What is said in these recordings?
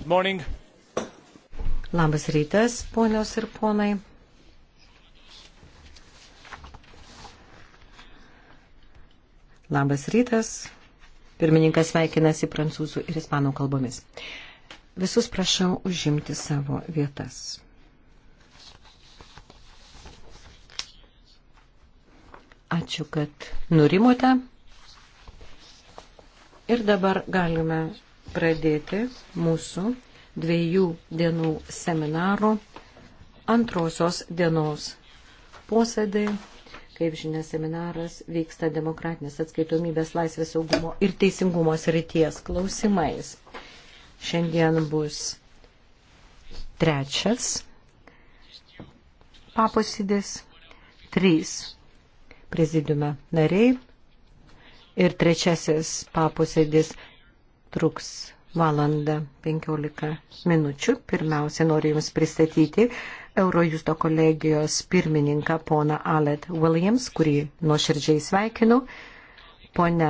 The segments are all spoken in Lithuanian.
Good morning. Labas rytas, ponios ir ponai. Labas rytas. Pirmininkas sveikinasi prancūzų ir ispanų kalbomis. Visus prašau užimti savo vietas. Ačiū, kad nurimote. Ir dabar galime pradėti mūsų dviejų dienų seminaro antrosios dienos posėdį. Kaip žinia, seminaras vyksta demokratinės atskaitomybės, laisvės saugumo ir teisingumo srities klausimais. Šiandien bus trečias paposėdis, trys prezidiume nariai ir trečiasis paposėdis truks valandą 15 minučių. Pirmiausia, noriu Jums pristatyti Eurojusto kolegijos pirmininką poną Alet Williams, kurį nuoširdžiai sveikinu, ponę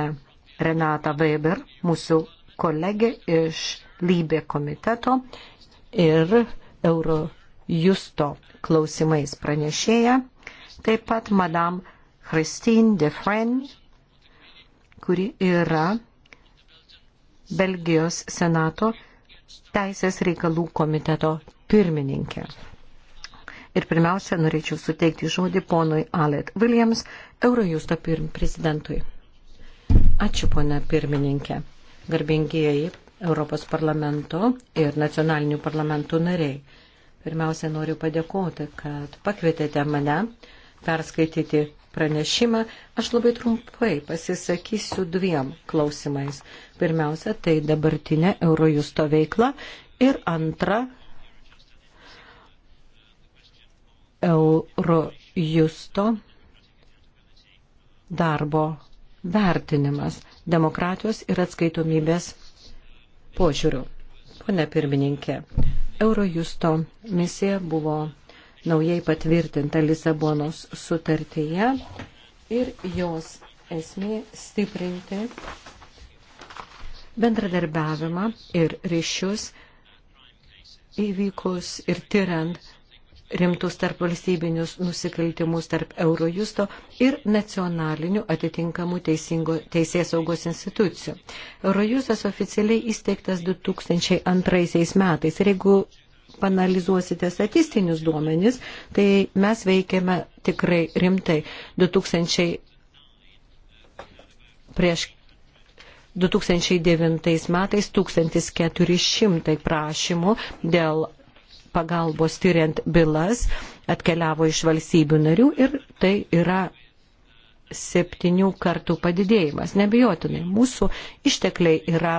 Renatą Weber, mūsų kolegė iš Lybė komiteto ir Eurojusto klausimais pranešėja, taip pat Madame Christine de Fren, kuri yra Belgijos Senato Teisės reikalų komiteto pirmininkė. Ir pirmiausia, norėčiau suteikti žodį ponui Alet Williams, Eurojusto prezidentui. Ačiū, ponė pirmininkė. Garbingieji Europos parlamento ir nacionalinių parlamentų nariai. Pirmiausia, noriu padėkoti, kad pakvietėte mane perskaityti pranešimą, aš labai trumpai pasisakysiu dviem klausimais. Pirmiausia, tai dabartinė Eurojusto veikla ir antra, Eurojusto darbo vertinimas demokratijos ir atskaitomybės požiūrių. Pone pirmininkė, Eurojusto misija buvo naujai patvirtinta Lisabonos sutartyje ir jos esmė stiprinti bendradarbiavimą ir ryšius įvykus ir tyrant rimtus tarp valstybinius nusikaltimus tarp Eurojusto ir nacionalinių atitinkamų teisingo, teisės saugos institucijų. Eurojustas oficialiai įsteigtas 2002 metais ir jeigu panalizuosite statistinius duomenis, tai mes veikiame tikrai rimtai. 2000 prieš 2009 metais 1400 prašymų dėl pagalbos tyriant bylas atkeliavo iš valstybių narių ir tai yra septynių kartų padidėjimas. Nebijotinai, mūsų ištekliai yra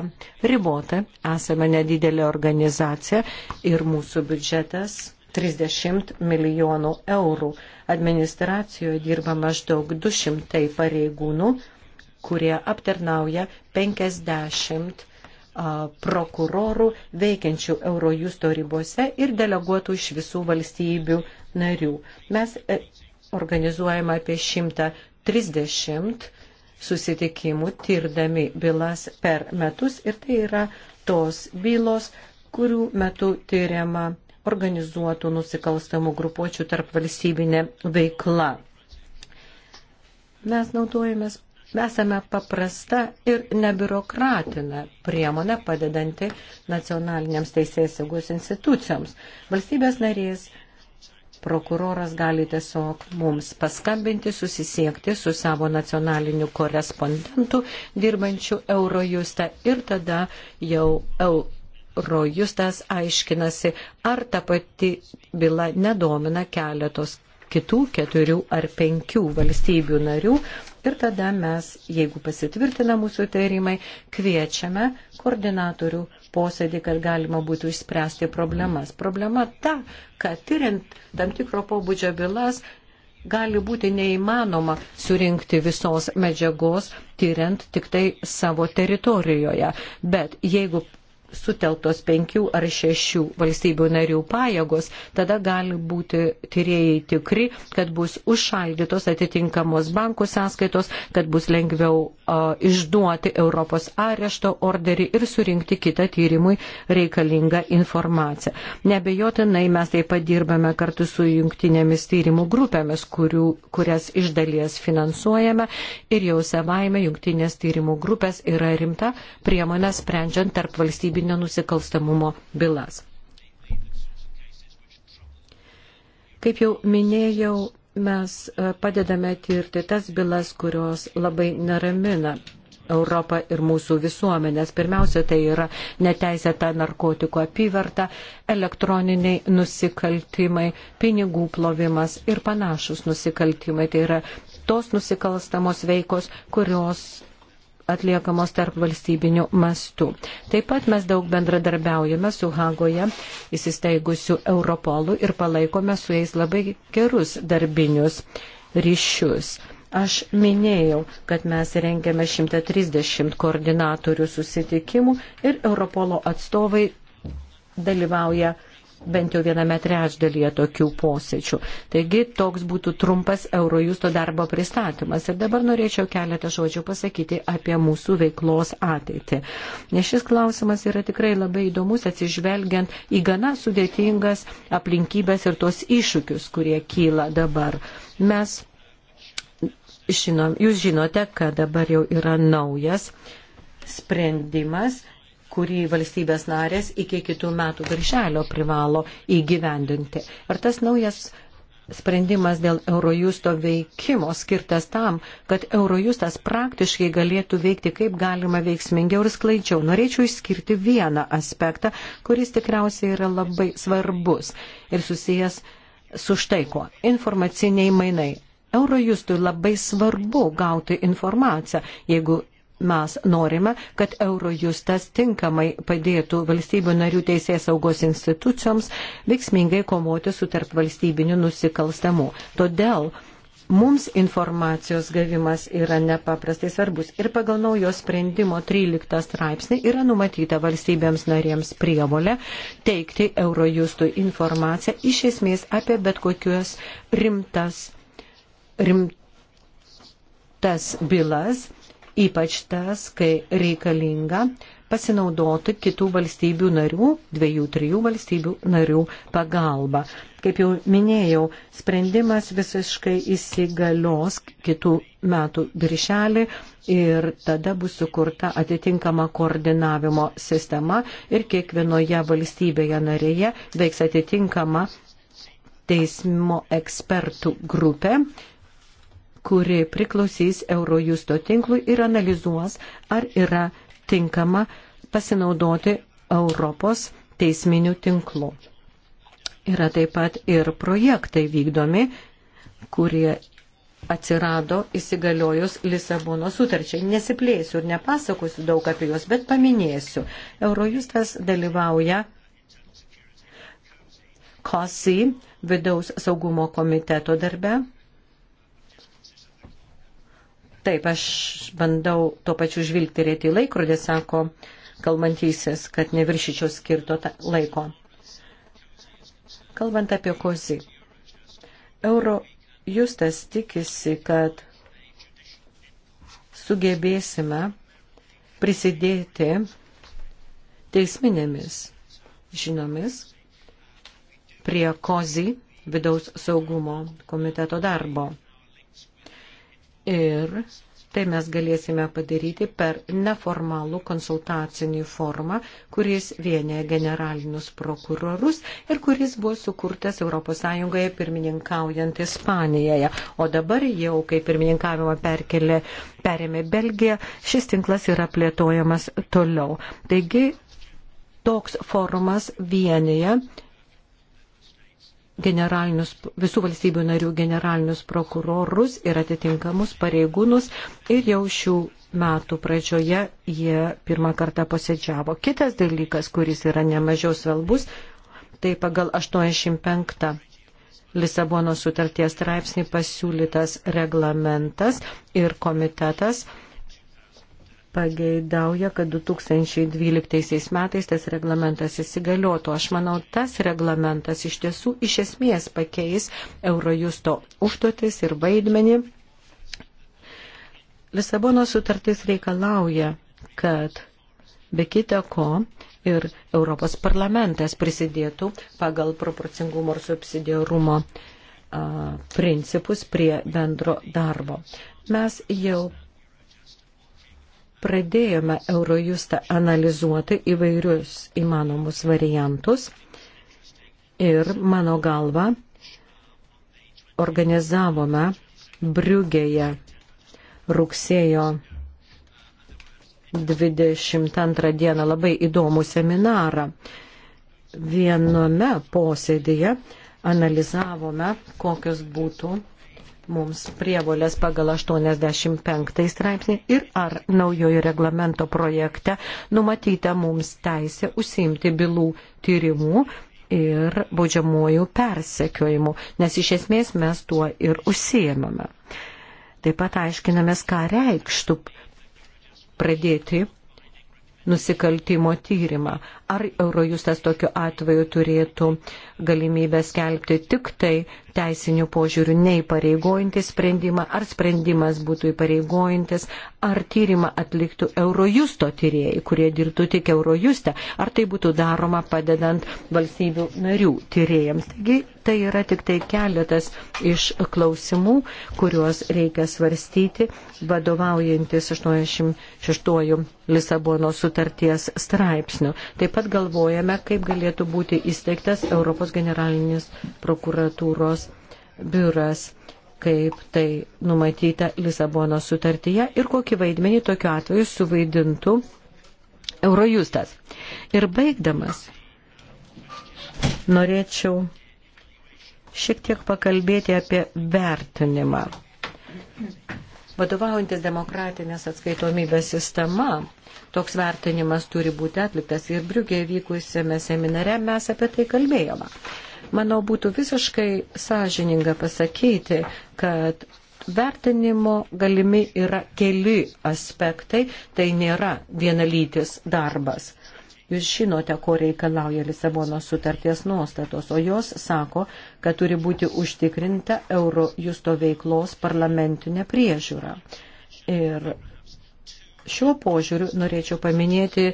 ribota, esame nedidelė organizacija ir mūsų biudžetas 30 milijonų eurų. Administracijoje dirba maždaug 200 pareigūnų, kurie aptarnauja 50 prokurorų veikiančių Eurojusto ribose ir deleguotų iš visų valstybių narių. Mes e, organizuojame apie šimtą 30 susitikimų tirdami bylas per metus ir tai yra tos bylos, kurių metu tyriama organizuotų nusikalstamų grupuočių tarp valstybinė veikla. Mes naudojamės, mes esame paprasta ir nebiurokratina priemonė padedanti nacionaliniams teisės saugos institucijoms. Valstybės narės prokuroras gali tiesiog mums paskambinti, susisiekti su savo nacionaliniu korespondentu dirbančiu Eurojuste ir tada jau Eurojustas aiškinasi, ar ta pati byla nedomina keletos kitų keturių ar penkių valstybių narių. Ir tada mes, jeigu pasitvirtina mūsų teirimai, kviečiame koordinatorių posėdį, kad galima būtų išspręsti problemas. Problema ta, kad tyrint tam tikro pobūdžio bylas gali būti neįmanoma surinkti visos medžiagos, tyriant tik tai savo teritorijoje. Bet jeigu suteltos penkių ar šešių valstybių narių pajėgos, tada gali būti tyrėjai tikri, kad bus užšaldytos atitinkamos bankų sąskaitos, kad bus lengviau uh, išduoti Europos arešto orderį ir surinkti kitą tyrimui reikalingą informaciją. Nebejotinai mes taip pat dirbame kartu su jungtinėmis tyrimų grupėmis, kurių, kurias iš dalies finansuojame ir jau savaime jungtinės tyrimų grupės yra rimta priemonė sprendžiant tarp valstybių tarptautinio nusikalstamumo bylas. Kaip jau minėjau, mes e, padedame tirti tas bylas, kurios labai neramina Europą ir mūsų visuomenės. Pirmiausia, tai yra neteisėta narkotikų apyvarta, elektroniniai nusikaltimai, pinigų plovimas ir panašus nusikaltimai. Tai yra tos nusikalstamos veikos, kurios atliekamos tarp valstybinių mastų. Taip pat mes daug bendradarbiaujame su Hagoje įsisteigusiu Europolu ir palaikome su jais labai gerus darbinius ryšius. Aš minėjau, kad mes rengiame 130 koordinatorių susitikimų ir Europolo atstovai dalyvauja bent jau viename trečdalyje tokių posėdžių. Taigi toks būtų trumpas Eurojusto darbo pristatymas. Ir dabar norėčiau keletą žodžių pasakyti apie mūsų veiklos ateitį. Nes šis klausimas yra tikrai labai įdomus atsižvelgiant į gana sudėtingas aplinkybės ir tos iššūkius, kurie kyla dabar. Mes žinom, jūs žinote, kad dabar jau yra naujas sprendimas kurį valstybės narės iki kitų metų viršelio privalo įgyvendinti. Ar tas naujas sprendimas dėl Eurojusto veikimo skirtas tam, kad Eurojustas praktiškai galėtų veikti kaip galima veiksmingiau ir sklaidžiau. Norėčiau išskirti vieną aspektą, kuris tikriausiai yra labai svarbus ir susijęs su štai ko - informaciniai mainai. Eurojustui labai svarbu gauti informaciją, jeigu mes norime, kad Eurojustas tinkamai padėtų valstybių narių teisės saugos institucijoms veiksmingai komoti su tarp valstybiniu nusikalstamu. Todėl mums informacijos gavimas yra nepaprastai svarbus ir pagal naujo sprendimo 13 straipsnį yra numatyta valstybėms narėms prievolė teikti Eurojustui informaciją iš esmės apie bet kokius rimtas, rimtas bylas ypač tas, kai reikalinga pasinaudoti kitų valstybių narių, dviejų, trijų valstybių narių pagalba. Kaip jau minėjau, sprendimas visiškai įsigalios kitų metų birželį ir tada bus sukurta atitinkama koordinavimo sistema ir kiekvienoje valstybėje narėje veiks atitinkama teismo ekspertų grupė, kuri priklausys Eurojusto tinklui ir analizuos, ar yra tinkama pasinaudoti Europos teisminių tinklų. Yra taip pat ir projektai vykdomi, kurie atsirado įsigaliojus Lisabono sutarčiai. Nesiplėsiu ir nepasakosiu daug apie juos, bet paminėsiu. Eurojustas dalyvauja COSI vidaus saugumo komiteto darbe. Taip, aš bandau tuo pačiu žvilgti rėti į laikrodį, sako kalbantysis, kad neviršyčiau skirto laiko. Kalbant apie kozį. Euro justas tikisi, kad sugebėsime prisidėti teisminėmis žinomis prie kozį vidaus saugumo komiteto darbo ir tai mes galėsime padaryti per neformalų konsultacinį formą, kuris vienė generalinius prokurorus ir kuris buvo sukurtas ES pirmininkaujant Ispanijoje. O dabar jau, kai pirmininkavimą perkelė, perėmė Belgija, šis tinklas yra plėtojamas toliau. Taigi, toks forumas vienyje generalinius, visų valstybių narių generalinius prokurorus ir atitinkamus pareigūnus ir jau šių metų pradžioje jie pirmą kartą posėdžiavo. Kitas dalykas, kuris yra nemažiau svarbus, tai pagal 85 Lisabono sutarties straipsnį pasiūlytas reglamentas ir komitetas pageidauja, kad 2012 metais tas reglamentas įsigaliotų. Aš manau, tas reglamentas iš tiesų iš esmės pakeis Eurojusto užduotis ir vaidmenį. Lisabono sutartis reikalauja, kad be kita ko ir Europos parlamentas prisidėtų pagal proporcingumo ir subsidiarumo principus prie bendro darbo. Mes jau pradėjome Eurojustą analizuoti įvairius įmanomus variantus ir mano galva organizavome Briugėje rugsėjo 22 dieną labai įdomų seminarą. Viename posėdėje analizavome, kokios būtų mums prievolės pagal 85 straipsnį ir ar naujojo reglamento projekte numatyta mums teisė užsiimti bylų tyrimų ir baudžiamųjų persekiojimu, nes iš esmės mes tuo ir užsiemame. Taip pat aiškinamės, ką reikštų pradėti nusikaltimo tyrimą. Ar Eurojustas tokiu atveju turėtų galimybę skelbti tik tai teisinių požiūrių neįpareigojantį sprendimą, ar sprendimas būtų įpareigojantis, ar tyrimą atliktų Eurojusto tyrėjai, kurie dirbtų tik Eurojuste, ar tai būtų daroma padedant valstybių narių tyrėjams. Taigi tai yra tik tai keletas iš klausimų, kuriuos reikia svarstyti, vadovaujantis 86 Lisabono sutarties straipsniu. Taip pat galvojame, kaip galėtų būti įsteigtas Europos generalinės prokuratūros biuras, kaip tai numatyta Lisabono sutartyje ir kokį vaidmenį tokiu atveju suvaidintų Eurojustas. Ir baigdamas, norėčiau šiek tiek pakalbėti apie vertinimą. Vadovaujantis demokratinės atskaitomybės sistema, toks vertinimas turi būti atliktas ir Briugė vykusiame seminare mes apie tai kalbėjome. Manau, būtų visiškai sąžininga pasakyti, kad vertinimo galimi yra keli aspektai, tai nėra vienalytis darbas. Jūs žinote, ko reikalauja Lisabonos sutarties nuostatos, o jos sako, kad turi būti užtikrinta euro justo veiklos parlamentinė priežiūra. Ir šiuo požiūriu norėčiau paminėti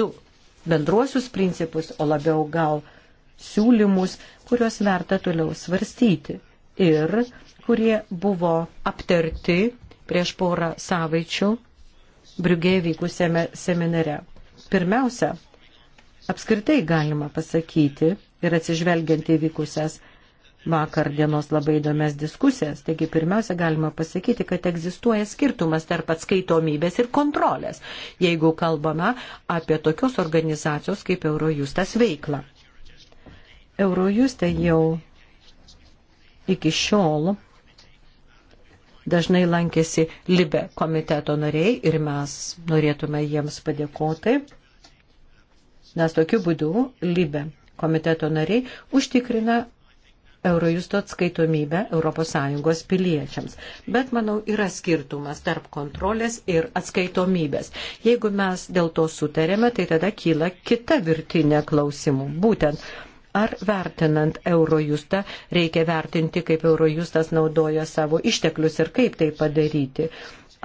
du bendruosius principus, o labiau gal uh, siūlymus, kuriuos verta toliau svarstyti ir kurie buvo aptarti prieš porą savaičių Briugėje vykusėme seminare. Pirmiausia, apskritai galima pasakyti ir atsižvelgiant į vykusias vakar dienos labai įdomias diskusijas. Taigi pirmiausia, galima pasakyti, kad egzistuoja skirtumas tarp atskaitomybės ir kontrolės, jeigu kalbame apie tokios organizacijos kaip Eurojustas veiklą. Eurojuste jau iki šiol dažnai lankėsi Libe komiteto nariai ir mes norėtume jiems padėkoti, nes tokiu būdu Libe komiteto nariai užtikrina Eurojusto atskaitomybę ES piliečiams. Bet, manau, yra skirtumas tarp kontrolės ir atskaitomybės. Jeigu mes dėl to sutarėme, tai tada kyla kita virtinė klausimų. Būtent Ar vertinant Eurojustą reikia vertinti, kaip Eurojustas naudoja savo išteklius ir kaip tai padaryti?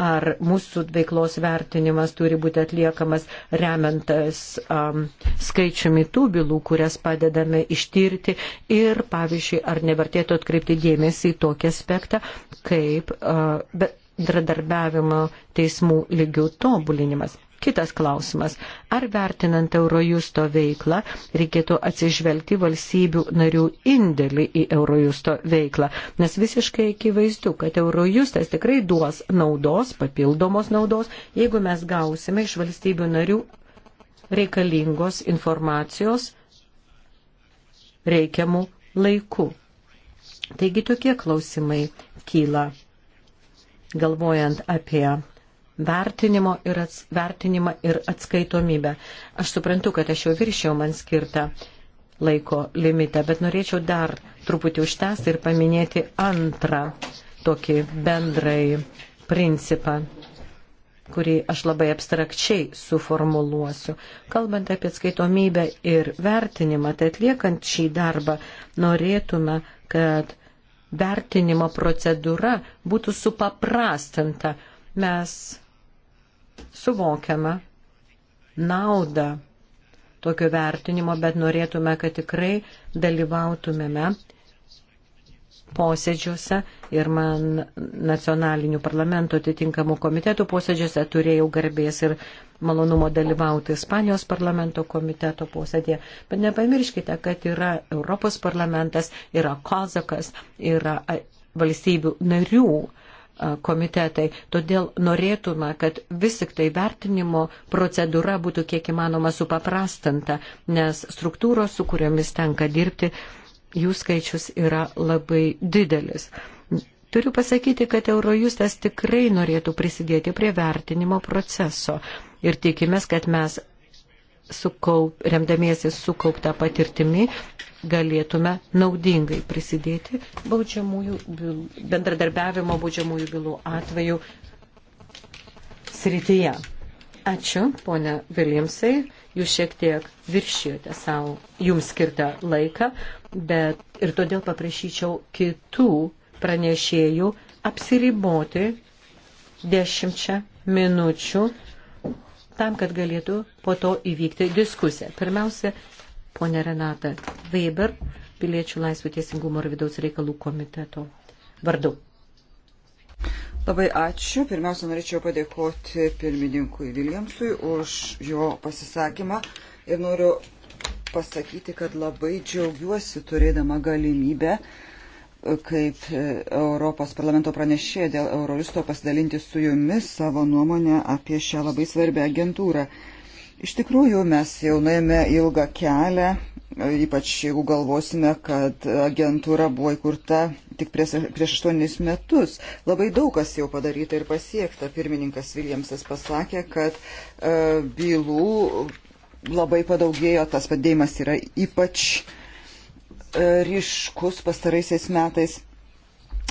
Ar mūsų veiklos vertinimas turi būti atliekamas remiantas um, skaičiumi tų bylų, kurias padedame ištirti ir, pavyzdžiui, ar nevertėtų atkreipti dėmesį į tokį aspektą, kaip uh, bendradarbiavimo teismų lygių tobulinimas. Kitas klausimas. Ar vertinant Eurojusto veiklą reikėtų atsižvelgti valstybių narių indėlį į Eurojusto veiklą? Nes visiškai akivaizdu, kad Eurojustas tikrai duos naudos, papildomos naudos, jeigu mes gausime iš valstybių narių reikalingos informacijos reikiamų laikų. Taigi tokie klausimai kyla, galvojant apie vertinimo ir ats, vertinimą ir atskaitomybę. Aš suprantu, kad aš jau viršiau man skirtą laiko limitą, bet norėčiau dar truputį užtęsti ir paminėti antrą tokį bendrai principą, kurį aš labai abstrakčiai suformuluosiu. Kalbant apie skaitomybę ir vertinimą, tai atliekant šį darbą norėtume, kad vertinimo procedūra būtų supaprastinta. Mes suvokiame naudą tokio vertinimo, bet norėtume, kad tikrai dalyvautumėme posėdžiuose ir man nacionalinių parlamento atitinkamų komitetų posėdžiuose turėjau garbės ir malonumo dalyvauti Ispanijos parlamento komiteto posėdėje. Bet nepamirškite, kad yra Europos parlamentas, yra Kozakas, yra valstybių narių komitetai. Todėl norėtume, kad vis tik tai vertinimo procedūra būtų kiek įmanoma supaprastinta, nes struktūros, su kuriomis tenka dirbti, jų skaičius yra labai didelis. Turiu pasakyti, kad Eurojustas tikrai norėtų prisidėti prie vertinimo proceso ir tikimės, kad mes sukaup, remdamiesi sukauptą patirtimį galėtume naudingai prisidėti baudžiamųjų bylų, bendradarbiavimo baudžiamųjų bylų atveju srityje. Ačiū, ponia Viljamsai, jūs šiek tiek viršijote savo jums skirtą laiką, bet ir todėl paprašyčiau kitų pranešėjų apsiriboti dešimčia minučių tam, kad galėtų po to įvykti diskusija. Pirmiausia, ponę Renatą Weber, Piliečių laisvių teisingumo ir vidaus reikalų komiteto vardu. Labai ačiū. Pirmiausia, norėčiau padėkoti pirmininkui Viljamsui už jo pasisakymą ir noriu pasakyti, kad labai džiaugiuosi turėdama galimybę e, kaip e, Europos parlamento pranešė dėl Eurolisto pasidalinti su jumis savo nuomonę apie šią labai svarbią agentūrą. Iš tikrųjų, mes jau nuėjome ilgą kelią, ypač jeigu galvosime, kad agentūra buvo įkurta tik prieš, prieš 8 metus. Labai daug kas jau padaryta ir pasiekta. Pirmininkas Viljamsas pasakė, kad e, bylų labai padaugėjo, tas padėjimas yra ypač e, ryškus pastaraisiais metais.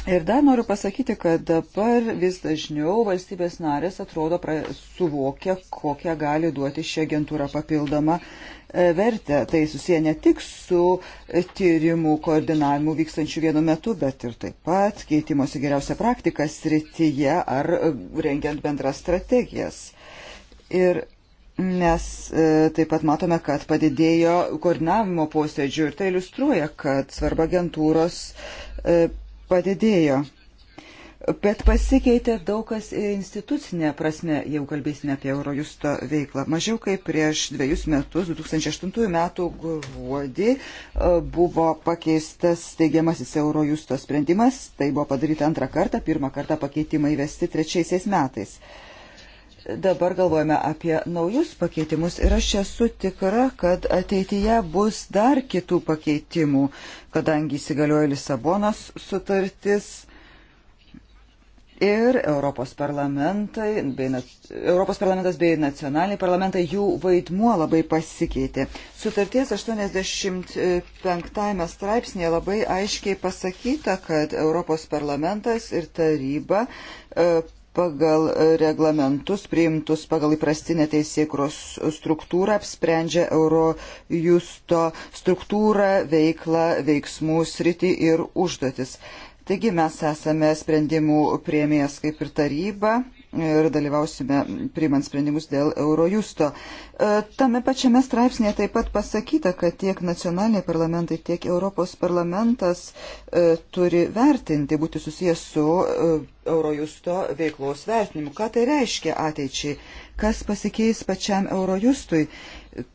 Ir dar noriu pasakyti, kad dabar vis dažniau valstybės narės atrodo pra, suvokia, kokią gali duoti ši agentūra papildomą e, vertę. Tai susiję ne tik su tyrimų koordinavimu vykstančiu vienu metu, bet ir taip pat keitimosi geriausia praktika srityje ar rengiant bendras strategijas. Ir Mes e, taip pat matome, kad padidėjo koordinavimo posėdžių ir tai iliustruoja, kad svarba agentūros e, padidėjo. Bet pasikeitė daug kas institucinė prasme, jeigu kalbėsime apie Eurojusto veiklą. Mažiau kaip prieš dviejus metus, 2008 metų gruodį, e, buvo pakeistas steigiamasis Eurojusto sprendimas. Tai buvo padaryta antrą kartą, pirmą kartą pakeitimai įvesti trečiaisiais metais dabar galvojame apie naujus pakeitimus ir aš esu tikra, kad ateityje bus dar kitų pakeitimų, kadangi įsigalioja Lisabonos sutartis ir Europos, parlamentai, bei, Europos parlamentas bei nacionaliniai parlamentai, jų vaidmuo labai pasikeitė. Sutarties 85 straipsnėje labai aiškiai pasakyta, kad Europos parlamentas ir taryba e, pagal e, reglamentus priimtus pagal įprastinę teisėkros struktūrą apsprendžia Eurojusto struktūrą, veiklą, veiksmų sritį ir užduotis. Taigi mes esame sprendimų prieimėjas kaip ir taryba ir dalyvausime priimant sprendimus dėl Eurojusto. E, tame pačiame straipsnėje taip pat pasakyta, kad tiek nacionaliniai parlamentai, tiek Europos parlamentas e, turi vertinti, būti susijęs su e, Eurojusto veiklos vertinimu. Ką tai reiškia ateičiai? Kas pasikeis pačiam Eurojustui?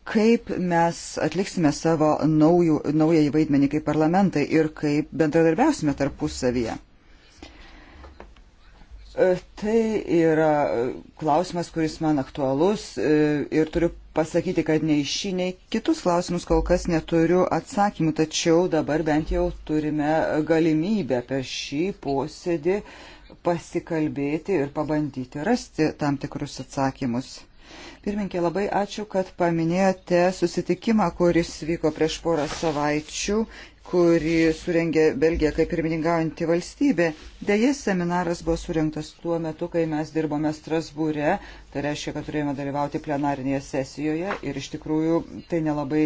Kaip mes atliksime savo naujų, naująjį vaidmenį kaip parlamentai ir kaip bendradarbiausime tarpusavyje? E, tai yra e, klausimas, kuris man aktualus e, ir turiu pasakyti, kad nei šį, nei kitus klausimus kol kas neturiu atsakymų, tačiau dabar bent jau turime galimybę per šį posėdį pasikalbėti ir pabandyti rasti tam tikrus atsakymus. Pirminkė, labai ačiū, kad paminėjote susitikimą, kuris vyko prieš porą savaičių kurį surengė Belgija kaip pirmininkaujanti valstybė. Deja, seminaras buvo surinktas tuo metu, kai mes dirbome Strasbūre, tai reiškia, kad turėjome dalyvauti plenarinėje sesijoje ir iš tikrųjų tai nelabai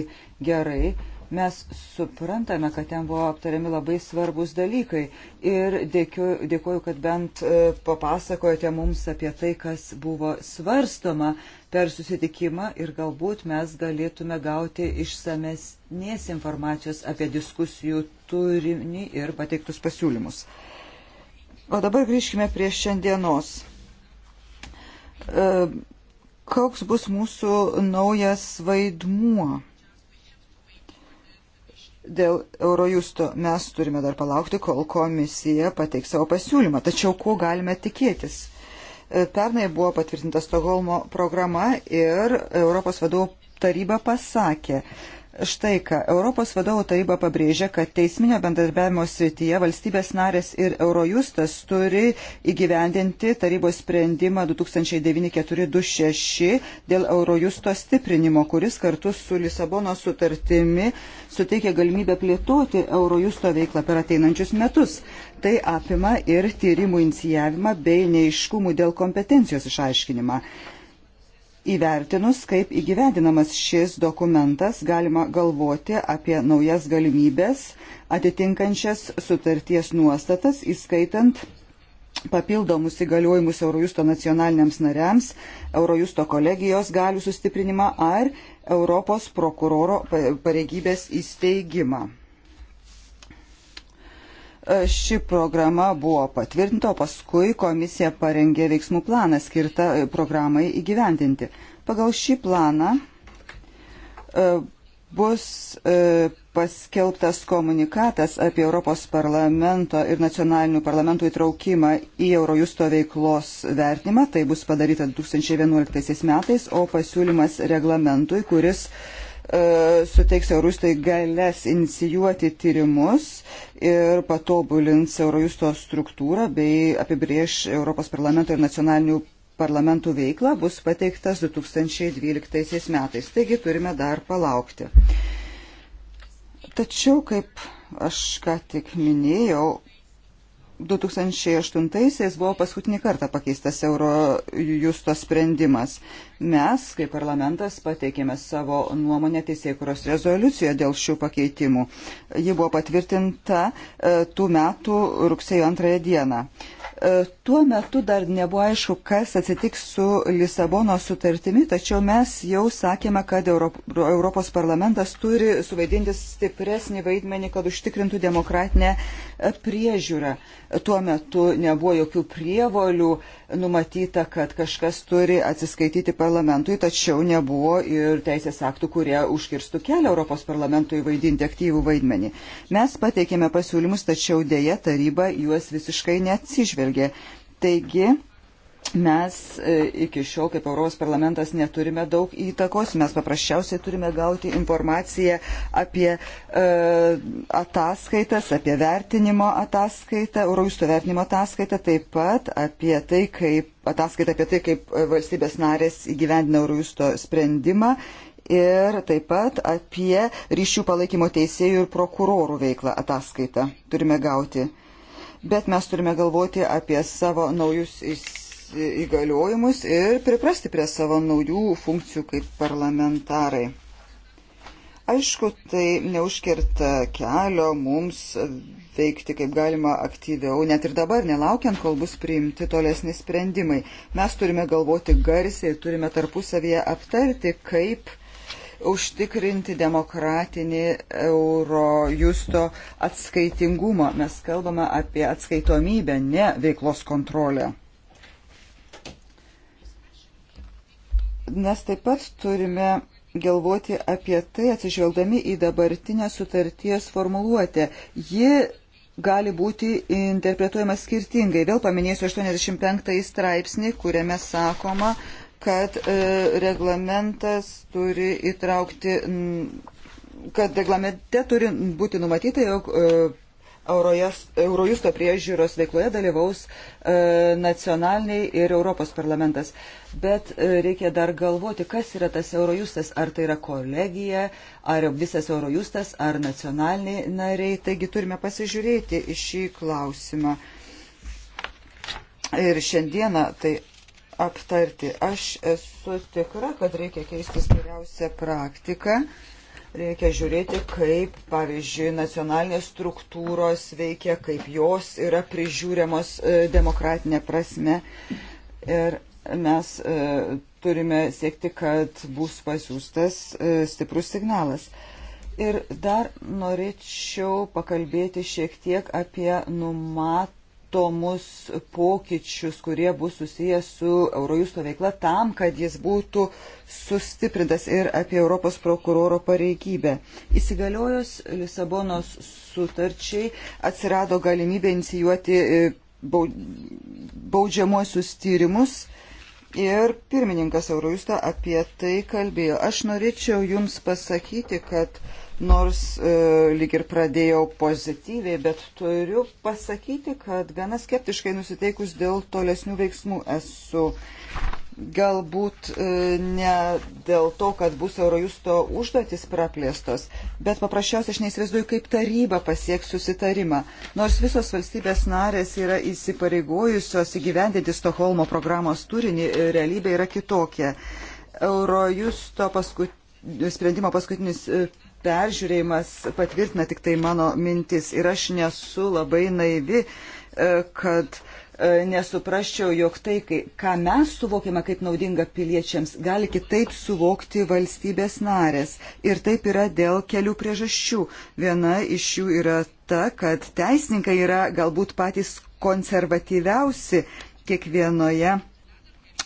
gerai Mes suprantame, kad ten buvo aptariami labai svarbus dalykai ir dėkiu, dėkuoju, kad bent e, papasakojote mums apie tai, kas buvo svarstoma per susitikimą ir galbūt mes galėtume gauti išsamesnės informacijos apie diskusijų turinį ir pateiktus pasiūlymus. O dabar grįžkime prie šiandienos e, koks bus mūsų naujas vaidmuo. Dėl Eurojusto mes turime dar palaukti, kol komisija pateiks savo pasiūlymą. Tačiau ko galime tikėtis? E, pernai buvo patvirtinta Stokholmo programa ir Europos vadovų taryba pasakė, Štai ką, Europos vadovų taryba pabrėžia, kad teisminio bendradarbiavimo srityje valstybės narės ir Eurojustas turi įgyvendinti tarybos sprendimą 2009-426 dėl Eurojusto stiprinimo, kuris kartu su Lisabono sutartimi suteikia galimybę plėtoti Eurojusto veiklą per ateinančius metus. Tai apima ir tyrimų inicijavimą bei neiškumų dėl kompetencijos išaiškinimą. Įvertinus, kaip įgyvendinamas šis dokumentas, galima galvoti apie naujas galimybės atitinkančias sutarties nuostatas, įskaitant papildomus įgaliojimus Eurojusto nacionaliniams nariams, Eurojusto kolegijos galių sustiprinimą ar Europos prokuroro pareigybės įsteigimą. Ši programa buvo patvirtinta, o paskui komisija parengė veiksmų planą skirtą e, programai įgyvendinti. Pagal šį planą e, bus e, paskelbtas komunikatas apie Europos parlamento ir nacionalinių parlamentų įtraukimą į Eurojusto veiklos vertinimą. Tai bus padaryta 2011 metais, o pasiūlymas reglamentui, kuris uh, E, suteiks Eurustai galės inicijuoti tyrimus ir patobulins Eurojusto struktūrą bei apibrieš Europos parlamento ir nacionalinių parlamentų veiklą bus pateiktas 2012 metais. Taigi turime dar palaukti. Tačiau, kaip aš ką tik minėjau, 2008-aisiais buvo paskutinį kartą pakeistas euro justo sprendimas. Mes, kaip parlamentas, pateikėme savo nuomonę teisėkuros rezoliuciją dėl šių pakeitimų. Ji buvo patvirtinta e, tų metų rugsėjo antrąją dieną. E, tuo metu dar nebuvo aišku, kas atsitiks su Lisabono sutartimi, tačiau mes jau sakėme, kad Europos parlamentas turi suvaidinti stipresnį vaidmenį, kad užtikrintų demokratinę priežiūrą. Tuo metu nebuvo jokių prievolių numatyta, kad kažkas turi atsiskaityti parlamentui, tačiau nebuvo ir teisės aktų, kurie užkirstų kelią Europos parlamentui vaidinti aktyvų vaidmenį. Mes pateikėme pasiūlymus, tačiau dėja taryba juos visiškai neatsižvelgia atsižvelgė. Taigi, mes e, iki šiol kaip Europos parlamentas neturime daug įtakos, mes paprasčiausiai turime gauti informaciją apie e, ataskaitas, apie vertinimo ataskaitą, Eurojusto vertinimo ataskaitą, taip pat apie tai, kaip, ataskaitą apie tai, kaip e, valstybės narės įgyvendina Eurojusto sprendimą ir taip pat apie ryšių palaikymo teisėjų ir prokurorų veiklą ataskaitą turime gauti bet mes turime galvoti apie savo naujus įgaliojimus ir priprasti prie savo naujų funkcijų kaip parlamentarai. Aišku, tai neužkirta kelio mums veikti kaip galima aktyviau, net ir dabar, nelaukiant, kol bus priimti tolesni sprendimai. Mes turime galvoti garsiai, turime tarpusavyje aptarti, kaip užtikrinti demokratinį Eurojusto atskaitingumą. Mes kalbame apie atskaitomybę, ne veiklos kontrolę. Mes taip pat turime galvoti apie tai, atsižvelgdami į dabartinę sutarties formuluotę. Ji gali būti interpretuojama skirtingai. Vėl paminėsiu 85 straipsnį, kuriame sakoma, kad e, reglamentas turi įtraukti, kad reglamente turi būti numatyta, jog e, Eurojusto priežiūros veikloje dalyvaus e, nacionaliniai ir Europos parlamentas. Bet reikia dar galvoti, kas yra tas Eurojustas, ar tai yra kolegija, ar visas Eurojustas, ar nacionaliniai nariai. Taigi turime pasižiūrėti į šį klausimą. Ir šiandieną tai aptarti. Aš esu tikra, kad reikia keistis geriausią praktiką. Reikia žiūrėti, kaip, pavyzdžiui, nacionalinės struktūros veikia, kaip jos yra prižiūriamos e, demokratinė prasme. Ir mes e, turime siekti, kad bus pasiūstas e, stiprus signalas. Ir dar norėčiau pakalbėti šiek tiek apie numat matomus pokyčius, kurie bus susijęs su Eurojusto veikla tam, kad jis būtų sustiprintas ir apie Europos prokuroro pareigybę. Įsigaliojus Lisabonos sutarčiai atsirado galimybė inicijuoti e, baudžiamuosius tyrimus Ir pirmininkas Eurojusta apie tai kalbėjo. Aš norėčiau Jums pasakyti, kad nors e, lyg ir pradėjau pozityviai, bet turiu pasakyti, kad gana skeptiškai nusiteikus dėl tolesnių veiksmų esu. Galbūt e, ne dėl to, kad bus Eurojusto užduotis praplėstos, bet paprasčiausiai aš neįsivaizduoju, kaip taryba pasieks susitarimą. Nors visos valstybės narės yra įsipareigojusios įgyvendinti Stokholmo programos turinį, e, realybė yra kitokia. Eurojusto paskut... sprendimo paskutinis e, peržiūrėjimas patvirtina tik tai mano mintis ir aš nesu labai naivi, e, kad e, nesuprasčiau, jog tai, ką mes suvokiame kaip naudinga piliečiams, gali kitaip suvokti valstybės narės. Ir taip yra dėl kelių priežasčių. Viena iš jų yra ta, kad teisininkai yra galbūt patys konservatyviausi kiekvienoje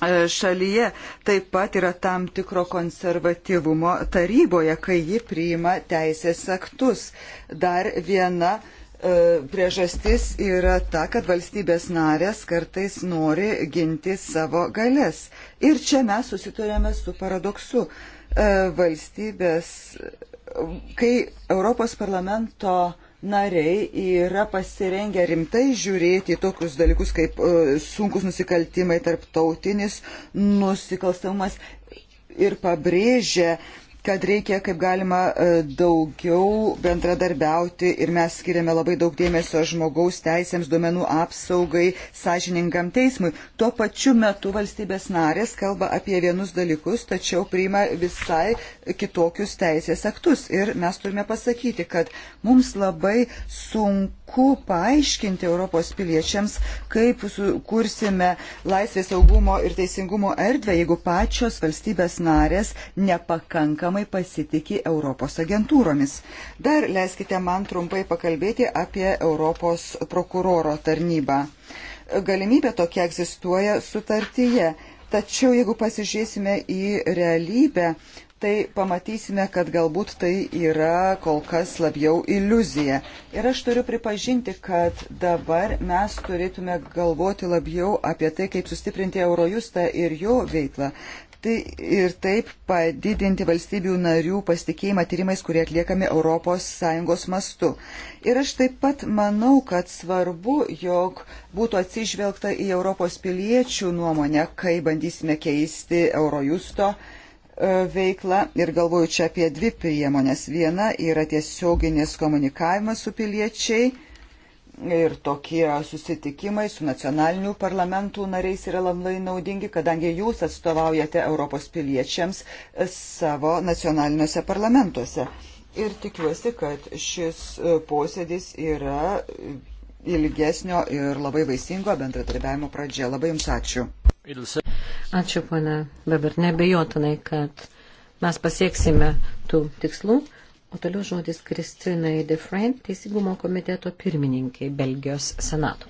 E, šalyje taip pat yra tam tikro konservatyvumo taryboje, kai ji priima teisės aktus. Dar viena e, priežastis yra ta, kad valstybės narės kartais nori ginti savo galės. Ir čia mes susiturėme su paradoksu. E, valstybės, kai Europos parlamento e, nariai yra pasirengę rimtai žiūrėti į tokius dalykus kaip e, sunkus nusikaltimai, tarptautinis nusikalstamumas ir pabrėžia kad reikia kaip galima e, daugiau bendradarbiauti ir mes skiriame labai daug dėmesio žmogaus teisėms, duomenų apsaugai, sąžiningam teismui. Tuo pačiu metu valstybės narės kalba apie vienus dalykus, tačiau priima visai kitokius teisės aktus. Ir mes turime pasakyti, kad mums labai sunku paaiškinti Europos piliečiams, kaip kursime laisvės saugumo ir teisingumo erdvę, jeigu pačios valstybės narės nepakankamai pakankamai pasitiki Europos agentūromis. Dar leiskite man trumpai pakalbėti apie Europos prokuroro tarnybą. Galimybė tokia egzistuoja sutartyje, tačiau jeigu pasižiūrėsime į realybę, tai pamatysime, kad galbūt tai yra kol kas labiau iliuzija. Ir aš turiu pripažinti, kad dabar mes turėtume galvoti labiau apie tai, kaip sustiprinti Eurojustą ir jo veiklą siekti ir taip padidinti valstybių narių pasitikėjimą tyrimais, kurie atliekami ES mastu. Ir aš taip pat manau, kad svarbu, jog būtų atsižvelgta į Europos piliečių nuomonę, kai bandysime keisti Eurojusto e, veiklą ir galvoju čia apie dvi priemonės. Viena yra tiesioginis komunikavimas su piliečiai ir tokie susitikimai su nacionalinių parlamentų nariais yra labai naudingi, kadangi jūs atstovaujate Europos piliečiams savo nacionaliniuose parlamentuose. Ir tikiuosi, kad šis e, posėdis yra ilgesnio ir labai vaisingo bendradarbiavimo pradžia. Labai Jums ačiū. Ačiū, pana. Dabar nebejotinai, kad mes pasieksime tų tikslų O toliau žodis Kristinai Defrain, Teisingumo komiteto pirmininkai Belgijos senato.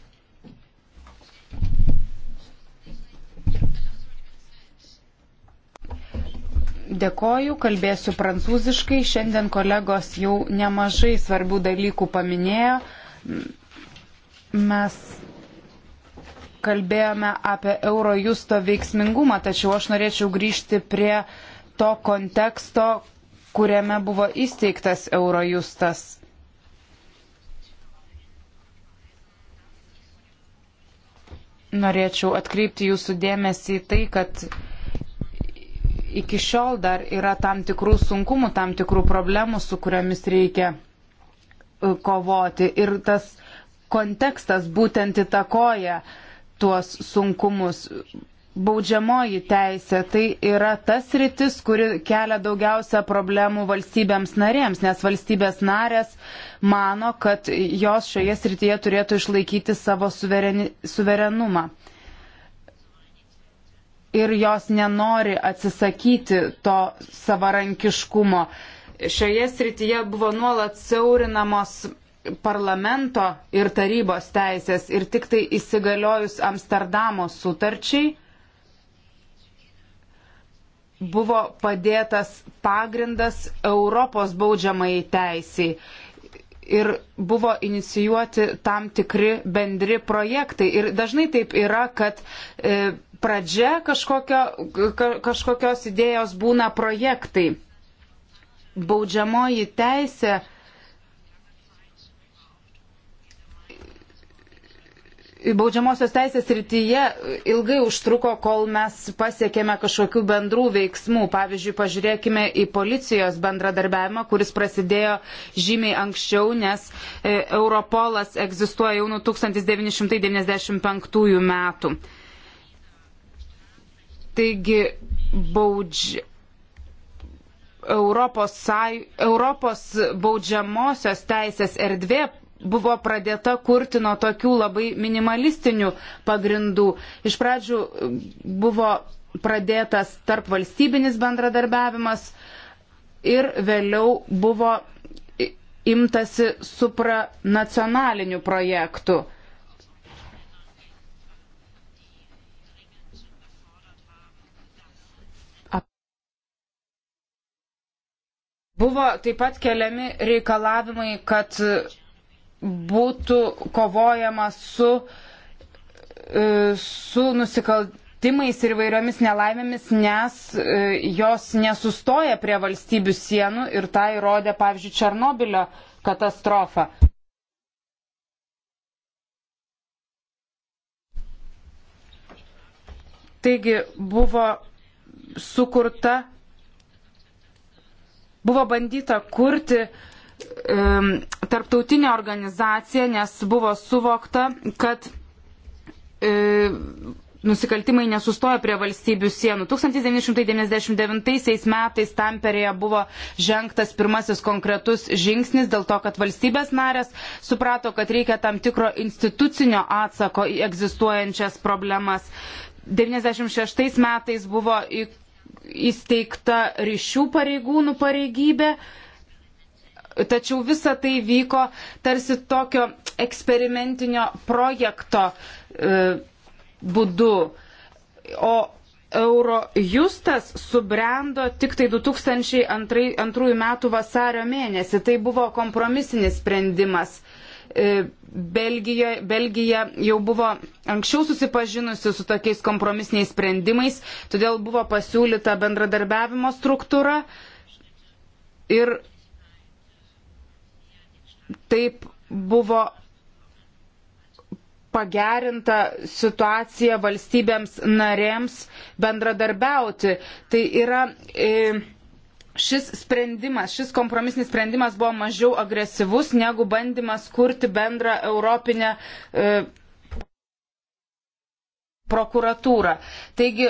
Dėkoju, kalbėsiu prancūziškai. Šiandien kolegos jau nemažai svarbių dalykų paminėjo. Mes kalbėjome apie Eurojusto veiksmingumą, tačiau aš norėčiau grįžti prie to konteksto, kuriame buvo įsteigtas Eurojustas. Norėčiau atkreipti jūsų dėmesį į tai, kad iki šiol dar yra tam tikrų sunkumų, tam tikrų problemų, su kuriomis reikia e, kovoti. Ir tas kontekstas būtent įtakoja tuos sunkumus baudžiamoji teisė tai yra tas rytis, kuri kelia daugiausia problemų valstybėms narėms, nes valstybės narės mano, kad jos šioje srityje turėtų išlaikyti savo suvereni, suverenumą. Ir jos nenori atsisakyti to savarankiškumo. Šioje srityje buvo nuolat siaurinamos parlamento ir tarybos teisės ir tik tai įsigaliojus Amsterdamo sutarčiai buvo padėtas pagrindas Europos baudžiamai teisiai ir buvo inicijuoti tam tikri bendri projektai. Ir dažnai taip yra, kad e, pradžia kažkokio, ka, kažkokios idėjos būna projektai. Baudžiamoji teisė baudžiamosios teisės rytyje ilgai užtruko, kol mes pasiekėme kažkokių bendrų veiksmų. Pavyzdžiui, pažiūrėkime į policijos bendradarbiavimą, kuris prasidėjo žymiai anksčiau, nes e, Europolas egzistuoja jau nuo 1995 metų. Taigi, baudžia. Europos, Europos baudžiamosios teisės erdvė buvo pradėta kurti nuo tokių labai minimalistinių pagrindų. Iš pradžių um, buvo pradėtas tarp valstybinis bendradarbiavimas ir vėliau buvo imtasi supranacionalinių projektų. Buvo taip pat keliami reikalavimai, kad būtų kovojama su, e, su nusikaltimais ir vairiomis nelaimėmis, nes e, jos nesustoja prie valstybių sienų ir tai įrodė, pavyzdžiui, Černobilio katastrofa. Taigi buvo sukurta, buvo bandyta kurti um, tarptautinė organizacija, nes buvo suvokta, kad e, nusikaltimai nesustoja prie valstybių sienų. 1999 metais Tamperėje buvo žengtas pirmasis konkretus žingsnis dėl to, kad valstybės narės suprato, kad reikia tam tikro institucinio atsako į egzistuojančias problemas. 1996 metais buvo įsteigta ryšių pareigūnų pareigybė Tačiau visa tai vyko tarsi tokio eksperimentinio projekto e, būdu. O Eurojustas subrendo tik tai 2002 metų vasario mėnesį. Tai buvo kompromisinis sprendimas. E, Belgija, Belgija jau buvo anksčiau susipažinusi su tokiais kompromisiniais sprendimais, todėl buvo pasiūlyta bendradarbiavimo struktūra ir Taip buvo pagerinta situacija valstybėms narėms bendradarbiauti. Tai yra. E, šis sprendimas, šis kompromisinis sprendimas buvo mažiau agresyvus negu bandymas kurti bendrą europinę e, prokuratūrą. Taigi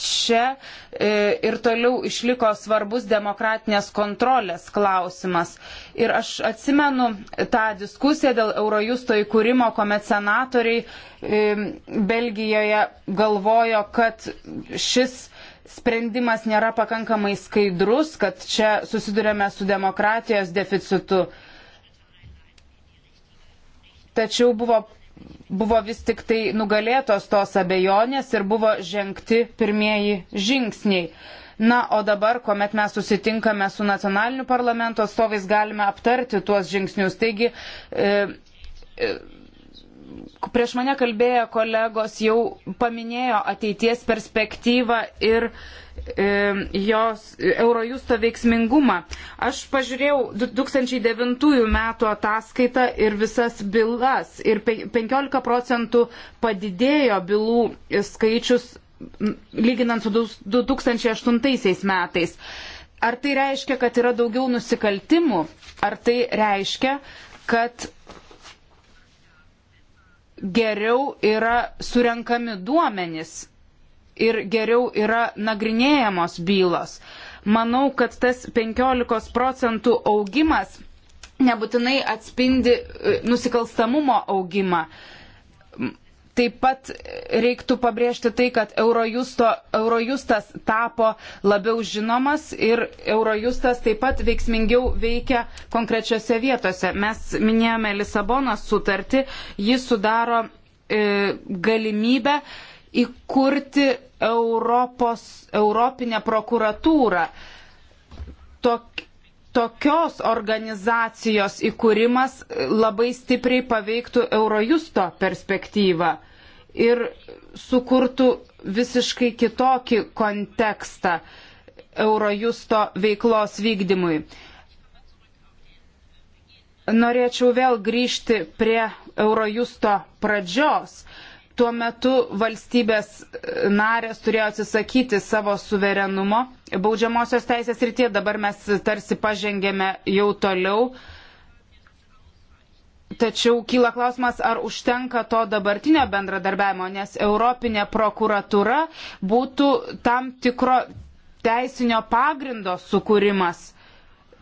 čia e, ir toliau išliko svarbus demokratinės kontrolės klausimas. Ir aš atsimenu tą diskusiją dėl Eurojusto įkūrimo, kuomet senatoriai e, Belgijoje galvojo, kad šis sprendimas nėra pakankamai skaidrus, kad čia susidurėme su demokratijos deficitu. Tačiau buvo buvo vis tik tai nugalėtos tos abejonės ir buvo žengti pirmieji žingsniai. Na, o dabar, kuomet mes susitinkame su nacionaliniu parlamento atstovais, galime aptarti tuos žingsnius. Taigi, e, e, prieš mane kalbėję kolegos jau paminėjo ateities perspektyvą ir jos Eurojusto veiksmingumą. Aš pažiūrėjau 2009 metų ataskaitą ir visas bylas ir 15 procentų padidėjo bylų skaičius lyginant su 2008 metais. Ar tai reiškia, kad yra daugiau nusikaltimų? Ar tai reiškia, kad geriau yra surenkami duomenys? ir geriau yra nagrinėjamos bylos. Manau, kad tas 15 procentų augimas nebūtinai atspindi e, nusikalstamumo augimą. Taip pat reiktų pabrėžti tai, kad Eurojusto, Eurojustas tapo labiau žinomas ir Eurojustas taip pat veiksmingiau veikia konkrečiose vietose. Mes minėjome Lisabonos sutartį, ji sudaro e, galimybę įkurti Europos, Europinę prokuratūrą. Tok, tokios organizacijos įkūrimas labai stipriai paveiktų Eurojusto perspektyvą ir sukurtų visiškai kitokį kontekstą Eurojusto veiklos vykdymui. Norėčiau vėl grįžti prie Eurojusto pradžios. Tuo metu valstybės e, narės turėjo atsisakyti savo suverenumo baudžiamosios teisės rytie, dabar mes tarsi pažengėme jau toliau. Tačiau kyla klausimas, ar užtenka to dabartinio bendradarbiavimo, nes Europinė prokuratura būtų tam tikro teisinio pagrindo sukūrimas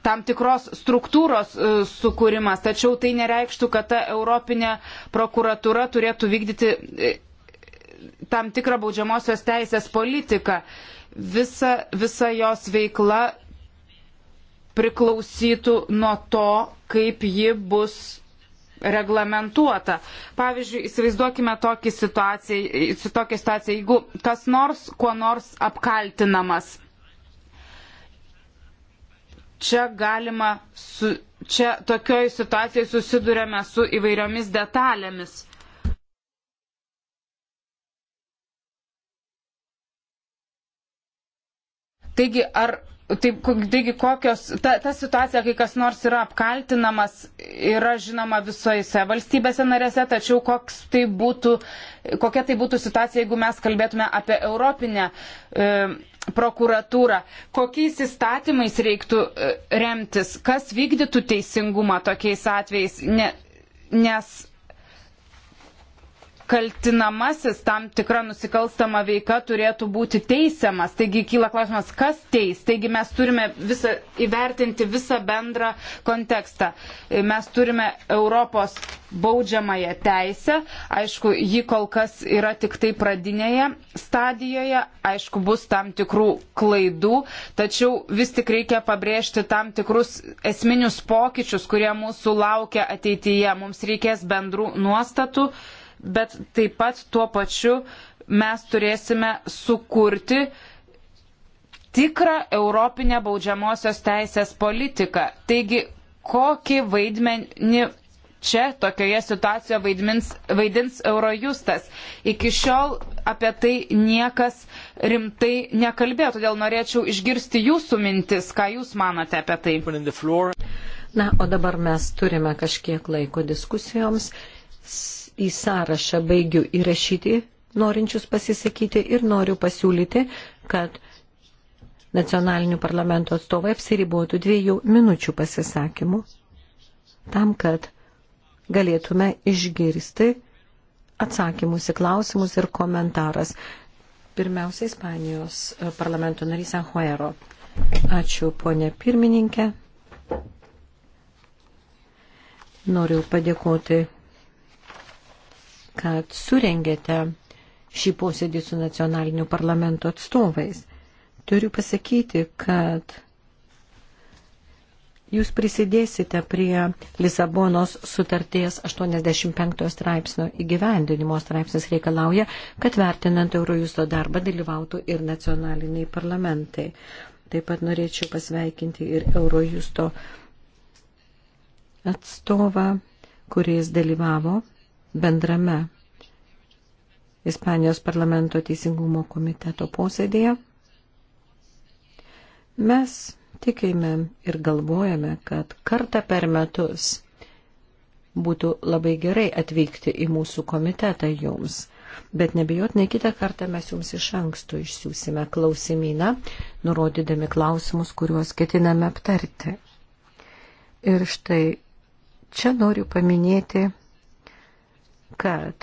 tam tikros struktūros e, sukūrimas, tačiau tai nereikštų, kad ta Europinė prokuratura turėtų vykdyti e, tam tikrą baudžiamosios teisės politiką. Visa, visa jos veikla priklausytų nuo to, kaip ji bus reglamentuota. Pavyzdžiui, įsivaizduokime tokią situaciją, tokią situaciją jeigu kas nors, kuo nors apkaltinamas čia galima, su, čia tokioj situacijai susidurėme su įvairiomis detalėmis. Taigi, ar Taip, taigi kokios, ta, ta situacija, kai kas nors yra apkaltinamas, yra žinoma visose valstybėse narėse, tačiau tai būtų, kokia tai būtų situacija, jeigu mes kalbėtume apie Europinę e, prokuratūrą, kokiais įstatymais reiktų e, remtis, kas vykdytų teisingumą tokiais atvejais, ne, nes kaltinamasis tam tikra nusikalstama veika turėtų būti teisiamas. Taigi kyla klausimas, kas teis. Taigi mes turime visą, įvertinti visą bendrą kontekstą. Mes turime Europos baudžiamąją teisę. Aišku, ji kol kas yra tik tai pradinėje stadijoje. Aišku, bus tam tikrų klaidų. Tačiau vis tik reikia pabrėžti tam tikrus esminius pokyčius, kurie mūsų laukia ateityje. Mums reikės bendrų nuostatų. Yeah bet taip pat tuo pačiu mes turėsime sukurti tikrą europinę baudžiamosios teisės politiką. Taigi, kokį vaidmenį čia tokioje situacijoje vaidmins, vaidins Eurojustas. Iki šiol apie tai niekas rimtai nekalbėjo, todėl norėčiau išgirsti jūsų mintis, ką jūs manote apie tai. Na, o dabar mes turime kažkiek laiko diskusijoms į sąrašą baigiu įrašyti norinčius pasisakyti ir noriu pasiūlyti, kad nacionalinių parlamento atstovai apsiribuotų dviejų minučių pasisakymų tam, kad galėtume išgirsti atsakymus į klausimus ir komentaras. Pirmiausia, Ispanijos parlamento narys Anhuero. Ačiū, ponė pirmininkė. Noriu padėkoti kad surengėte šį posėdį su nacionaliniu parlamento atstovais. Turiu pasakyti, kad jūs prisidėsite prie Lisabonos sutarties 85 straipsnio įgyvendinimo. Straipsnis reikalauja, kad vertinant Eurojusto darbą dalyvautų ir nacionaliniai parlamentai. Taip pat norėčiau pasveikinti ir Eurojusto atstovą, kuris dalyvavo bendrame Ispanijos parlamento teisingumo komiteto posėdėje. Mes tikime ir galvojame, kad kartą per metus būtų labai gerai atvykti į mūsų komitetą jums. Bet nebejotinai kitą kartą mes jums iš anksto išsiųsime klausimyną, nurodydami klausimus, kuriuos ketiname aptarti. Ir štai čia noriu paminėti kad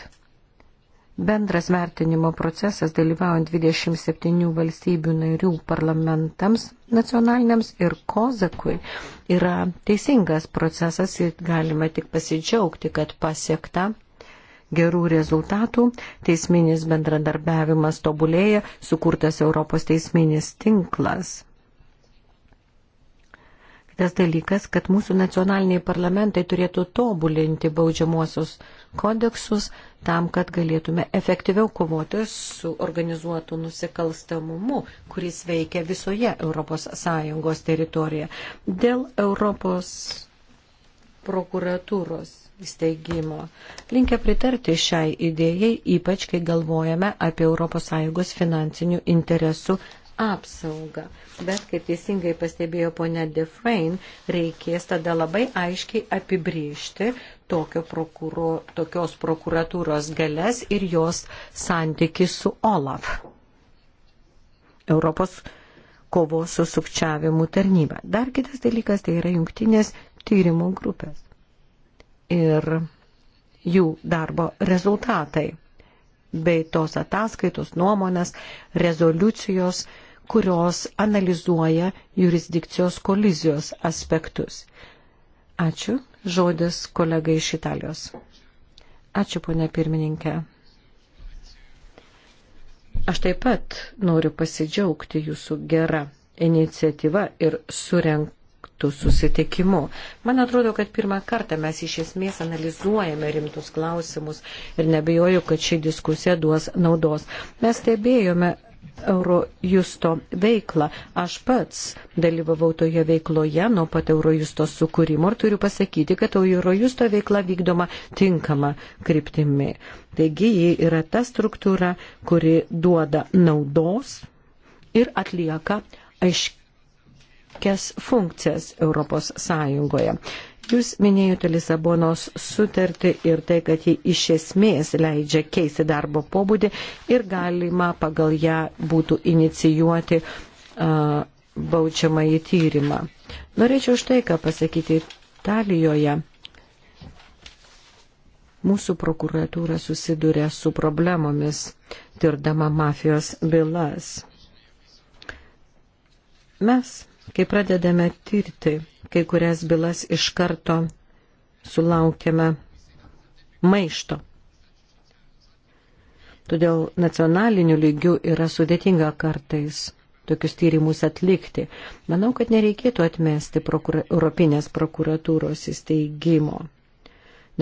bendras vertinimo procesas dalyvaujant 27 valstybių narių parlamentams nacionaliniams ir Kozakui yra teisingas procesas ir galima tik pasidžiaugti, kad pasiekta gerų rezultatų, teisminis bendradarbiavimas tobulėja, sukurtas Europos teisminis tinklas. Kitas dalykas, kad mūsų nacionaliniai parlamentai turėtų tobulinti baudžiamosios kodeksus tam, kad galėtume efektyviau kovoti su organizuotu nusikalstamumu, kuris veikia visoje ES teritorijoje. Dėl Europos prokuratūros įsteigimo. Linkia pritarti šiai idėjai, ypač kai galvojame apie ES finansinių interesų apsaugą. Bet, kaip teisingai pastebėjo ponia Defrain, reikės tada labai aiškiai apibriežti tokio prokuro, tokios prokuratūros galės ir jos santyki su OLAF. Europos kovos su sukčiavimu tarnyba. Dar kitas dalykas tai yra jungtinės tyrimų grupės ir jų darbo rezultatai bei tos ataskaitos, nuomonės, rezoliucijos, uh, kurios analizuoja jurisdikcijos kolizijos aspektus. Ačiū. Žodis kolega iš Italijos. Ačiū, ponė pirmininkė. Aš taip pat noriu pasidžiaugti jūsų gerą iniciatyvą ir surenktų susitikimu. Man atrodo, kad pirmą kartą mes iš esmės analizuojame rimtus klausimus ir nebejoju, kad ši diskusija duos naudos. Mes stebėjome Eurojusto veiklą. Aš pats dalyvavau toje veikloje nuo pat Eurojusto sukūrimo ir turiu pasakyti, kad Eurojusto veikla vykdoma tinkama kryptimi. Taigi ji yra ta struktūra, kuri duoda naudos ir atlieka aiškias funkcijas Europos Sąjungoje. Jūs minėjote Lisabonos sutartį ir tai, kad ji iš esmės leidžia keisti darbo pobūdį ir galima pagal ją būtų inicijuoti uh, baudžiamą į tyrimą. Norėčiau štai ką pasakyti Italijoje. Mūsų prokuratūra susiduria su problemomis, tirdama mafijos bylas. Mes, kai pradedame tirti kai kurias bylas iš karto sulaukiame maišto. Todėl nacionaliniu lygiu yra sudėtinga kartais tokius tyrimus atlikti. Manau, kad nereikėtų atmesti prokura, Europinės prokuratūros įsteigimo,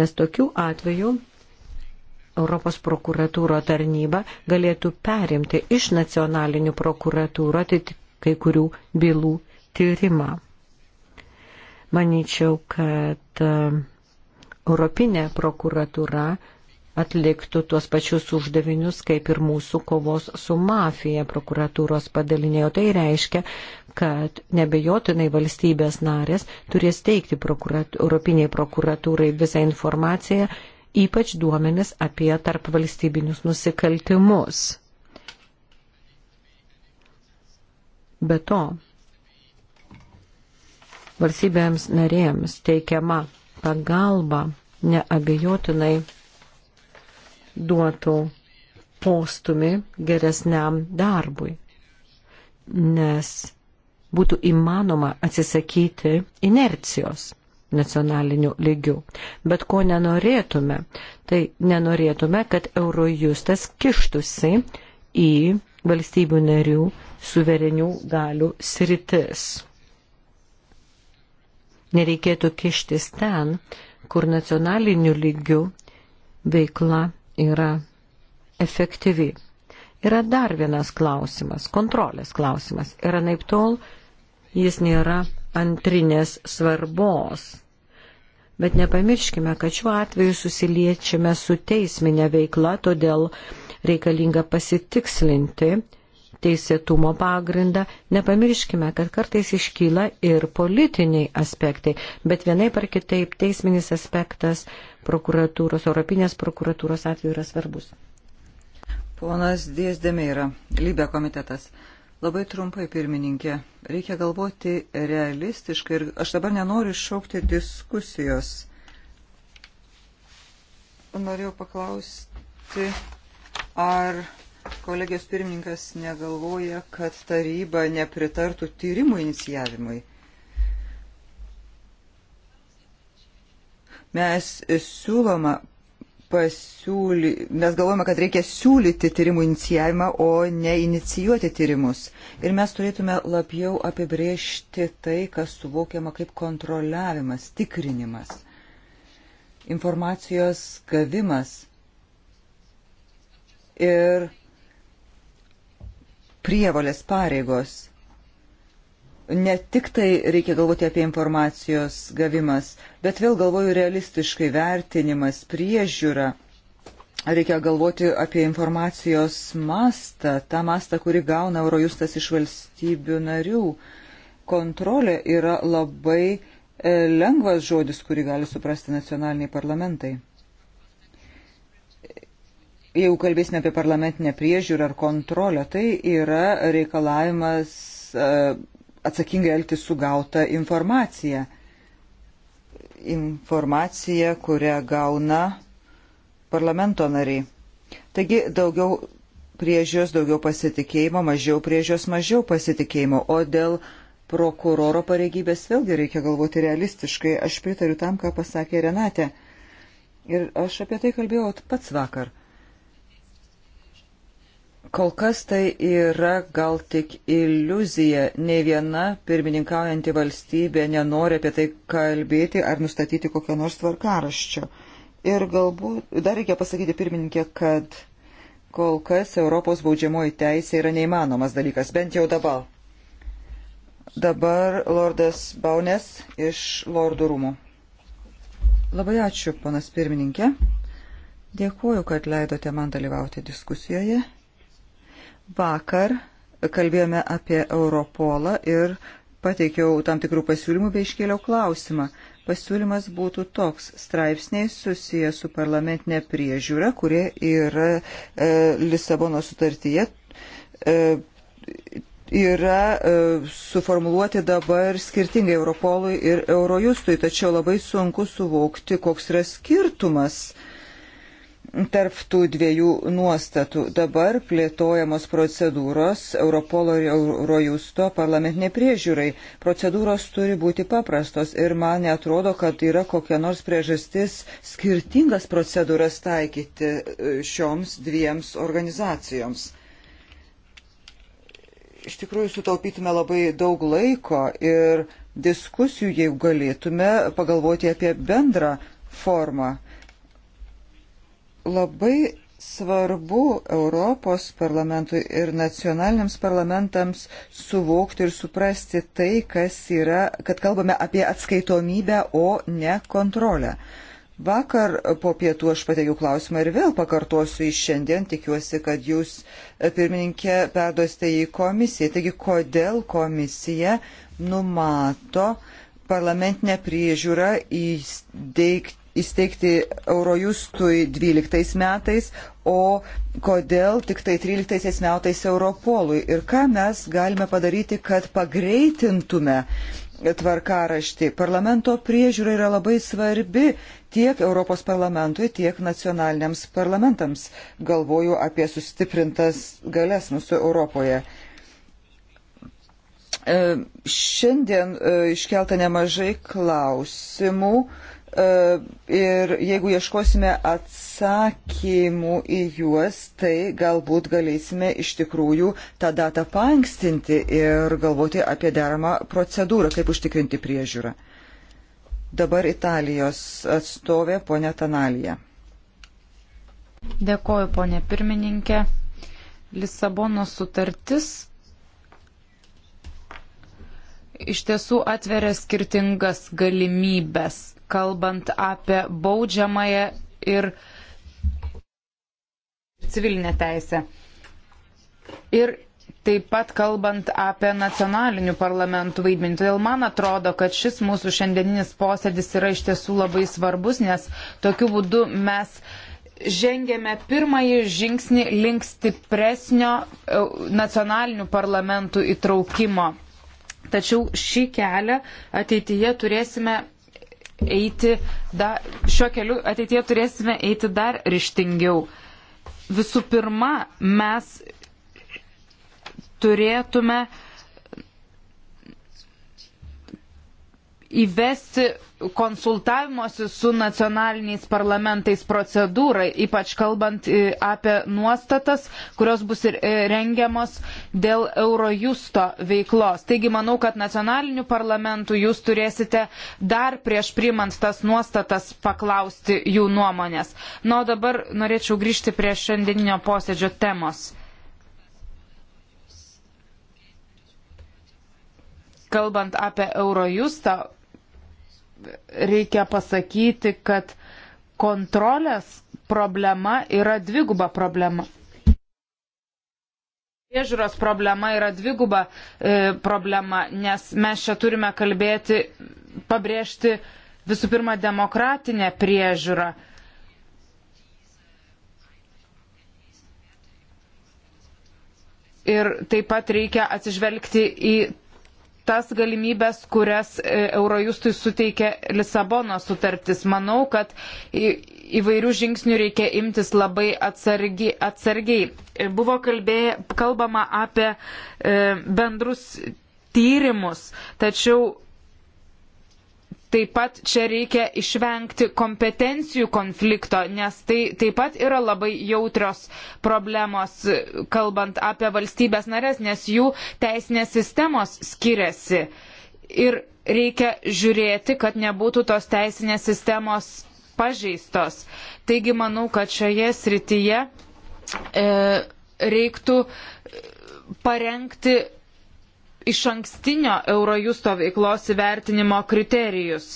nes tokiu atveju Europos prokuratūro tarnyba galėtų perimti iš nacionalinių prokuratūrų tai kai kurių bylų tyrimą. Manyčiau, kad e, Europinė prokuratūra atliktų tuos pačius uždavinius, kaip ir mūsų kovos su mafija prokuratūros padalinėjo. Tai reiškia, kad nebejotinai valstybės narės turės teikti prokurat, Europiniai prokuratūrai visą informaciją, ypač duomenis apie tarp valstybinius nusikaltimus. Be to, valstybėms narėjams teikiama pagalba neabejotinai duotų postumi geresniam darbui, nes būtų įmanoma atsisakyti inercijos nacionaliniu lygiu. Bet ko nenorėtume, tai nenorėtume, kad Eurojustas kištusi į valstybių narių suverenių galių sritis nereikėtų kištis ten, kur nacionaliniu lygiu veikla yra efektyvi. Yra dar vienas klausimas, kontrolės klausimas. Ir anaip tol jis nėra antrinės svarbos. Bet nepamirškime, kad šiuo atveju susiliečiame su teisminė veikla, todėl reikalinga pasitikslinti, teisėtumo pagrindą, nepamirškime, kad kartais iškyla ir politiniai aspektai, bet vienai par kitaip teisminis aspektas prokuratūros, Europinės prokuratūros atveju yra svarbus. Ponas Dėsdėmė yra Lybė komitetas. Labai trumpai, pirmininkė, reikia galvoti realistiškai ir aš dabar nenoriu šaukti diskusijos. Norėjau paklausti, ar Kolegijos pirmininkas negalvoja, kad taryba nepritartų tyrimų inicijavimui. Mes siūloma pasiūly, mes galvojame, kad reikia siūlyti tyrimų inicijavimą, o ne inicijuoti tyrimus. Ir mes turėtume labiau apibriežti tai, kas suvokiama kaip kontroliavimas, tikrinimas, informacijos gavimas. Ir prievalės pareigos. Ne tik tai reikia galvoti apie informacijos gavimas, bet vėl galvoju realistiškai vertinimas, priežiūra. Reikia galvoti apie informacijos mastą, tą mastą, kurį gauna Eurojustas iš valstybių narių. Kontrolė yra labai e, lengvas žodis, kurį gali suprasti nacionaliniai parlamentai. Jeigu kalbėsime apie parlamentinę priežiūrą ar kontrolę, tai yra reikalavimas e, atsakingai elgtis su gauta informacija. Informacija, kurią gauna parlamento nariai. Taigi daugiau priežios, daugiau pasitikėjimo, mažiau priežios, mažiau pasitikėjimo. O dėl prokuroro pareigybės vėlgi reikia galvoti realistiškai. Aš pritariu tam, ką pasakė Renate. Ir aš apie tai kalbėjau pats vakar Kol kas tai yra gal tik iliuzija. Ne viena pirmininkaujanti valstybė nenori apie tai kalbėti ar nustatyti kokią nors tvarkaraščio. Ir galbūt dar reikia pasakyti pirmininkė, kad kol kas Europos baudžiamoji teisė yra neįmanomas dalykas, bent jau dabar. Dabar Lordas Baunės iš Lordų rūmų. Labai ačiū, ponas pirmininkė. Dėkuoju, kad leidote man dalyvauti diskusijoje Vakar kalbėjome apie Europolą ir pateikiau tam tikrų pasiūlymų bei iškėliau klausimą. Pasiūlymas būtų toks straipsniai susiję su parlamentinė priežiūra, kurie yra e, Lisabono sutartyje, e, yra e, suformuluoti dabar skirtingai Europolui ir Eurojustui, tačiau labai sunku suvokti, koks yra skirtumas tarptų dviejų nuostatų. Dabar plėtojamos procedūros Europolo ir Eurojusto parlamentinė priežiūrai. Procedūros turi būti paprastos ir man netrodo, kad yra kokia nors priežastis skirtingas procedūras taikyti e, šioms dviems organizacijoms. Iš tikrųjų, sutaupytume labai daug laiko ir diskusijų, jeigu galėtume pagalvoti apie bendrą formą Labai svarbu Europos parlamentui ir nacionaliniams parlamentams suvokti ir suprasti tai, kas yra, kad kalbame apie atskaitomybę, o ne kontrolę. Vakar po pietų aš pateikiau klausimą ir vėl pakartosiu iš šiandien, tikiuosi, kad jūs e, pirmininkė perdosite į komisiją. Taigi, kodėl komisija numato parlamentinę priežiūrą įsteigti įsteigti Eurojustui 12 metais, o kodėl tik tai 13 metais Europolui ir ką mes galime padaryti, kad pagreitintume tvarkaraštį. Parlamento priežiūra yra labai svarbi tiek Europos parlamentui, tiek nacionaliniams parlamentams. Galvoju apie sustiprintas galės mūsų Europoje. E, šiandien e, iškelta nemažai klausimų E, ir jeigu ieškosime atsakymų į juos, tai galbūt galėsime iš tikrųjų tą datą pankstinti ir galvoti apie deramą procedūrą, kaip užtikrinti priežiūrą. Dabar Italijos atstovė ponė Tanalija. Dėkoju, ponė pirmininkė. Lisabono sutartis iš tiesų atveria skirtingas galimybės kalbant apie baudžiamąją ir civilinę teisę. Ir taip pat kalbant apie nacionalinių parlamentų vaidmenį. Todėl man atrodo, kad šis mūsų šiandieninis posėdis yra iš tiesų labai svarbus, nes tokiu būdu mes žengėme pirmąjį žingsnį link stipresnio e, nacionalinių parlamentų įtraukimo. Tačiau šį kelią ateityje turėsime eiti, da, šiuo keliu ateitie turėsime eiti dar ryštingiau. Visų pirma, mes turėtume įvesti konsultavimosi su nacionaliniais parlamentais procedūrą, ypač kalbant e, apie nuostatas, kurios bus ir e, rengiamos dėl Eurojusto veiklos. Taigi manau, kad nacionalinių parlamentų jūs turėsite dar prieš primant tas nuostatas paklausti jų nuomonės. Na, o dabar norėčiau grįžti prie šiandieninio posėdžio temos. Kalbant apie Eurojustą, reikia pasakyti, kad kontrolės problema yra dviguba problema. Priežiūros problema yra dviguba e, problema, nes mes čia turime kalbėti, pabrėžti visų pirma demokratinę priežiūrą. Ir taip pat reikia atsižvelgti į tas galimybės, kurias e, Eurojustui suteikia Lisabono sutartis. Manau, kad įvairių žingsnių reikia imtis labai atsargi, atsargiai. E, buvo kalbėję, kalbama apie e, bendrus tyrimus, tačiau Taip pat čia reikia išvengti kompetencijų konflikto, nes tai taip pat yra labai jautrios problemos, kalbant apie valstybės narės, nes jų teisinės sistemos skiriasi. Ir reikia žiūrėti, kad nebūtų tos teisinės sistemos pažeistos. Taigi manau, kad šioje srityje e, reiktų e, parengti iš ankstinio Eurojusto veiklos įvertinimo kriterijus.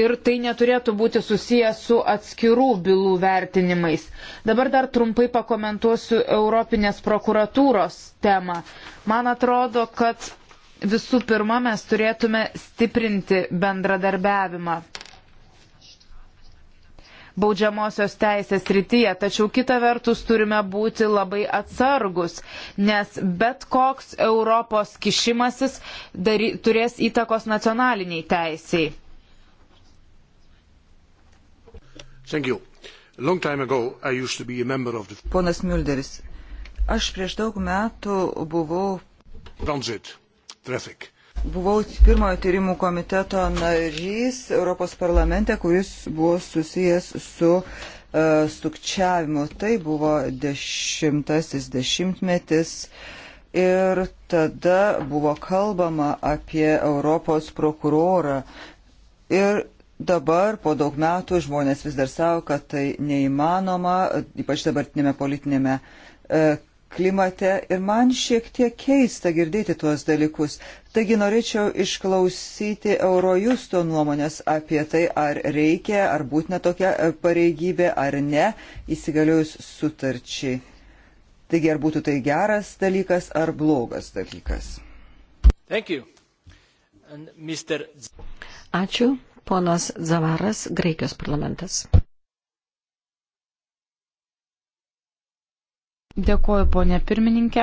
Ir tai neturėtų būti susijęs su atskirų bylų vertinimais. Dabar dar trumpai pakomentuosiu Europinės prokuratūros temą. Man atrodo, kad visų pirma mes turėtume stiprinti bendradarbiavimą baudžiamosios teisės rytyje. Tačiau kita vertus turime būti labai atsargus, nes bet koks Europos kišimasis dary, turės įtakos nacionaliniai teisiai. Ago, the... Ponas Mülderis, aš prieš daug metų buvau. Transit, traffic Buvau pirmojo tyrimų komiteto narys Europos parlamente, kuris buvo susijęs su uh, sukčiavimu. Tai buvo dešimtasis dešimtmetis. Ir tada buvo kalbama apie Europos prokurorą. Ir dabar po daug metų žmonės vis dar savo, kad tai neįmanoma, ypač dabartinėme politinėme e, klimate ir man šiek tiek keista girdėti tuos dalykus. Taigi norėčiau išklausyti Eurojusto nuomonės apie tai, ar reikia, ar būtina tokia e, pareigybė, ar ne, įsigaliojus sutarčiai. Taigi, ar būtų tai geras dalykas, ar blogas dalykas. Mister... Ačiū, ponas Zavaras, Graikijos parlamentas. Dėkuoju, ponė pirmininkė.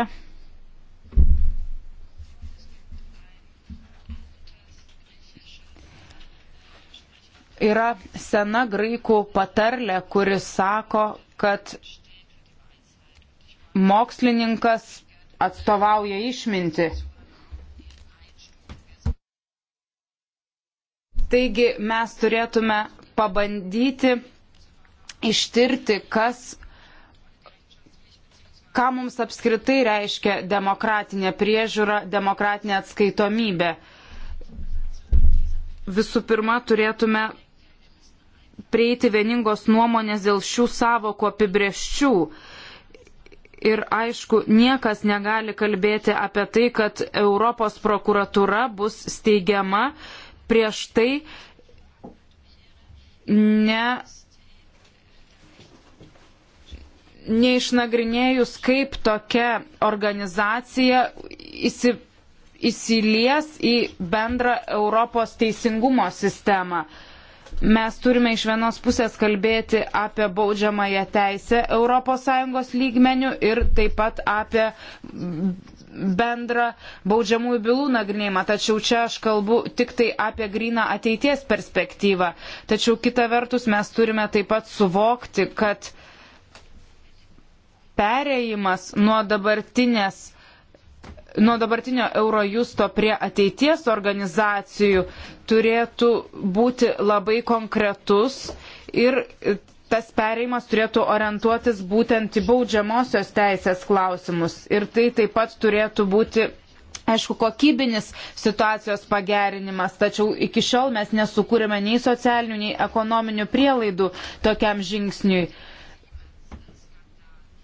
Yra sena graikų patarlė, kuris sako, kad mokslininkas atstovauja išminti. Taigi mes turėtume pabandyti ištirti, kas ką mums apskritai reiškia demokratinė priežiūra, demokratinė atskaitomybė. Visų pirma, turėtume prieiti vieningos nuomonės dėl šių savokų apibrieščių. Ir aišku, niekas negali kalbėti apie tai, kad Europos prokuratura bus steigiama prieš tai ne neišnagrinėjus, kaip tokia organizacija įsi, įsilies į bendrą Europos teisingumo sistemą. Mes turime iš vienos pusės kalbėti apie baudžiamąją teisę ES lygmenių ir taip pat apie bendrą baudžiamųjų bylų nagrinėjimą, tačiau čia aš kalbu tik tai apie gryną ateities perspektyvą. Tačiau kita vertus mes turime taip pat suvokti, kad uh, perėjimas nuo dabartinės nuo dabartinio Eurojusto prie ateities organizacijų turėtų būti labai konkretus ir tas pereimas turėtų orientuotis būtent į baudžiamosios teisės klausimus. Ir tai taip pat turėtų būti aišku, kokybinis situacijos pagerinimas, tačiau iki šiol mes nesukūrėme nei socialinių, nei ekonominių prielaidų tokiam žingsniui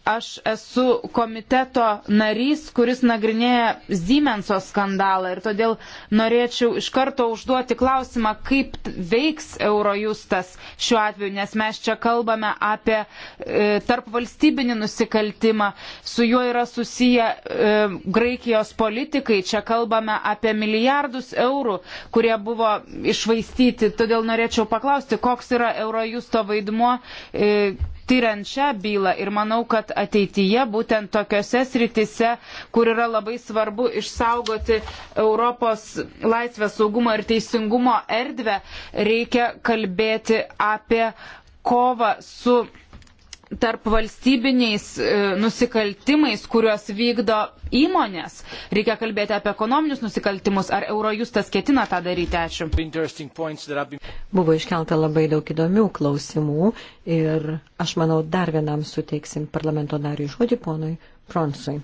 aš esu komiteto narys, kuris nagrinėja Siemenso skandalą ir todėl norėčiau iš karto užduoti klausimą, kaip veiks Eurojustas šiuo atveju, nes mes čia kalbame apie e, tarp valstybinį nusikaltimą, su juo yra susiję e, Graikijos politikai, čia kalbame apie milijardus eurų, kurie buvo išvaistyti, todėl norėčiau paklausti, koks yra Eurojusto vaidmuo. E, tyriant šią bylą ir manau, kad ateityje būtent tokiuose sritise, kur yra labai svarbu išsaugoti Europos laisvę, saugumo ir teisingumo erdvę, reikia kalbėti apie kovą su tarp valstybiniais e, nusikaltimais, kuriuos vykdo įmonės. Reikia kalbėti apie ekonominius nusikaltimus. Ar Eurojustas ketina tą daryti? Ačiū. Buvo iškelta labai daug įdomių klausimų ir aš manau dar vienam suteiksim parlamento nariui žodį ponui Pronsui.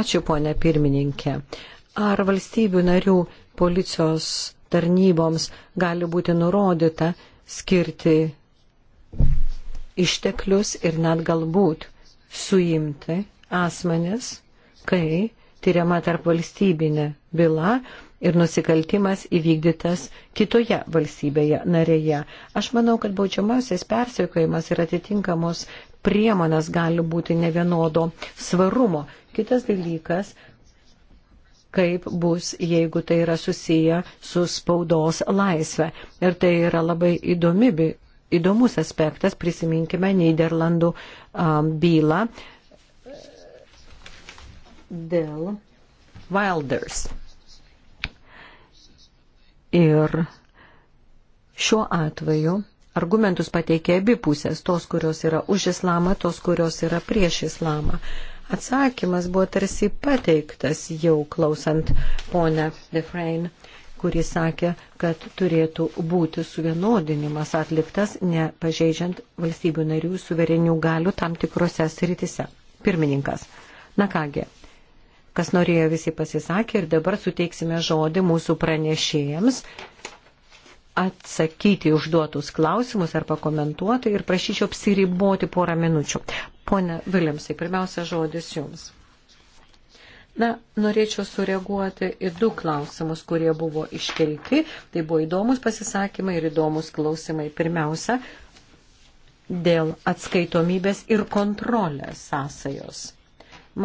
Ačiū ponė pirmininkė. Ar valstybių narių policijos tarnyboms gali būti nurodyta skirti išteklius ir net galbūt suimti asmenis, kai tyriama tarp valstybinė byla ir nusikaltimas įvykdytas kitoje valstybėje narėje. Aš manau, kad baudžiamasis persekiojimas ir atitinkamos priemonės gali būti nevienodo svarumo. Kitas dalykas, kaip bus, jeigu tai yra susiję su spaudos laisvė. Ir tai yra labai įdomi įdomus aspektas, prisiminkime Niderlandų um, bylą uh, dėl Wilders. Ir šiuo atveju argumentus pateikė abi pusės, tos, kurios yra už islamą, tos, kurios yra prieš islamą. Atsakymas buvo tarsi pateiktas jau klausant ponę Defrain kuris sakė, kad turėtų būti suvienodinimas atliktas, nepažeidžiant valstybių narių suverenių galių tam tikrose sritise. Pirmininkas. Na kągi, kas norėjo visi pasisakė ir dabar suteiksime žodį mūsų pranešėjams atsakyti užduotus klausimus ar pakomentuoti ir prašyčiau apsiriboti porą minučių. Pone Viljamsai, pirmiausia žodis jums. Na, norėčiau sureaguoti į du klausimus, kurie buvo iškelti. Tai buvo įdomus pasisakymai ir įdomus klausimai. Pirmiausia, dėl atskaitomybės ir kontrolės sąsajos.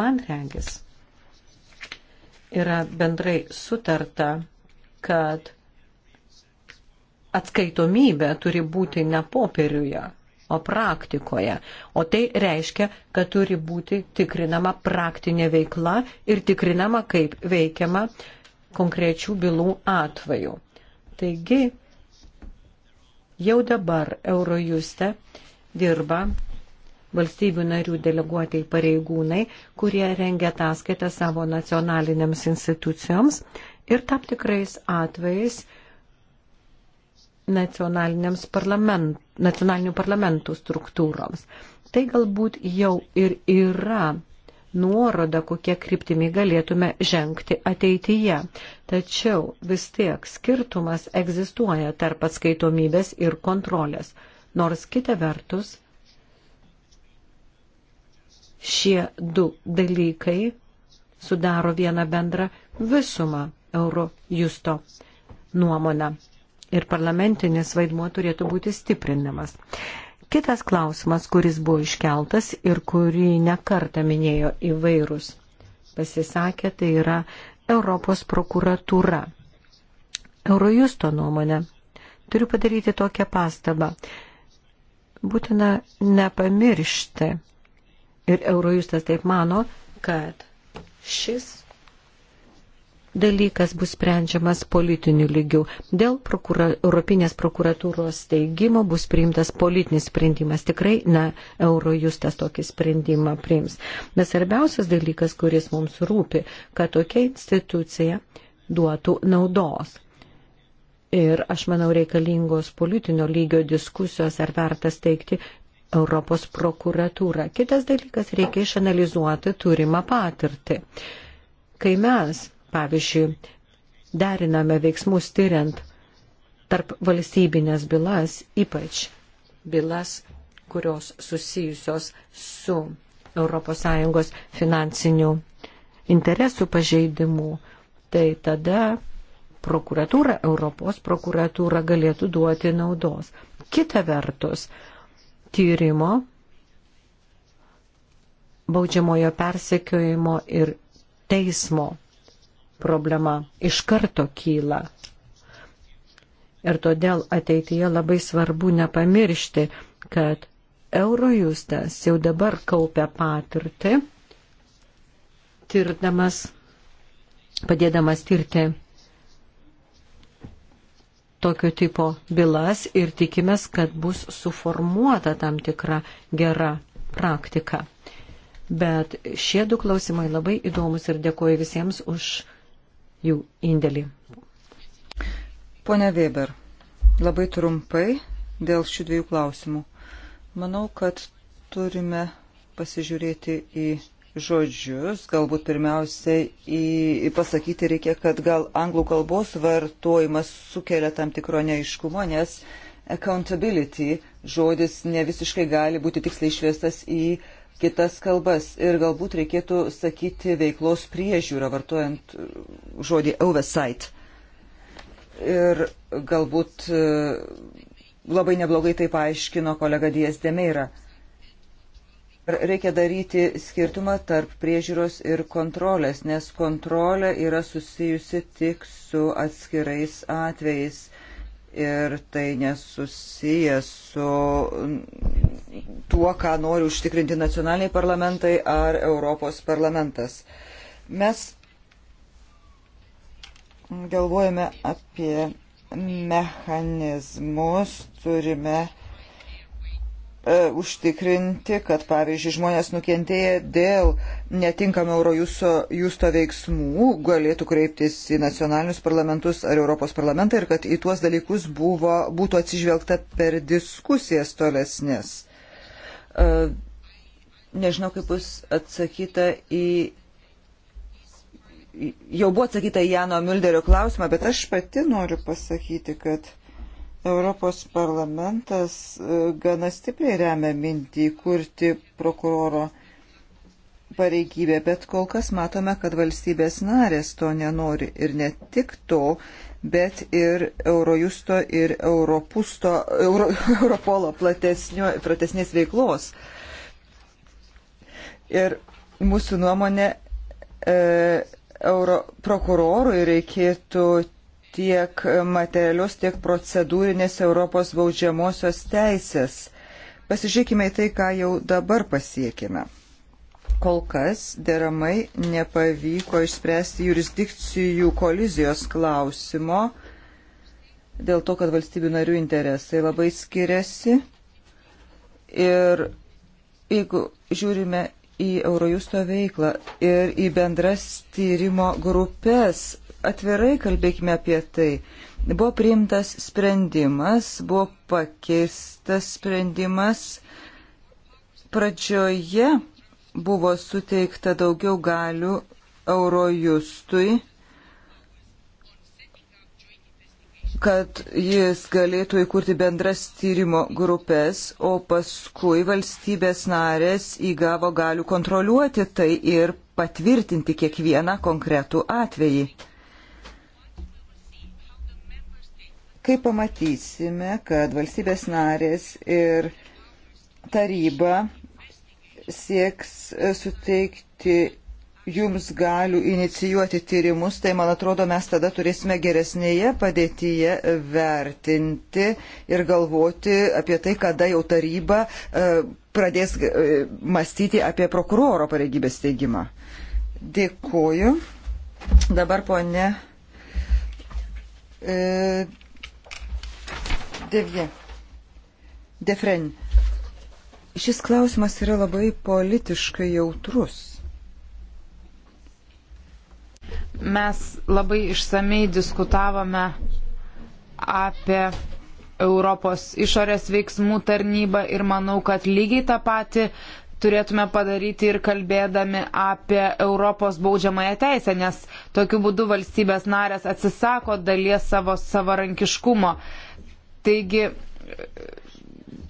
Man regis, yra bendrai sutarta, kad atskaitomybė turi būti ne popieriuje, o praktikoje. O tai reiškia, kad turi būti tikrinama praktinė veikla ir tikrinama, kaip veikiama konkrečių bylų atveju. Taigi, jau dabar Eurojuste dirba valstybių narių deleguotai pareigūnai, kurie rengia ataskaitą savo nacionalinėms institucijoms ir tam tikrais atvejais parlament, nacionalinių parlamentų struktūroms. Tai galbūt jau ir yra nuoroda, kokie kryptimi galėtume žengti ateityje. Tačiau vis tiek skirtumas egzistuoja tarp atskaitomybės ir kontrolės. Nors kita vertus, šie du dalykai sudaro vieną bendrą visumą Eurojusto nuomonę ir parlamentinis vaidmuo turėtų būti stiprinamas. Kitas klausimas, kuris buvo iškeltas ir kurį nekartą minėjo įvairūs pasisakė, tai yra Europos prokuratūra. Eurojusto nuomonė. Turiu padaryti tokią pastabą. Būtina nepamiršti, ir Eurojustas taip mano, kad šis dalykas bus sprendžiamas politiniu lygiu. Dėl prokura, Europinės prokuratūros steigimo bus priimtas politinis sprendimas. Tikrai, na, Eurojustas tokį sprendimą priims. Bet svarbiausias dalykas, kuris mums rūpi, kad tokia institucija duotų naudos. Ir aš manau reikalingos politinio lygio diskusijos, ar verta steigti Europos prokuratūrą. Kitas dalykas, reikia išanalizuoti turimą patirtį. Kai mes pavyzdžiui, deriname veiksmus tyriant tarp valstybinės bylas, ypač bylas, kurios susijusios su ES finansinių interesų pažeidimu, tai tada prokuratūra, Europos prokuratūra galėtų duoti naudos. Kita vertus, tyrimo, baudžiamojo persekiojimo ir teismo problema iš karto kyla. Ir todėl ateityje labai svarbu nepamiršti, kad Eurojustas jau dabar kaupia patirtį, tirdamas, padėdamas tirti tokio tipo bylas ir tikimės, kad bus suformuota tam tikra gera praktika. Bet šie du klausimai labai įdomus ir dėkoju visiems už jų indėlį. Pone Weber, labai trumpai dėl šių dviejų klausimų. Manau, kad turime pasižiūrėti į žodžius, galbūt pirmiausiai į, pasakyti reikia, kad gal anglų kalbos vartojimas sukelia tam tikro neiškumo, nes accountability žodis ne visiškai gali būti tiksliai išvestas į uh, kitas kalbas ir galbūt reikėtų sakyti veiklos priežiūrą, vartojant uh, žodį oversight. Ir galbūt uh, labai neblogai tai paaiškino kolega Dijas Demeira. Reikia daryti skirtumą tarp priežiūros ir kontrolės, nes kontrolė yra susijusi tik su atskirais atvejais ir tai nesusijęs su tuo, ką nori užtikrinti nacionaliniai parlamentai ar Europos parlamentas. Mes galvojame apie mechanizmus, turime e, užtikrinti, kad pavyzdžiui žmonės nukentėję dėl netinkamo Eurojuso jūsto veiksmų galėtų kreiptis į nacionalinius parlamentus ar Europos parlamentą ir kad į tuos dalykus buvo, būtų atsižvelgta per diskusijas tolesnės. E, nežinau, kaip bus atsakyta į. Jau buvo atsakyta į Jano Mulderio klausimą, bet aš pati noriu pasakyti, kad Europos parlamentas e, gana stipriai remia mintį kurti prokuroro pareigybę, bet kol kas matome, kad valstybės narės to nenori ir ne tik to, bet ir Eurojusto ir Europusto, Euro, Europolo platesnės veiklos. Ir mūsų nuomonė, e, euro prokurorui reikėtų tiek materialios, tiek procedūrinės Europos baudžiamosios teisės. Pasižiūrėkime į tai, ką jau dabar pasiekime kol kas deramai nepavyko išspręsti jurisdikcijų kolizijos klausimo dėl to, kad valstybių narių interesai labai skiriasi. Ir jeigu žiūrime į Eurojusto veiklą ir į bendras tyrimo grupės, atvirai kalbėkime apie tai. Buvo priimtas sprendimas, buvo pakeistas sprendimas. Pradžioje buvo suteikta daugiau galių Eurojustui, kad jis galėtų įkurti bendras tyrimo grupės, o paskui valstybės narės įgavo galių kontroliuoti tai ir patvirtinti kiekvieną konkretų atvejį. Kai pamatysime, kad valstybės narės ir taryba sieks e, suteikti jums galių inicijuoti tyrimus, tai man atrodo mes tada turėsime geresnėje padėtyje e, vertinti ir galvoti apie tai, kada jau taryba e, pradės mąstyti apie prokuroro pareigybės teigimą. Dėkuoju. Dabar ponė. E, Devie. Defren. Šis klausimas yra labai politiškai jautrus. Mes labai išsamei diskutavome apie Europos išorės veiksmų tarnybą ir manau, kad lygiai tą patį turėtume padaryti ir kalbėdami apie Europos baudžiamąją teisę, nes tokiu būdu valstybės narės atsisako dalies savo savarankiškumo. Taigi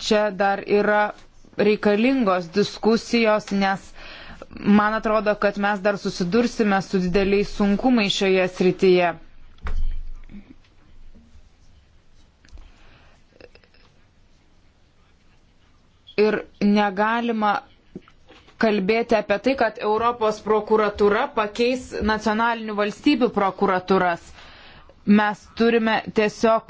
čia dar yra reikalingos diskusijos, nes man atrodo, kad mes dar susidursime su dideliais sunkumai šioje srityje. Ir negalima kalbėti apie tai, kad Europos prokuratura pakeis nacionalinių valstybių prokuraturas mes turime tiesiog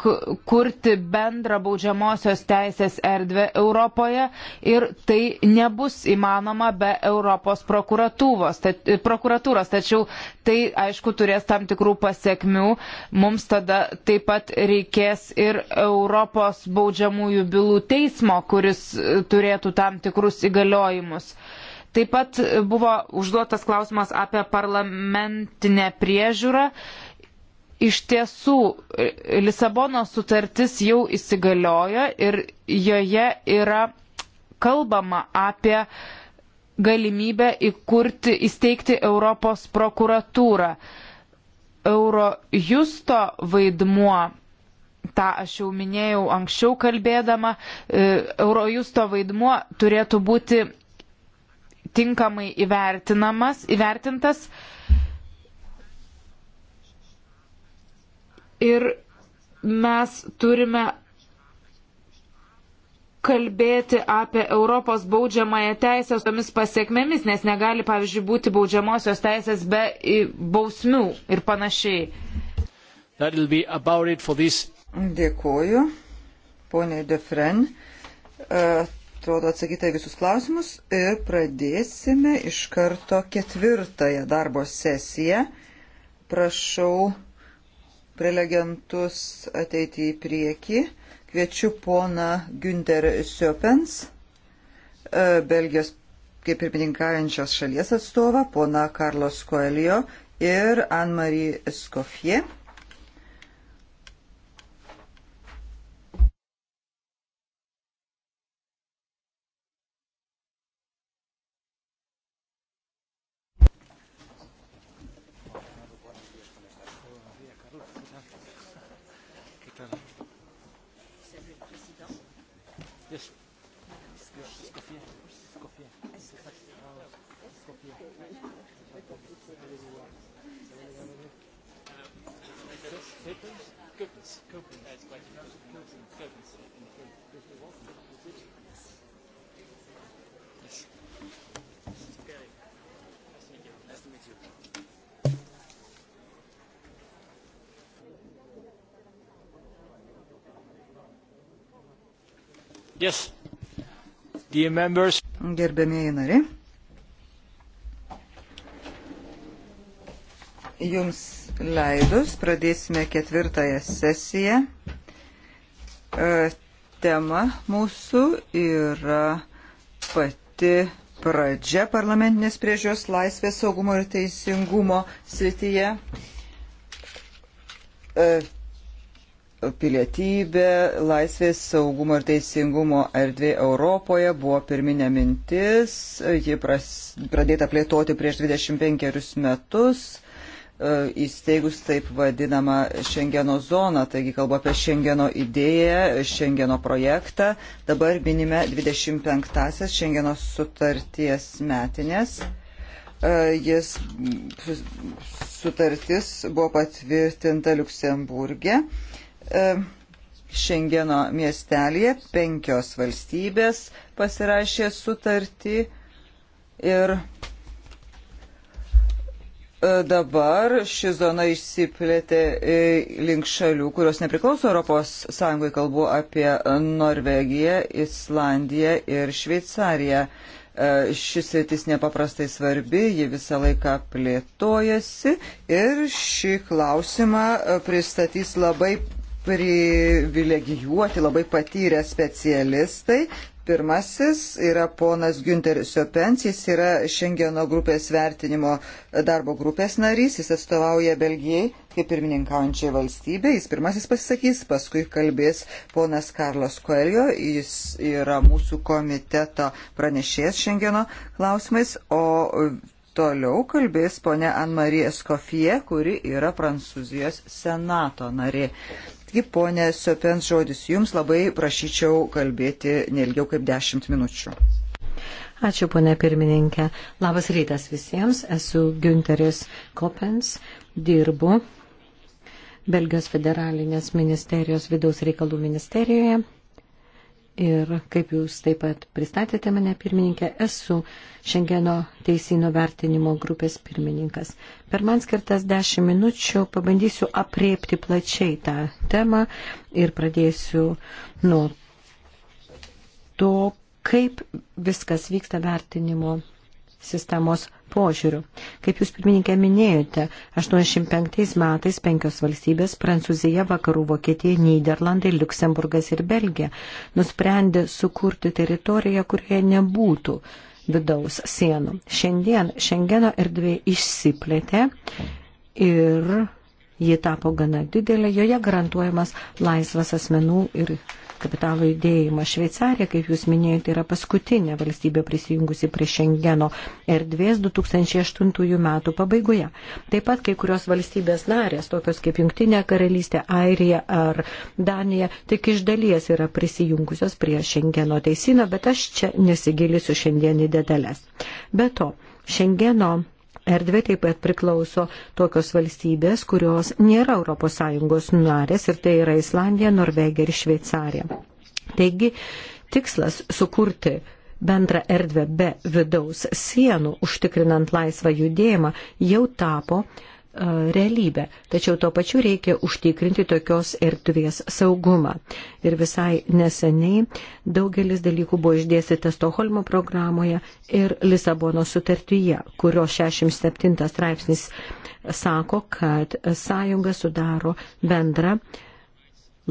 kurti bendrą baudžiamosios teisės erdvę Europoje ir tai nebus įmanoma be Europos prokuratūros. Tačiau tai, aišku, turės tam tikrų pasiekmių. Mums tada taip pat reikės ir Europos baudžiamųjų bylų teismo, kuris e, turėtų tam tikrus įgaliojimus. Taip pat buvo užduotas klausimas apie parlamentinę priežiūrą. Uh, iš tiesų Lisabono sutartis jau įsigaliojo ir joje yra kalbama apie galimybę įkurti, įsteigti Europos prokuratūrą. Eurojusto vaidmuo, tą aš jau minėjau anksčiau kalbėdama, e, Eurojusto vaidmuo turėtų būti tinkamai įvertinamas, įvertintas, įvertintas ir mes turime kalbėti apie Europos baudžiamąją teisę tomis pasiekmėmis, nes negali, pavyzdžiui, būti baudžiamosios teisės be bausmių ir panašiai. Dėkuoju, poniai Defren. E, atrodo atsakyta visus klausimus ir pradėsime iš karto ketvirtąją darbo sesiją. Prašau prelegentus ateiti į priekį. Kviečiu poną Günter Siopens, e, Belgijos kaip pirmininkaujančios šalies atstovą, poną Karlos Koelio ir Anne-Marie Skofie Gerbėmėjai nariai, jums leidus pradėsime ketvirtąją sesiją. E, tema mūsų yra pati pradžia parlamentinės priežios laisvės saugumo ir teisingumo srityje e, pilietybė, laisvės, saugumo ir teisingumo erdvė Europoje buvo pirminė mintis, ji pras, pradėta plėtoti prieš 25 metus, e, įsteigus taip vadinamą Šengeno zoną, taigi kalba apie Šengeno idėją, Šengeno projektą. Dabar minime 25-asias Šengeno sutarties metinės e, jis sutartis buvo patvirtinta Luksemburgė E, Šengeno miestelėje penkios valstybės pasirašė sutartį ir e, dabar ši zona išsiplėtė e, link šalių, kurios nepriklauso Europos Sąjungoje, kalbu apie Norvegiją, Islandiją ir Šveicariją. Šis sritis nepaprastai svarbi, ji visą laiką plėtojasi ir šį klausimą pristatys labai privilegijuoti labai patyrę specialistai. Pirmasis yra ponas Günteris Siopens, jis yra Šengeno grupės vertinimo darbo grupės narys, jis atstovauja Belgijai kaip pirmininkaujančiai valstybė, jis pirmasis pasisakys, paskui kalbės ponas Karlas Koelio, jis yra mūsų komiteto pranešėjas Šengeno klausimais, o Toliau kalbės ponė Anmarija Skofie, kuri yra Prancūzijos senato narė. Taigi, ponė Siopens, žodis jums labai prašyčiau kalbėti nelgiau kaip 10 minučių. Ačiū, ponė pirmininkė. Labas rytas visiems. Esu Günteris Kopens. Dirbu Belgijos federalinės ministerijos vidaus reikalų ministerijoje ir kaip jūs taip pat pristatėte mane pirmininkę, esu Šengeno teisino vertinimo grupės pirmininkas. Per man skirtas dešimt minučių pabandysiu apriepti plačiai tą temą ir pradėsiu nuo to, kaip viskas vyksta vertinimo sistemos požiūrių. Kaip jūs pirmininkė minėjote, 85 metais penkios valstybės - Prancūzija, Vakarų Vokietija, Niderlandai, Luksemburgas ir Belgija - nusprendė sukurti teritoriją, kurioje nebūtų vidaus sienų. Šiandien Šengeno erdvė išsiplėtė ir ji tapo gana didelė, joje garantuojamas laisvas asmenų ir kapitalo judėjimą. Šveicarija, kaip jūs minėjote, yra paskutinė valstybė prisijungusi prie Šengeno erdvės 2008 metų pabaigoje. Taip pat kai kurios valstybės narės, tokios kaip Junktinė karalystė, Airija ar Danija, tik iš dalies yra prisijungusios prie Šengeno teisino, bet aš čia nesigilysiu šiandien į detalės. Be to, Šengeno erdvė taip pat priklauso tokios valstybės, kurios nėra ES narės ir tai yra Islandija, Norvegija ir Šveicarija. Taigi tikslas sukurti bendrą erdvę be vidaus sienų, užtikrinant laisvą judėjimą, jau tapo uh, realybę. Tačiau tuo pačiu reikia užtikrinti tokios erdvės saugumą. Ir visai neseniai daugelis dalykų buvo išdėstyta Stoholmo programoje ir Lisabono sutartyje, kurio 67 straipsnis sako, kad sąjunga sudaro bendrą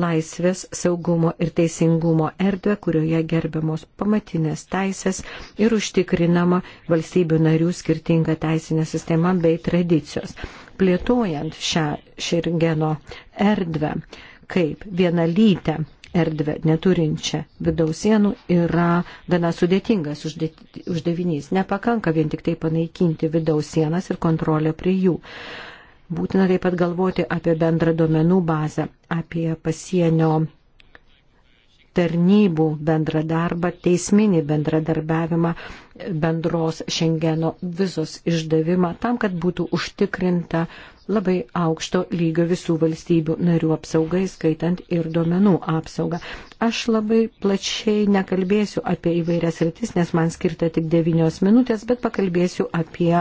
laisvės, saugumo ir teisingumo erdvę, kurioje gerbiamos pamatinės teisės ir užtikrinama valstybių narių skirtinga teisinė sistema bei tradicijos plėtojant šią Širgeno erdvę kaip vienalytę erdvę neturinčią vidaus sienų yra gana sudėtingas uždavinys. Nepakanka vien tik tai panaikinti vidaus sienas ir kontrolę prie jų. Būtina taip pat galvoti apie bendrą duomenų bazę, apie pasienio tarnybų bendradarbą, teisminį bendradarbiavimą, bendros Šengeno vizos išdavimą, tam, kad būtų užtikrinta labai aukšto lygio visų valstybių narių apsauga, skaitant ir duomenų apsaugą. Aš labai plačiai nekalbėsiu apie įvairias rytis, nes man skirta tik devynios minutės, bet pakalbėsiu apie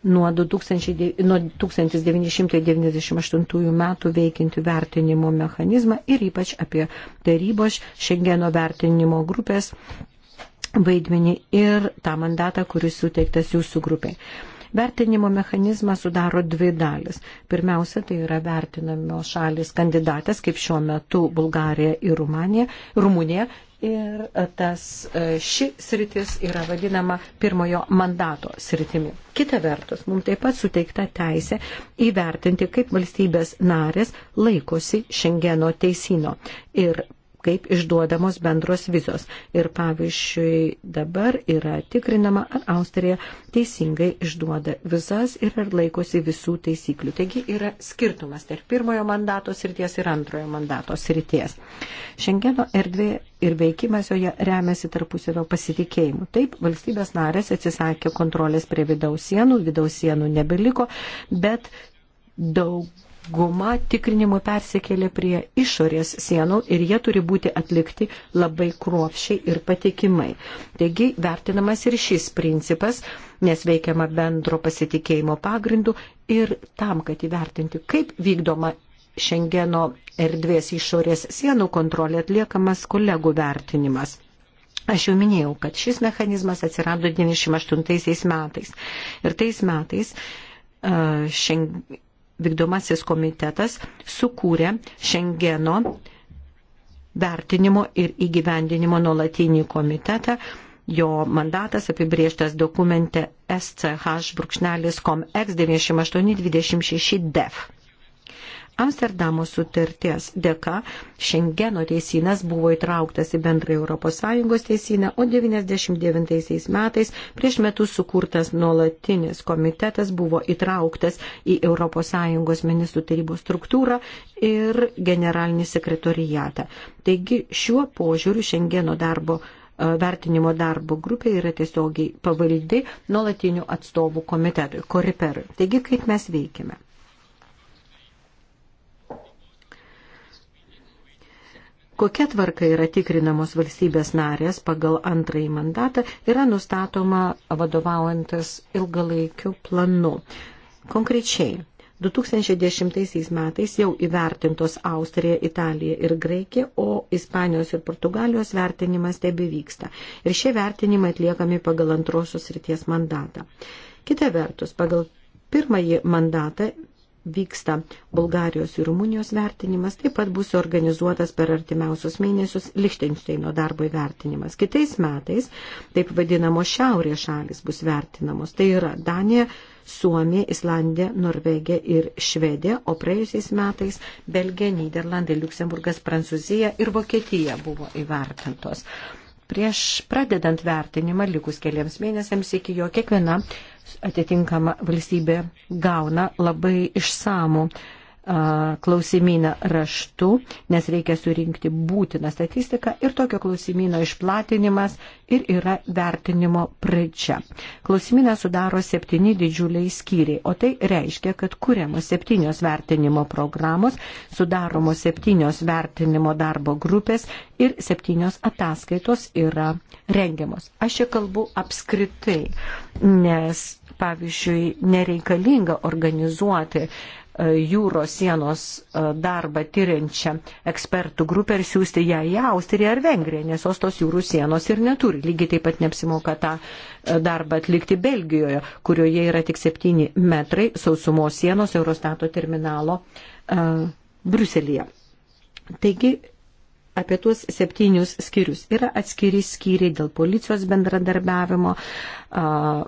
nuo, 2000, nuo 1998 metų veikinti vertinimo mechanizmą ir ypač apie tarybos Šengeno vertinimo grupės vaidmenį ir tą mandatą, kuris suteiktas jūsų grupiai. Vertinimo mechanizmą sudaro dvi dalis. Pirmiausia, tai yra vertinamios šalis kandidatės, kaip šiuo metu Bulgarija ir Rumanija, Rumunija. Ir e, tas e, ši sritis yra vadinama pirmojo mandato sritimi. Kita vertus, mums taip pat suteikta teisė įvertinti, kaip valstybės narės laikosi Šengeno teisino. Ir kaip išduodamos bendros vizos. Ir pavyzdžiui, dabar yra tikrinama, ar Austrija teisingai išduoda vizas ir ar laikosi visų taisyklių. Taigi yra skirtumas tarp pirmojo mandato srities ir antrojo mandato srities. Šengeno erdvė ir veikimas joje remiasi tarpusavio pasitikėjimu. Taip, valstybės narės atsisakė kontrolės prie vidaus sienų, vidaus sienų nebeliko, bet daug guma tikrinimų persikėlė prie išorės sienų ir jie turi būti atlikti labai kruopšiai ir patikimai. Taigi vertinamas ir šis principas, nes veikiama bendro pasitikėjimo pagrindu ir tam, kad įvertinti, kaip vykdoma Šengeno erdvės išorės sienų kontrolė atliekamas kolegų vertinimas. Aš jau minėjau, kad šis mechanizmas atsirado 98 metais. Ir tais metais šeng, vykdomasis komitetas sukūrė Šengeno vertinimo ir įgyvendinimo nuolatinį komitetą. Jo mandatas apibrieštas dokumente SCH-COMX 9826DEF. Amsterdamo sutarties dėka Šengeno teisinas buvo įtrauktas į bendrąją ES teisiną, o 99 metais prieš metus sukurtas nuolatinis komitetas buvo įtrauktas į ES ministrų tarybos struktūrą ir generalinį sekretorijatą. Taigi šiuo požiūriu Šengeno darbo e, vertinimo darbo grupė yra tiesiogiai pavaldi nuolatinių atstovų komitetui, koriperui. Taigi, kaip mes veikime? kokia tvarka yra tikrinamos valstybės narės pagal antrąjį mandatą, yra nustatoma vadovaujantis ilgalaikiu planu. Konkrečiai, 2010 metais jau įvertintos Austrija, Italija ir Graikija, o Ispanijos ir Portugalijos vertinimas tebe vyksta. Ir šie vertinimai atliekami pagal antrosios ryties mandatą. Kita vertus, pagal pirmąjį mandatą vyksta Bulgarijos ir Rumunijos vertinimas, taip pat bus organizuotas per artimiausius mėnesius Lichtensteino darbo įvertinimas. Kitais metais taip vadinamos šiaurės šalis bus vertinamos. Tai yra Danija, Suomija, Islandija, Norvegija ir Švedija, o praėjusiais metais Belgija, Niderlandai, Luksemburgas, Prancūzija ir Vokietija buvo įvertintos. Prieš pradedant vertinimą likus keliams mėnesiams iki jo kiekviena atitinkama valstybė gauna labai išsamų klausimyną raštu, nes reikia surinkti būtiną statistiką ir tokio klausimyno išplatinimas ir yra vertinimo pradžia. Klausimyną sudaro septyni didžiuliai skyriai, o tai reiškia, kad kuriamos septynios vertinimo programos, sudaromos septynios vertinimo darbo grupės ir septynios ataskaitos yra rengiamos. Aš čia kalbu apskritai, nes pavyzdžiui, nereikalinga organizuoti jūros sienos e, darbą tyriančią ekspertų grupę ir siūsti ją į Austriją ar Vengriją, nes jos tos jūrų sienos ir neturi. Lygiai taip pat neapsimoka tą e, darbą atlikti Belgijoje, kurioje yra tik 7 metrai sausumos sienos Eurostato terminalo uh, Bruselėje. Taigi, apie tuos septynius skyrius. Yra atskiri skyriai dėl policijos bendradarbiavimo, uh,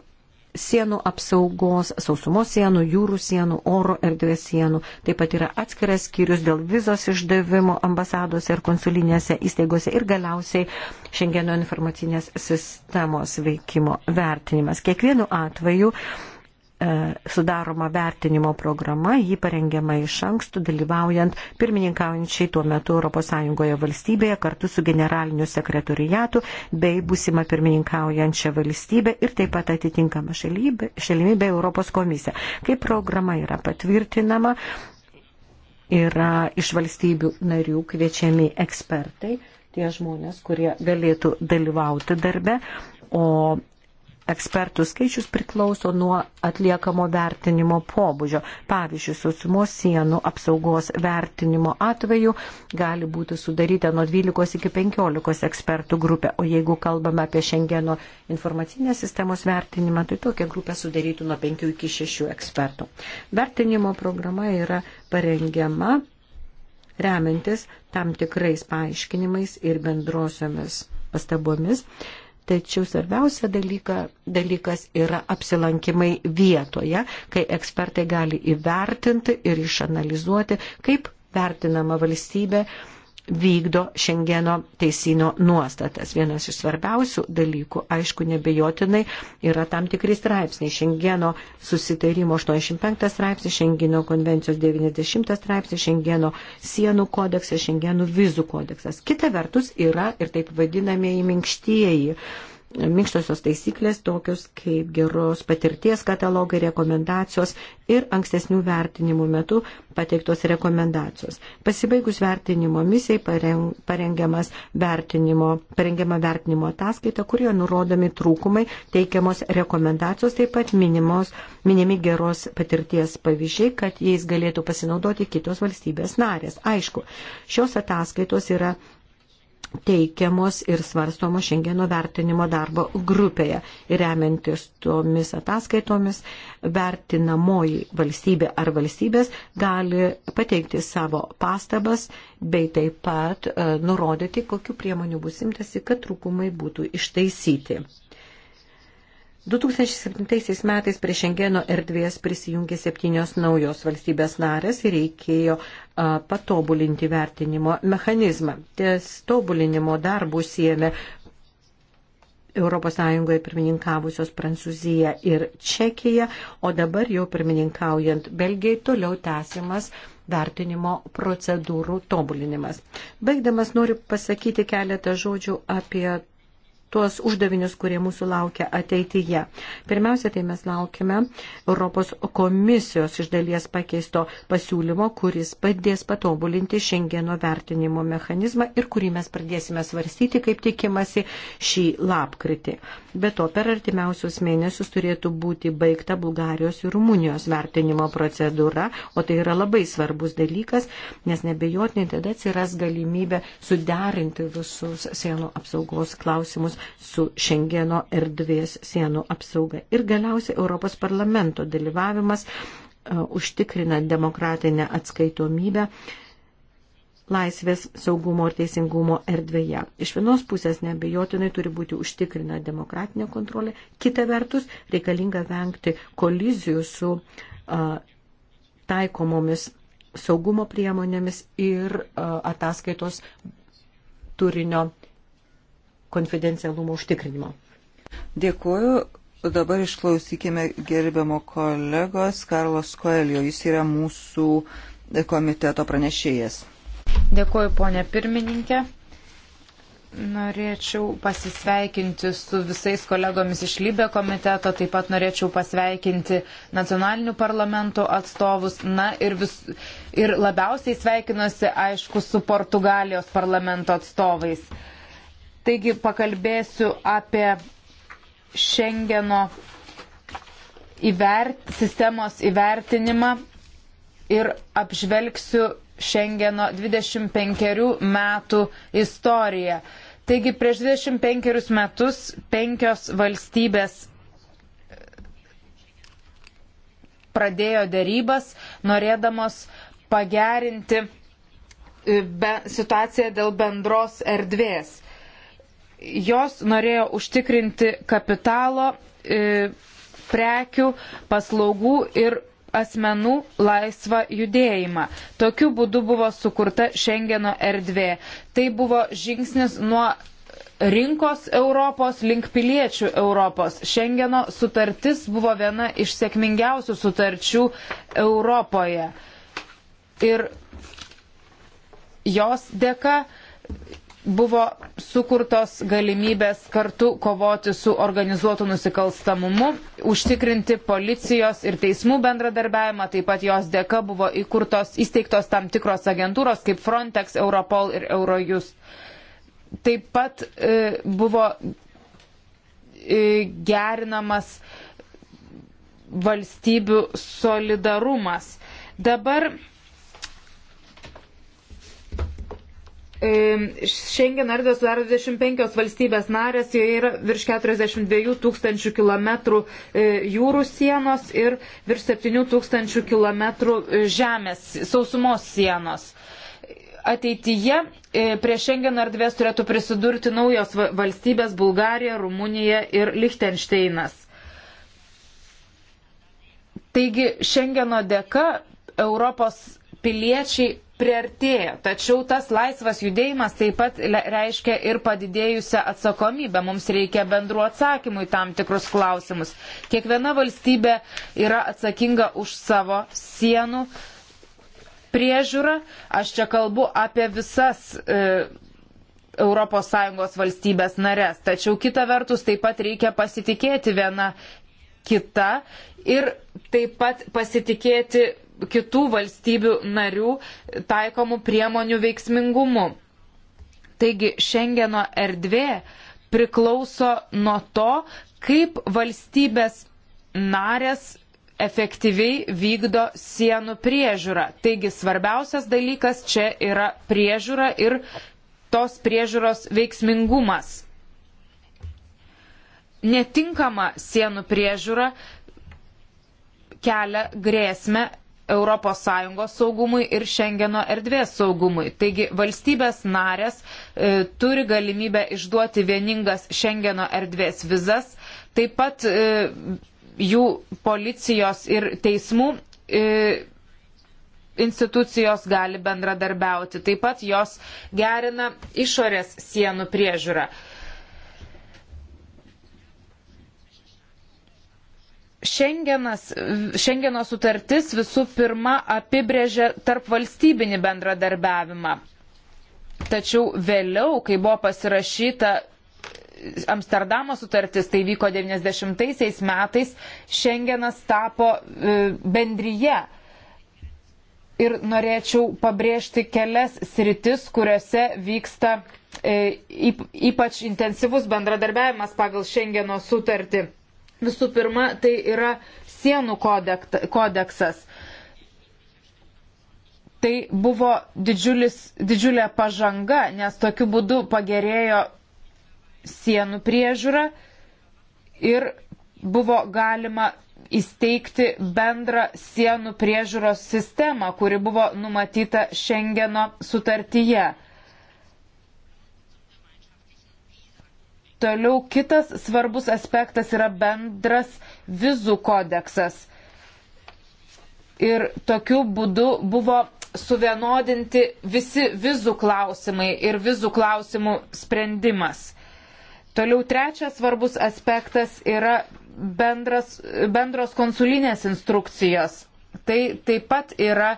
sienų apsaugos, sausumos sienų, jūrų sienų, oro erdvės sienų. Taip pat yra atskiras skyrius dėl vizos išdavimo ambasadose ir konsulinėse įstaigose ir galiausiai Šengeno informacinės sistemos veikimo vertinimas. Kiekvienu atveju E, sudaroma vertinimo programa, jį parengiama iš anksto, dalyvaujant pirmininkaujančiai tuo metu ES valstybėje kartu su generaliniu sekretoriatu bei būsima pirmininkaujančia valstybė ir taip pat atitinkama šalimi bei Europos komisija. Kai programa yra patvirtinama, yra iš valstybių narių kviečiami ekspertai, tie žmonės, kurie galėtų dalyvauti darbe, o ekspertų skaičius priklauso nuo atliekamo vertinimo pobūdžio. Pavyzdžiui, sausumos sienų apsaugos vertinimo atveju gali būti sudaryta nuo 12 iki 15 ekspertų grupė, o jeigu kalbame apie Šengeno informacinės sistemos vertinimą, tai tokia grupė sudarytų nuo 5 iki 6 ekspertų. Vertinimo programa yra parengiama remiantis tam tikrais paaiškinimais ir bendrosiomis pastabomis Tačiau svarbiausia dalyka, dalykas yra apsilankimai vietoje, kai ekspertai gali įvertinti ir išanalizuoti, kaip vertinama valstybė vykdo Šengeno teisino nuostatas. Vienas iš svarbiausių dalykų, aišku, nebejotinai yra tam tikri straipsniai. Šengeno susitarimo 85 straipsnis, Šengeno konvencijos 90 straipsnis, Šengeno sienų kodeksas, Šengeno vizų kodeksas. Kita vertus yra ir taip vadinamieji minkštieji minkštosios taisyklės, tokios kaip geros patirties katalogai, rekomendacijos ir ankstesnių vertinimų metu pateiktos rekomendacijos. Pasibaigus vertinimo misijai parengiamas vertinimo, parengiama vertinimo ataskaita, kurioje nurodomi trūkumai, teikiamos rekomendacijos, taip pat minimos, minimi geros patirties pavyzdžiai, kad jais galėtų pasinaudoti kitos valstybės narės. Aišku, šios ataskaitos yra teikiamos ir svarstomos šiandieno vertinimo darbo grupėje. Ir remiantis tomis ataskaitomis, vertinamoji valstybė ar valstybės gali pateikti savo pastabas bei taip pat e, nurodyti, kokiu priemoniu bus imtasi, kad trūkumai būtų ištaisyti. 2007 metais prie Šengeno erdvės prisijungė septynios naujos valstybės narės ir reikėjo a, patobulinti vertinimo mechanizmą. Ties tobulinimo darbų siemė ES pirmininkavusios Prancūzija ir Čekija, o dabar jau pirmininkaujant Belgijai toliau tęsimas vertinimo procedūrų tobulinimas. Baigdamas noriu pasakyti keletą žodžių apie tuos uždavinius, kurie mūsų laukia ateityje. Pirmiausia, tai mes laukime Europos komisijos iš dalies pakeisto pasiūlymo, kuris padės patobulinti šengeno vertinimo mechanizmą ir kurį mes pradėsime svarstyti, kaip tikimasi, šį lapkritį. Be to, per artimiausius mėnesius turėtų būti baigta Bulgarijos ir Rumunijos vertinimo procedūra, o tai yra labai svarbus dalykas, nes nebejotinai tada atsiras galimybė suderinti visus sienų apsaugos klausimus su Šengeno erdvės sienų apsauga. Ir galiausiai Europos parlamento dalyvavimas uh, užtikrina demokratinę atskaitomybę laisvės, saugumo ir teisingumo erdvėje. Iš vienos pusės nebejotinai turi būti užtikrina demokratinė kontrolė, kita vertus reikalinga vengti kolizijų su uh, taikomomis saugumo priemonėmis ir uh, ataskaitos turinio konfidencialumo užtikrinimo. Dėkuoju. Dabar išklausykime gerbiamo kolegos Karlos Koelio. Jis yra mūsų komiteto pranešėjas. Dėkuoju, ponė pirmininkė. Norėčiau pasisveikinti su visais kolegomis iš Lybė komiteto, taip pat norėčiau pasveikinti nacionalinių parlamentų atstovus. Na ir, vis, ir labiausiai sveikinuosi, aišku, su Portugalijos parlamento atstovais. Taigi pakalbėsiu apie Šengeno įvert, sistemos įvertinimą ir apžvelgsiu Šengeno 25 metų istoriją. Taigi prieš 25 metus penkios valstybės pradėjo dėrybas, norėdamos pagerinti e, be, situaciją dėl bendros erdvės jos norėjo užtikrinti kapitalo, e, prekių, paslaugų ir asmenų laisvą judėjimą. Tokiu būdu buvo sukurta Šengeno erdvė. Tai buvo žingsnis nuo rinkos Europos link piliečių Europos. Šengeno sutartis buvo viena iš sėkmingiausių sutarčių Europoje. Ir jos dėka buvo sukurtos galimybės kartu kovoti su organizuotu nusikalstamumu, užtikrinti policijos ir teismų bendradarbiavimą, taip pat jos dėka buvo įkurtos, įsteigtos tam tikros agentūros kaip Frontex, Europol ir Eurojust. Taip pat e, buvo e, gerinamas valstybių solidarumas. Dabar Šengen erdvę sudaro 25 valstybės narės, joje yra virš 42 tūkstančių kilometrų e, jūrų sienos ir virš 7 tūkstančių kilometrų e, žemės, sausumos sienos. Ateityje e, prie Šengen erdvės turėtų prisidurti naujos valstybės - Bulgarija, Rumunija ir Lichtensteinas. Taigi Šengeno dėka Europos piliečiai priartėjo. Tačiau tas laisvas judėjimas taip pat reiškia ir padidėjusią atsakomybę. Mums reikia bendrų atsakymų į tam tikrus klausimus. Kiekviena valstybė yra atsakinga už savo sienų priežiūrą. Aš čia kalbu apie visas. E, ES valstybės narės. Tačiau kita vertus taip pat reikia pasitikėti viena kita ir taip pat pasitikėti kitų valstybių narių taikomų priemonių veiksmingumu. Taigi Šengeno erdvė priklauso nuo to, kaip valstybės narės efektyviai vykdo sienų priežiūrą. Taigi svarbiausias dalykas čia yra priežiūra ir tos priežiūros veiksmingumas. Netinkama sienų priežiūra kelia grėsmę ES saugumui ir Šengeno erdvės saugumui. Taigi valstybės narės e, turi galimybę išduoti vieningas Šengeno erdvės vizas, taip pat e, jų policijos ir teismų e, institucijos gali bendradarbiauti, taip pat jos gerina išorės sienų priežiūrą. E, Šengenas, Šengeno sutartis visų pirma apibrėžė tarp valstybinį bendradarbiavimą. Tačiau vėliau, kai buvo pasirašyta Amsterdamo sutartis, tai vyko 90-aisiais metais, Šengenas tapo e, bendryje. Ir norėčiau pabrėžti kelias sritis, kuriuose vyksta e, ypač intensyvus bendradarbiavimas pagal Šengeno sutartį. Visų pirma, tai yra sienų kodeksas. Tai buvo didžiulis, didžiulė pažanga, nes tokiu būdu pagerėjo sienų priežiūra ir buvo galima įsteigti bendrą sienų priežiūros sistemą, kuri buvo numatyta Šengeno sutartyje. Toliau kitas svarbus aspektas yra bendras vizų kodeksas. Ir tokiu būdu buvo suvienodinti visi vizų klausimai ir vizų klausimų sprendimas. Toliau trečias svarbus aspektas yra bendras, bendros konsulinės instrukcijos. Tai taip pat yra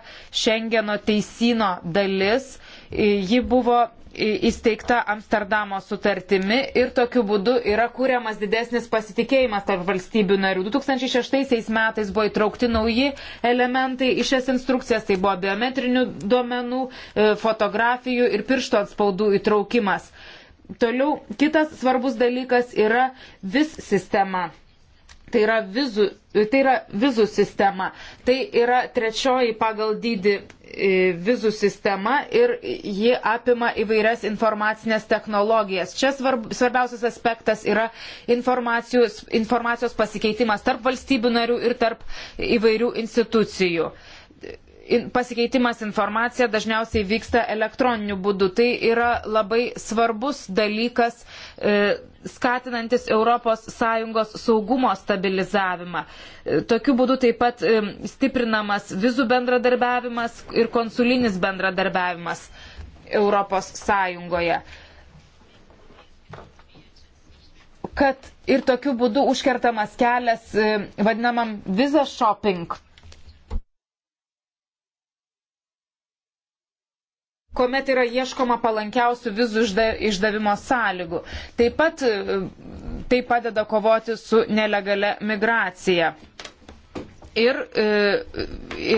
Šengeno teisino dalis. Ji buvo įsteigta Amsterdamo sutartimi ir tokiu būdu yra kūriamas didesnis pasitikėjimas tarp valstybių narių. 2006 metais buvo įtraukti nauji elementai į šias instrukcijas, tai buvo biometrinių duomenų, e, fotografijų ir piršto atspaudų įtraukimas. Toliau kitas svarbus dalykas yra vis sistema. Tai yra, vizų, tai yra vizų sistema. Tai yra trečioji pagal dydį e, vizų sistema ir ji apima įvairias informacinės technologijas. Čia svarb, svarbiausias aspektas yra informacijos, informacijos pasikeitimas tarp valstybių narių ir tarp įvairių institucijų. Uh, pasikeitimas informacija dažniausiai vyksta elektroniniu būdu. Tai yra labai svarbus dalykas e, skatinantis ES saugumo stabilizavimą. E, tokiu būdu taip pat e, stiprinamas vizų bendradarbiavimas ir konsulinis bendradarbiavimas ES. Kad ir tokiu būdu užkertamas kelias vadinamam visa shopping kuomet yra ieškoma palankiausių vizų išdavimo sąlygų. Taip pat e, tai padeda kovoti su nelegale migracija. Ir e,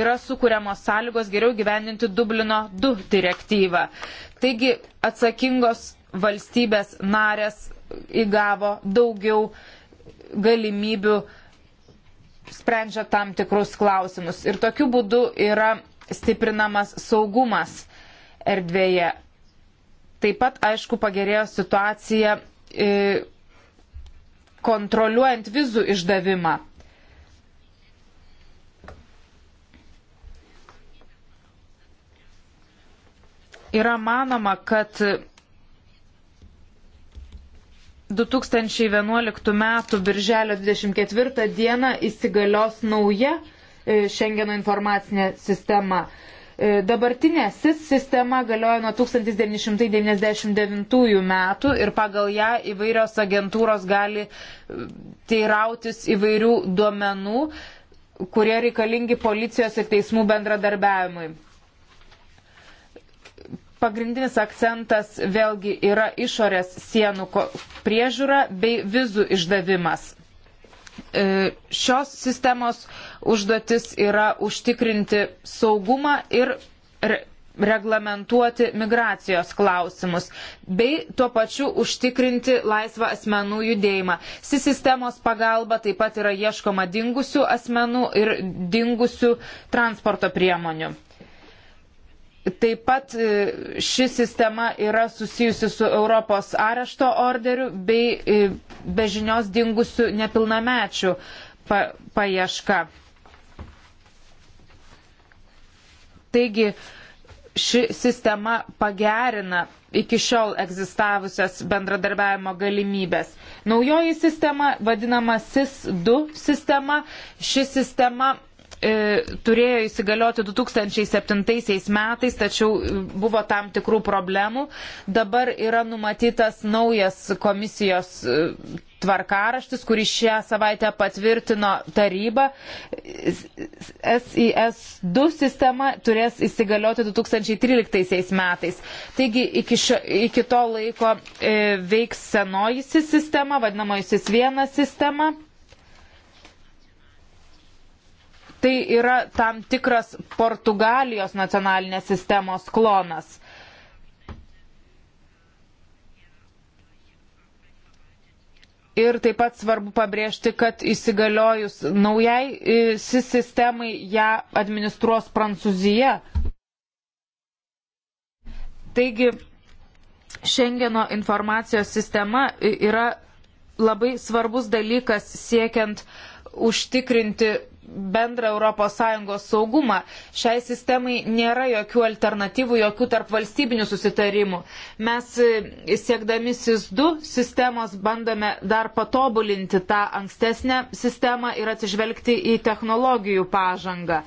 yra sukūriamos sąlygos geriau gyveninti Dublino 2 direktyvą. Taigi atsakingos valstybės narės įgavo daugiau galimybių sprendžia tam tikrus klausimus. Ir tokiu būdu yra stiprinamas saugumas erdvėje. Taip pat, aišku, pagerėjo situacija e, kontroliuojant vizų išdavimą. Yra manoma, kad 2011 m. birželio 24 d. įsigalios nauja Šengeno e, informacinė sistema. E, dabartinė SIS sistema galioja nuo 1999 metų ir pagal ją įvairios agentūros gali e, teirautis įvairių duomenų, kurie reikalingi policijos ir teismų bendradarbiavimui pagrindinis akcentas vėlgi yra išorės sienų priežiūra bei vizų išdavimas. E, šios sistemos užduotis yra užtikrinti saugumą ir reglamentuoti migracijos klausimus, bei tuo pačiu užtikrinti laisvą asmenų judėjimą. Si sistemos pagalba taip pat yra ieškoma dingusių asmenų ir dingusių transporto priemonių. Taip pat e, ši sistema yra susijusi su Europos arešto orderiu bei e, be žinios dingusių nepilnamečių pa, paieška. Taigi ši sistema pagerina iki šiol egzistavusias bendradarbiavimo galimybės. Naujoji sistema vadinama SIS2 sistema. Ši sistema E, turėjo įsigalioti 2007 metais, tačiau e, buvo tam tikrų problemų. Dabar yra numatytas naujas komisijos e, tvarkaraštis, kurį šią savaitę patvirtino taryba. SIS2 sistema turės įsigalioti 2013 metais. Taigi iki, šio, iki to laiko e, veiks senoji sistema, vadinamoji SIS1 sistema. tai yra tam tikras Portugalijos nacionalinės sistemos klonas. Ir taip pat svarbu pabrėžti, kad įsigaliojus naujai e, sistemai ją administruos Prancūzija. Taigi, Šengeno informacijos sistema e, yra labai svarbus dalykas siekiant užtikrinti bendrą ES saugumą. Šiai sistemai nėra jokių alternatyvų, jokių tarp valstybinių susitarimų. Mes e, siekdami SIS2 sistemos bandome dar patobulinti tą ankstesnę sistemą ir atsižvelgti į technologijų pažangą.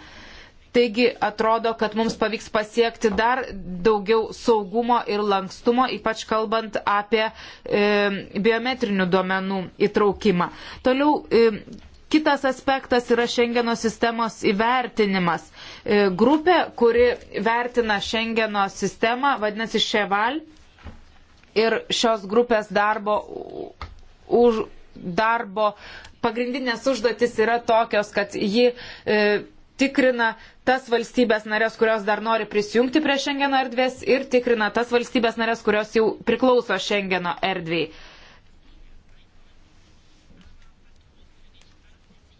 Taigi atrodo, kad mums pavyks pasiekti dar daugiau saugumo ir lankstumo, ypač kalbant apie e, biometrinių duomenų įtraukimą. Toliau e, Kitas aspektas yra Šengeno sistemos įvertinimas. E, grupė, kuri vertina Šengeno sistemą, vadinasi Ševal ir šios grupės darbo, už, darbo pagrindinės užduotis yra tokios, kad ji e, tikrina tas valstybės narės, kurios dar nori prisijungti prie Šengeno erdvės ir tikrina tas valstybės narės, kurios jau priklauso Šengeno erdvėjai.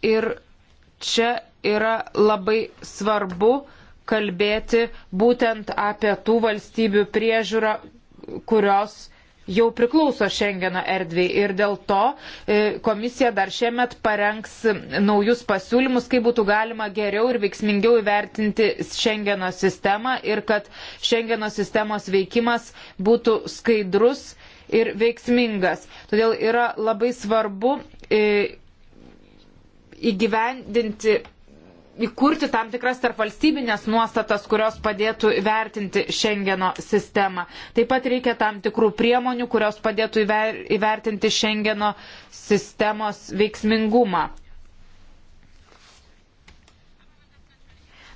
Ir čia yra labai svarbu kalbėti būtent apie tų valstybių priežiūrą, kurios jau priklauso Šengeno erdviai ir dėl to e, komisija dar šiemet parengs naujus pasiūlymus, kaip būtų galima geriau ir veiksmingiau įvertinti Šengeno sistemą ir kad Šengeno sistemos veikimas būtų skaidrus ir veiksmingas. Todėl yra labai svarbu e, įgyvendinti, įkurti tam tikras tarpvalstybinės nuostatas, kurios padėtų įvertinti Schengeno sistemą. Taip pat reikia tam tikrų priemonių, kurios padėtų įvertinti Schengeno sistemos veiksmingumą.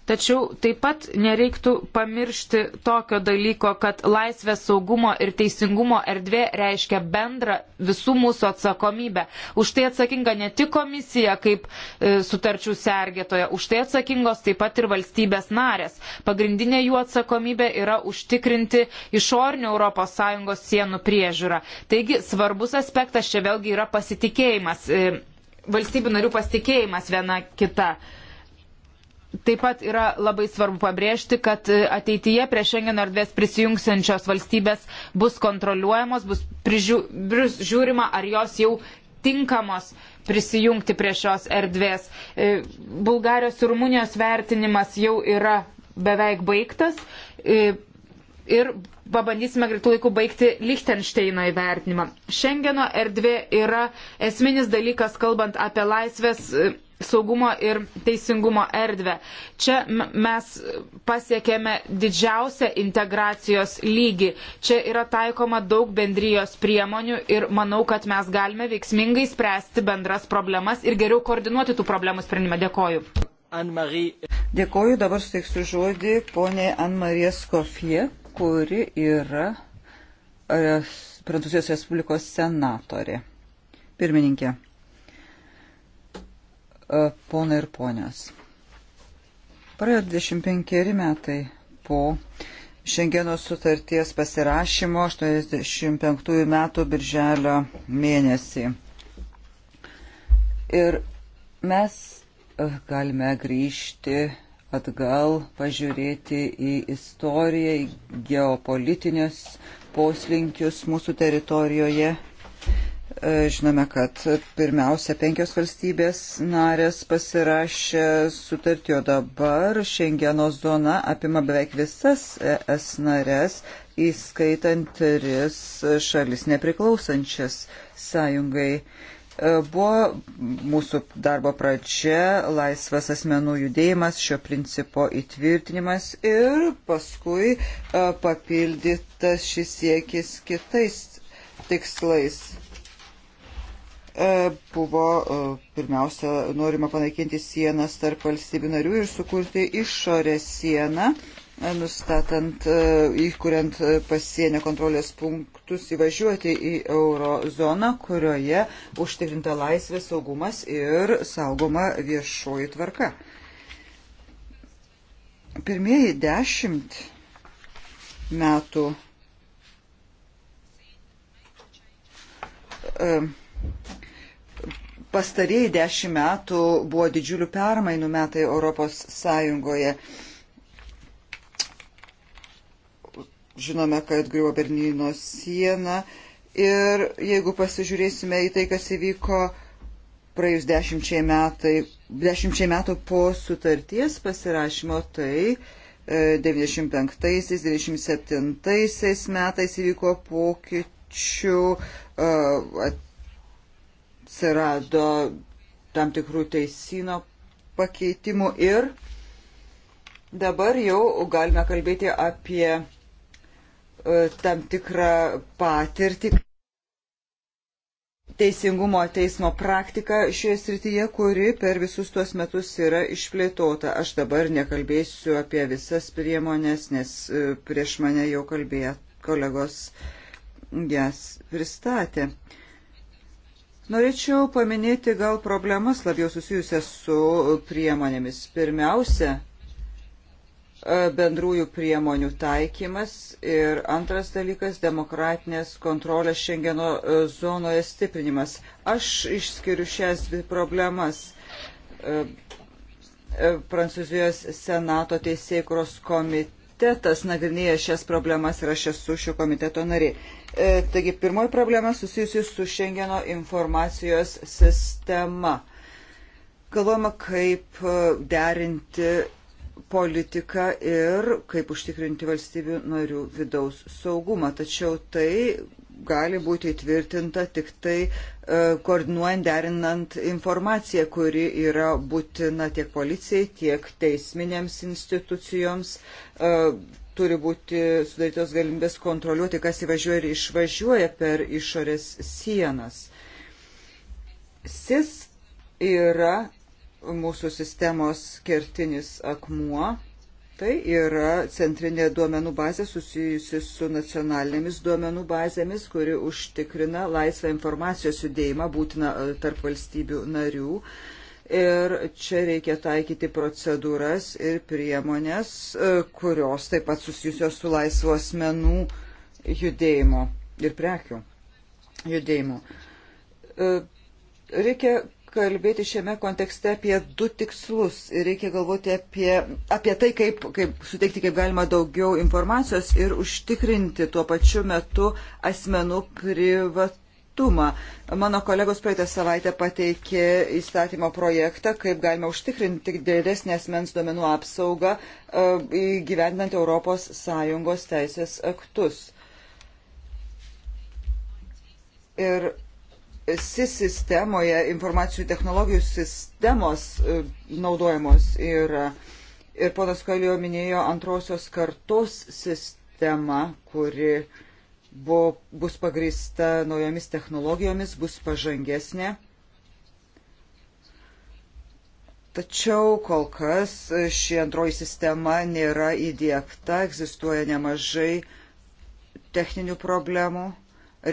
Tačiau taip pat nereiktų pamiršti tokio dalyko, kad laisvė saugumo ir teisingumo erdvė reiškia bendrą visų mūsų atsakomybę. Už tai atsakinga ne tik komisija kaip e, sutarčių sergėtoja, už tai atsakingos taip pat ir valstybės narės. Pagrindinė jų atsakomybė yra užtikrinti išornių ES sienų priežiūrą. Taigi svarbus aspektas čia vėlgi yra pasitikėjimas, e, valstybių narių pasitikėjimas viena kita. Taip pat yra labai svarbu pabrėžti, kad ateityje prie Schengeno erdvės prisijungsiančios valstybės bus kontroliuojamos, bus prižiūrima, ar jos jau tinkamos prisijungti prie šios erdvės. E, Bulgarijos ir Rumunijos vertinimas jau yra beveik baigtas e, ir pabandysime greitų laikų baigti Lichtensteino įvertinimą. Schengeno erdvė yra esminis dalykas, kalbant apie laisvės e, saugumo ir teisingumo erdvę. Čia mes pasiekėme didžiausią integracijos lygį. Čia yra taikoma daug bendrijos priemonių ir manau, kad mes galime veiksmingai spręsti bendras problemas ir geriau koordinuoti tų problemų sprendimą. Dėkoju. Dėkoju, dabar suteiksiu žodį poniai Anmarija Skofie, kuri yra e, Prancūzijos Respublikos senatorė. Pirmininkė. E, ponai ir ponios. Praėjo 25 metai po Šengeno sutarties pasirašymo 85 metų birželio mėnesį. Ir mes e, galime grįžti atgal, pažiūrėti į istoriją, į geopolitinius poslinkius mūsų teritorijoje. E, žinome, kad pirmiausia penkios valstybės narės pasirašė sutartį, o dabar Šengeno zona apima beveik visas ES narės, įskaitant tris šalis nepriklausančias sąjungai. E, buvo mūsų darbo pradžia laisvas asmenų judėjimas, šio principo įtvirtinimas ir paskui e, papildytas šis siekis kitais tikslais E, buvo e, pirmiausia norima panaikinti sienas tarp valstybių narių ir sukurti išorės sieną, e, nustatant, įkuriant pasienio kontrolės punktus įvažiuoti į eurozoną, kurioje užtikrinta laisvė, saugumas ir saugoma viešoji tvarka. Pirmieji dešimt metų. Um, pastarėjai dešimt metų buvo didžiulių permainų metai Europos Sąjungoje. Žinome, kad griuvo Berlyno siena ir jeigu pasižiūrėsime į tai, kas įvyko praėjus dešimčiai, metai, dešimčiai metų po sutarties pasirašymo, tai 95-97 e, metais įvyko pokyčių e, atsirado tam tikrų teisino pakeitimų ir dabar jau galime kalbėti apie e, tam tikrą patirtį teisingumo teismo praktiką šioje srityje, kuri per visus tuos metus yra išplėtota. Aš dabar nekalbėsiu apie visas priemonės, nes e, prieš mane jau kalbėjo kolegos jas pristatė. Norėčiau paminėti gal problemas labiau susijusias su priemonėmis. Pirmiausia, e, bendrųjų priemonių taikymas ir antras dalykas - demokratinės kontrolės Šengeno e, zonoje stiprinimas. Aš išskiriu šias dvi problemas. E, Prancūzijos Senato teisėkros komitė komitetas nagrinėja šias problemas ir aš esu šio komiteto nariai. E, taigi, pirmoji problema susijusi su Schengeno informacijos sistema. Galvojama, kaip e, derinti politiką ir kaip užtikrinti valstybių narių vidaus saugumą. Tačiau tai gali būti įtvirtinta tik tai e, koordinuojant, derinant informaciją, kuri yra būtina tiek policijai, tiek teisminėms institucijoms. E, turi būti sudarytos galimybės kontroliuoti, kas įvažiuoja ir išvažiuoja per išorės sienas. SIS yra mūsų sistemos kertinis akmuo Tai yra centrinė duomenų bazė susijusi su nacionalinėmis duomenų bazėmis, kuri užtikrina laisvą informacijos judėjimą būtiną e, tarp valstybių narių. Ir čia reikia taikyti procedūras ir priemonės, e, kurios taip pat susijusios su laisvo asmenų judėjimo ir prekių judėjimu. E, reikia kalbėti šiame kontekste apie du tikslus ir reikia galvoti apie, apie tai, kaip, kaip suteikti kaip galima daugiau informacijos ir užtikrinti tuo pačiu metu asmenų privatumą. Mano kolegos praeitą savaitę pateikė įstatymo projektą, kaip galima užtikrinti didesnį asmens duomenų apsaugą e, įgyvendant ES teisės aktus. Ir SIS sistemoje, informacinių technologijų sistemos e, naudojamos yra. Ir ponas Kalio minėjo antrosios kartos sistemą, kuri bu, bus pagrįsta naujomis technologijomis, bus pažangesnė. Tačiau kol kas ši antroji sistema nėra įdėkta, egzistuoja nemažai techninių problemų,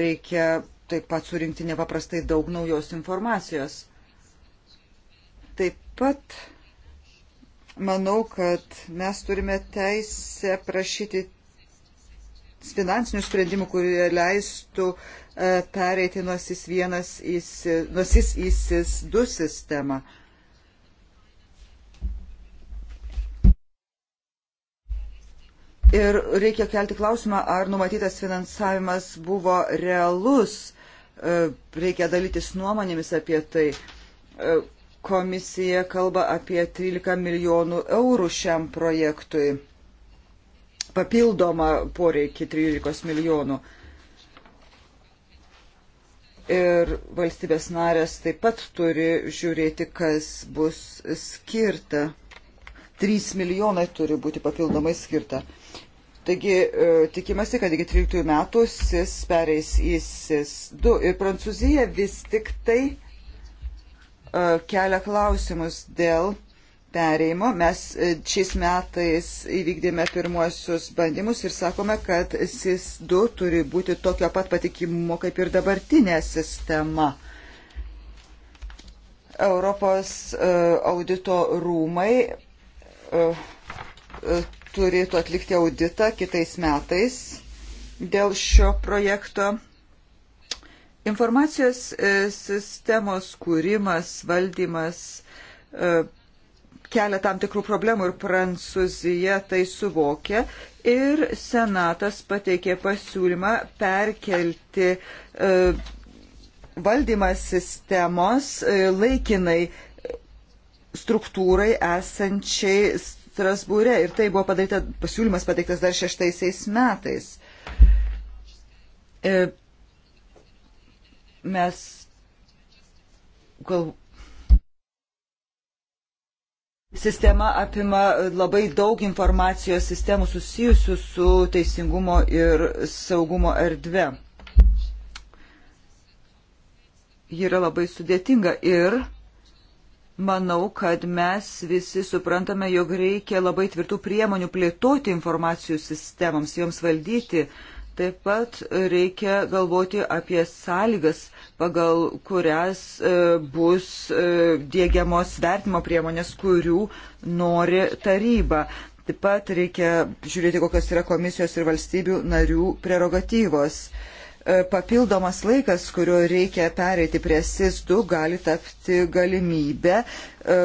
reikia taip pat surinkti nepaprastai daug naujos informacijos. Taip pat manau, kad mes turime teisę prašyti finansinių sprendimų, kurie leistų e, pereiti nuo SIS 1 į SIS 2 sistemą. Ir reikia kelti klausimą, ar numatytas finansavimas buvo realus E, reikia dalytis nuomonėmis apie tai. E, komisija kalba apie 13 milijonų eurų šiam projektui, papildomą poreikį 13 milijonų. Ir valstybės narės taip pat turi žiūrėti, kas bus skirta. 3 milijonai turi būti papildomai skirta. Uh, Taigi e, tikimasi, kad iki 13 metų SIS pereis į SIS 2 ir Prancūzija vis tik tai e, kelia klausimus dėl pereimo. Mes e, šiais metais įvykdėme pirmuosius bandymus ir sakome, kad SIS 2 turi būti tokio pat patikimumo kaip ir dabartinė sistema. Europos audito rūmai turėtų atlikti auditą kitais metais dėl šio projekto. Informacijos e, sistemos kūrimas, valdymas e, kelia tam tikrų problemų ir Prancūzija tai suvokia ir Senatas pateikė pasiūlymą perkelti e, valdymą sistemos laikinai struktūrai esančiai Strasbūre ir tai buvo padaryta, pasiūlymas pateiktas dar šeštaisiais metais. E, mes gal. Sistema apima labai daug informacijos sistemų susijusių su teisingumo ir saugumo erdve ji yra labai sudėtinga ir Manau, kad mes visi suprantame, jog reikia labai tvirtų priemonių plėtoti informacijų sistemams, joms valdyti. Taip pat reikia galvoti apie sąlygas, pagal kurias e, bus e, dėgiamos vertimo priemonės, kurių nori taryba. Taip pat reikia žiūrėti, kokios yra komisijos ir valstybių narių prerogatyvos. Uh, E, papildomas laikas, kuriuo reikia pereiti prie SIS-2, gali tapti galimybę e,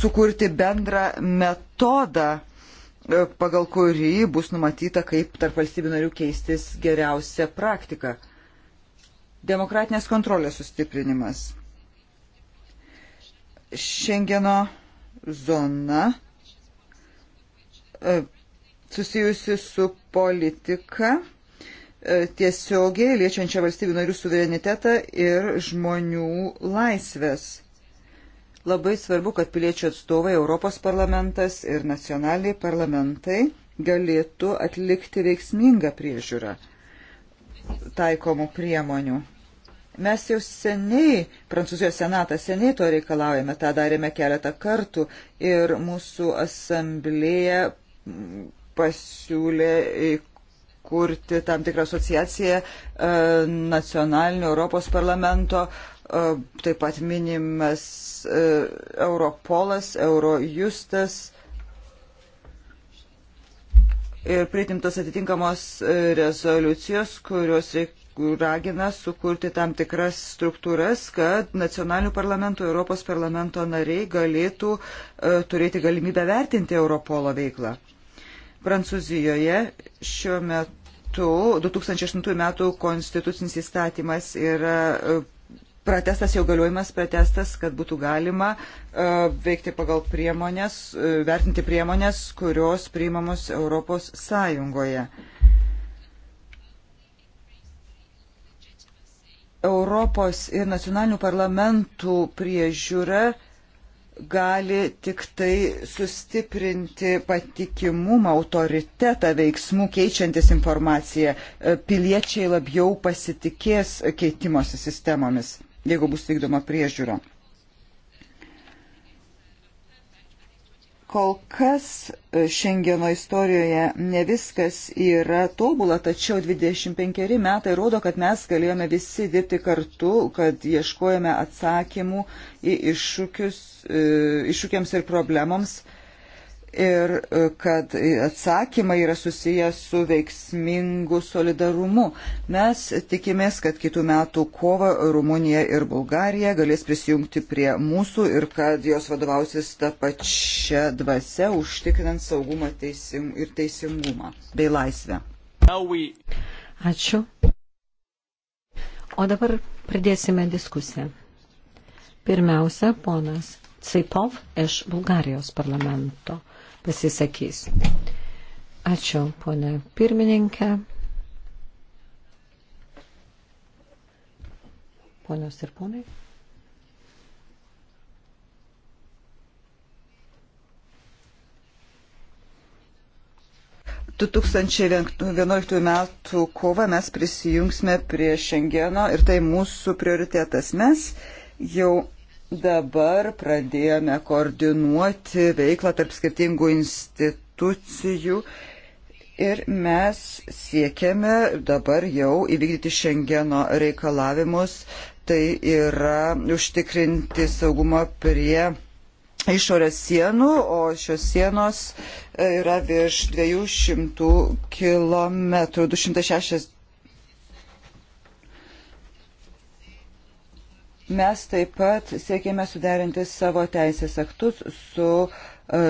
sukurti bendrą metodą, e, pagal kurį bus numatyta, kaip tarp valstybių narių keistis geriausia praktika. Demokratinės kontrolės sustiprinimas. Šengeno zona susijusi su politika E, tiesiogiai liečiančią valstybių narių suverenitetą ir žmonių laisvės. Labai svarbu, kad piliečių atstovai Europos parlamentas ir nacionaliniai parlamentai galėtų atlikti veiksmingą priežiūrą taikomų priemonių. Mes jau seniai, Prancūzijos senatas seniai to reikalaujame, tą darėme keletą kartų ir mūsų asamblėje pasiūlė kurti tam tikrą asociaciją e, nacionalinio Europos parlamento, e, taip pat minimas e, Europolas, Eurojustas ir pritimtos atitinkamos rezoliucijos, kurios ragina sukurti tam tikras struktūras, kad nacionalinių parlamentų, Europos parlamento nariai galėtų e, turėti galimybę vertinti Europolo veiklą. Prancūzijoje šiuo metu 2008 metų konstitucinis įstatymas yra e, pratestas jau galiojimas, pratestas, kad būtų galima e, veikti pagal priemonės, e, vertinti priemonės, kurios priimamos Europos Sąjungoje. Europos ir nacionalinių parlamentų priežiūra gali tik tai sustiprinti patikimumą, autoritetą veiksmų keičiantis informaciją. E, piliečiai labiau pasitikės keitimosi sistemomis, jeigu bus vykdoma priežiūra. Kol kas e, Šengeno istorijoje ne viskas yra tobula, tačiau 25 metai rodo, kad mes galėjome visi dirbti kartu, kad ieškojame atsakymų į iššūkius, e, iššūkiams ir problemams ir e, kad atsakymai yra susijęs su veiksmingu solidarumu. Mes tikimės, kad kitų metų kovo Rumunija ir Bulgarija galės prisijungti prie mūsų ir kad jos vadovausis tą pačią dvasę, užtikrinant saugumą teisim ir teisingumą bei laisvę. Ačiū. O dabar pradėsime diskusiją. Pirmiausia, ponas Ceipov iš Bulgarijos parlamento pasisakys. Ačiū, ponė pirmininkė. Ponios ir ponai. Du 2011 metų kovą mes prisijungsime prie Šengeno ir tai mūsų prioritetas. Mes jau Dabar pradėjome koordinuoti veiklą tarp skirtingų institucijų ir mes siekiame dabar jau įvykdyti Šengeno reikalavimus, tai yra užtikrinti saugumą prie išorės sienų, o šios sienos e, yra virš 200 km, 260 Mes taip pat siekėme suderinti savo teisės aktus su e,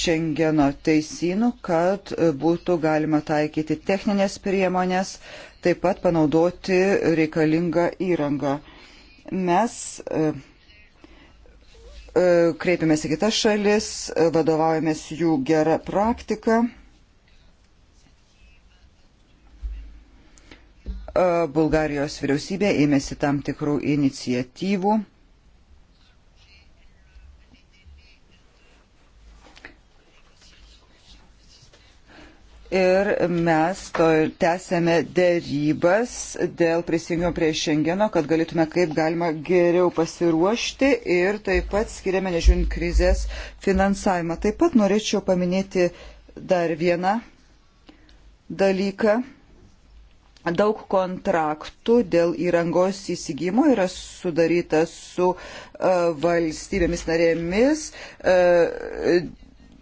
Šengeno teisynų, kad e, būtų galima taikyti techninės priemonės, taip pat panaudoti reikalingą įrangą. Mes e, kreipiamės į kitas šalis, vadovaujamės jų gerą praktiką E, Bulgarijos vyriausybė ėmėsi tam tikrų iniciatyvų. Ir mes to tęsėme dėrybas dėl prisijungimo prie Šengeno, kad galėtume kaip galima geriau pasiruošti ir taip pat skiriame, nežiūrint, krizės finansavimą. Taip pat norėčiau paminėti dar vieną dalyką. Daug kontraktų dėl įrangos įsigymo yra sudaryta su uh, valstybėmis narėmis uh,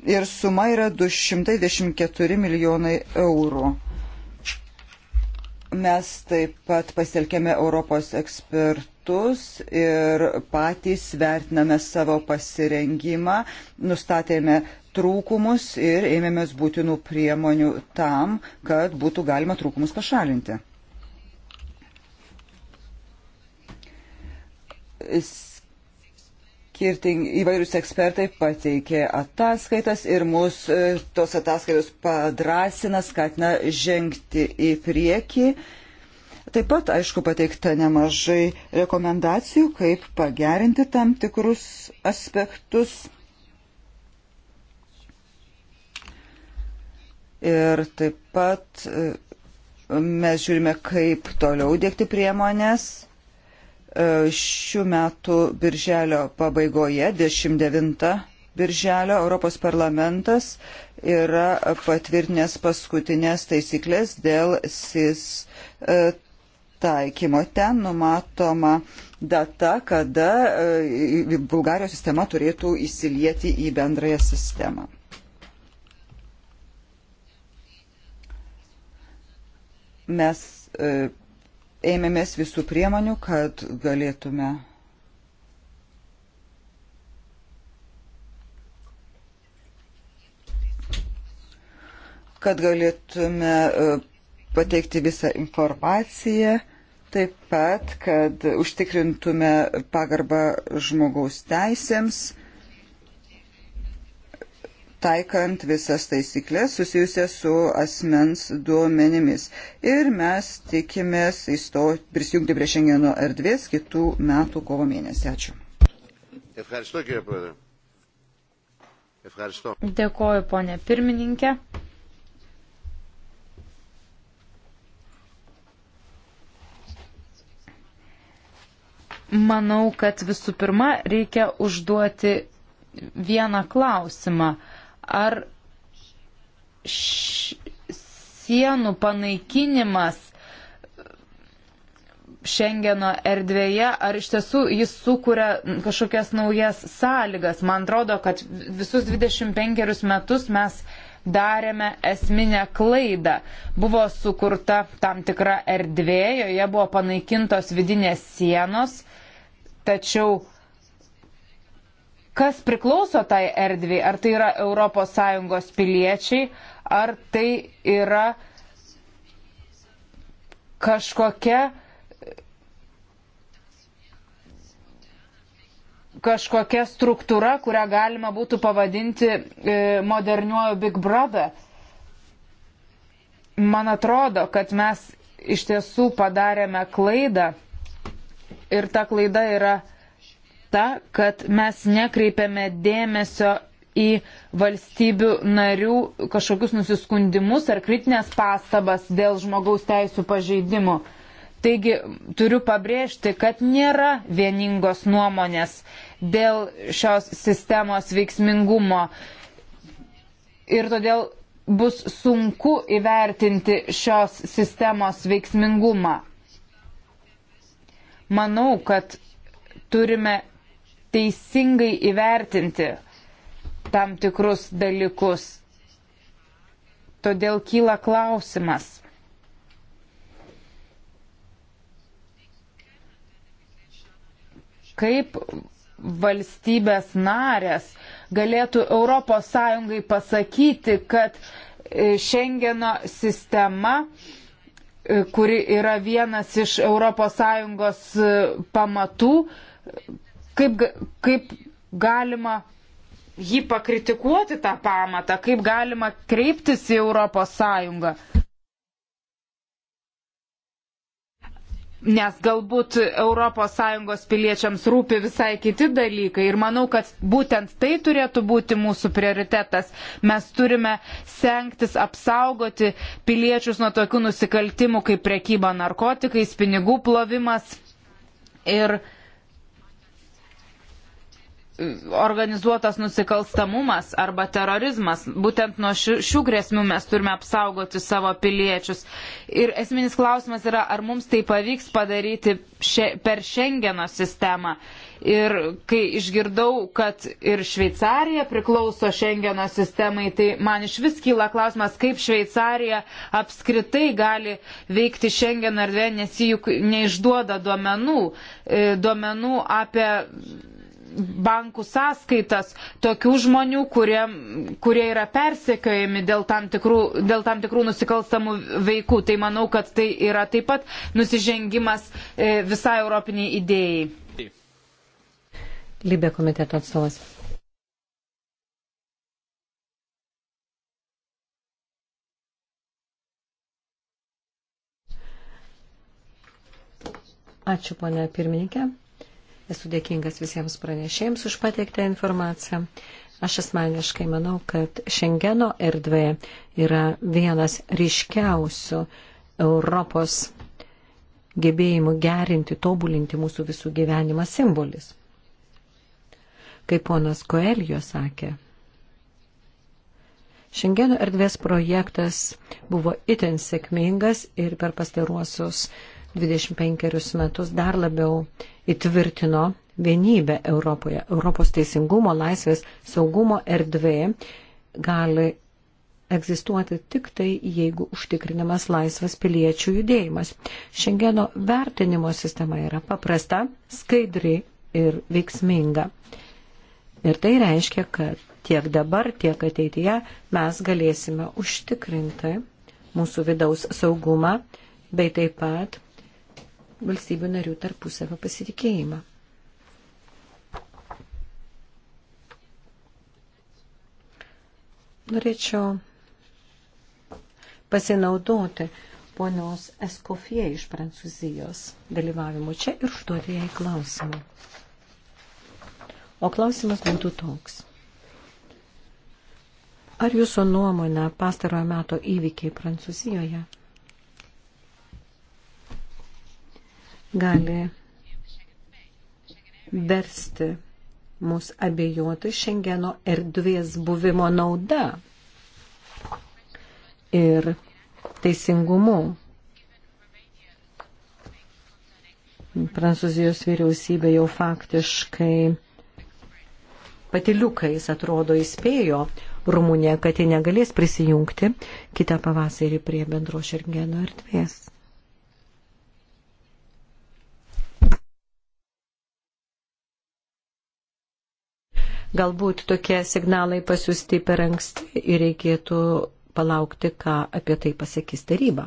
ir suma yra 224 milijonai eurų. Mes taip pat pasitelkėme Europos ekspertus ir patys vertiname savo pasirengimą, nustatėme uh, trūkumus ir ėmėmės būtinų priemonių tam, kad būtų galima trūkumus pašalinti. skirting, įvairūs ekspertai pateikė ataskaitas ir mus e, tos ataskaitos padrasina, skatina žengti į priekį. Taip pat, aišku, pateikta nemažai rekomendacijų, kaip pagerinti tam tikrus aspektus. Ir taip pat e, mes žiūrime, kaip toliau dėkti priemonės. E, šių metų birželio pabaigoje, 19 birželio, Europos parlamentas yra patvirtinęs paskutinės taisyklės dėl SIS e, taikymo. Ten numatoma data, kada Bulgarijos sistema turėtų įsilieti į bendrąją sistemą. Mes e, ėmėmės visų priemonių, kad galėtume kad galėtume e, pateikti visą informaciją, taip pat, kad užtikrintume pagarbą žmogaus teisėms taikant visas taisyklės susijusias su asmens duomenimis. Ir mes tikimės įsto, prisijungti prie šiandieno erdvės kitų metų kovo mėnesį. Ačiū. Dėkoju, ponė pirmininkė. Manau, kad visų pirma reikia užduoti vieną klausimą. Ar sienų panaikinimas Šengeno erdvėje, ar iš tiesų jis sukuria kažkokias naujas sąlygas. Man atrodo, kad visus 25 metus mes darėme esminę klaidą. Buvo sukurta tam tikra erdvė, joje buvo panaikintos vidinės sienos, tačiau kas priklauso tai erdviai, ar tai yra ES piliečiai, ar tai yra kažkokia kažkokia struktūra, kurią galima būtų pavadinti e, moderniuoju Big Brother. Man atrodo, kad mes iš tiesų padarėme klaidą ir ta klaida yra ta, kad mes nekreipiame dėmesio į valstybių narių kažkokius nusiskundimus ar kritinės pastabas dėl žmogaus teisų pažeidimų. Taigi turiu pabrėžti, kad nėra vieningos nuomonės dėl šios sistemos veiksmingumo ir todėl bus sunku įvertinti šios sistemos veiksmingumą. Manau, kad turime teisingai įvertinti tam tikrus dalykus. Todėl kyla klausimas. Kaip valstybės narės galėtų ES pasakyti, kad Šengeno e, sistema, e, kuri yra vienas iš ES e, pamatų, kaip, kaip galima jį pakritikuoti tą pamatą, kaip galima kreiptis į Europos Sąjungą. Nes galbūt ES piliečiams rūpi visai kiti dalykai ir manau, kad būtent tai turėtų būti mūsų prioritetas. Mes turime sengtis apsaugoti piliečius nuo tokių nusikaltimų kaip prekyba narkotikais, pinigų plovimas ir uh, organizuotas nusikalstamumas arba terorizmas. Būtent nuo šių, šių grėsmių mes turime apsaugoti savo piliečius. Ir esminis klausimas yra, ar mums tai pavyks padaryti še, per Šengeno sistemą. Ir kai išgirdau, kad ir Šveicarija priklauso Šengeno sistemai, tai man iš vis kyla klausimas, kaip Šveicarija apskritai gali veikti Šengeno erdvė, nes ji juk neišduoda duomenų, e, duomenų apie bankų sąskaitas tokių žmonių, kurie, kurie yra persekiojami dėl tam, tikrų, dėl tam tikrų nusikalstamų veikų. Tai manau, kad tai yra taip pat nusižengimas e, visai europiniai idėjai. Libė komiteto atstovas. Ačiū, ponia pirmininkė. Esu dėkingas visiems pranešėjams už pateiktą informaciją. Aš asmeniškai manau, kad Šengeno erdvė yra vienas ryškiausių Europos gebėjimų gerinti, tobulinti mūsų visų gyvenimą simbolis. Kaip ponas Koelio sakė, Šengeno erdvės projektas buvo itin sėkmingas ir per pastaruosius 25 metus dar labiau įtvirtino vienybę Europoje. Europos teisingumo, laisvės, saugumo erdvė gali egzistuoti tik tai, jeigu užtikrinamas laisvas piliečių judėjimas. Šengeno vertinimo sistema yra paprasta, skaidri ir veiksminga. Ir tai reiškia, kad tiek dabar, tiek ateityje mes galėsime užtikrinti mūsų vidaus saugumą bei taip pat valstybių narių tarpusavio pasitikėjimą. Norėčiau pasinaudoti ponios Eskofie iš Prancūzijos dalyvavimu čia ir užduoti jai klausimą. O klausimas būtų toks. Ar jūsų nuomonė pastarojo meto įvykiai Prancūzijoje gali versti mus abejoti Šengeno erdvės buvimo nauda ir teisingumu. Prancūzijos vyriausybė jau faktiškai patiliukais atrodo įspėjo Rumuniją, kad ji negalės prisijungti kitą pavasarį prie bendro Šengeno erdvės. Galbūt tokie signalai pasiūsti per anksti ir reikėtų palaukti, ką apie tai pasakys taryba.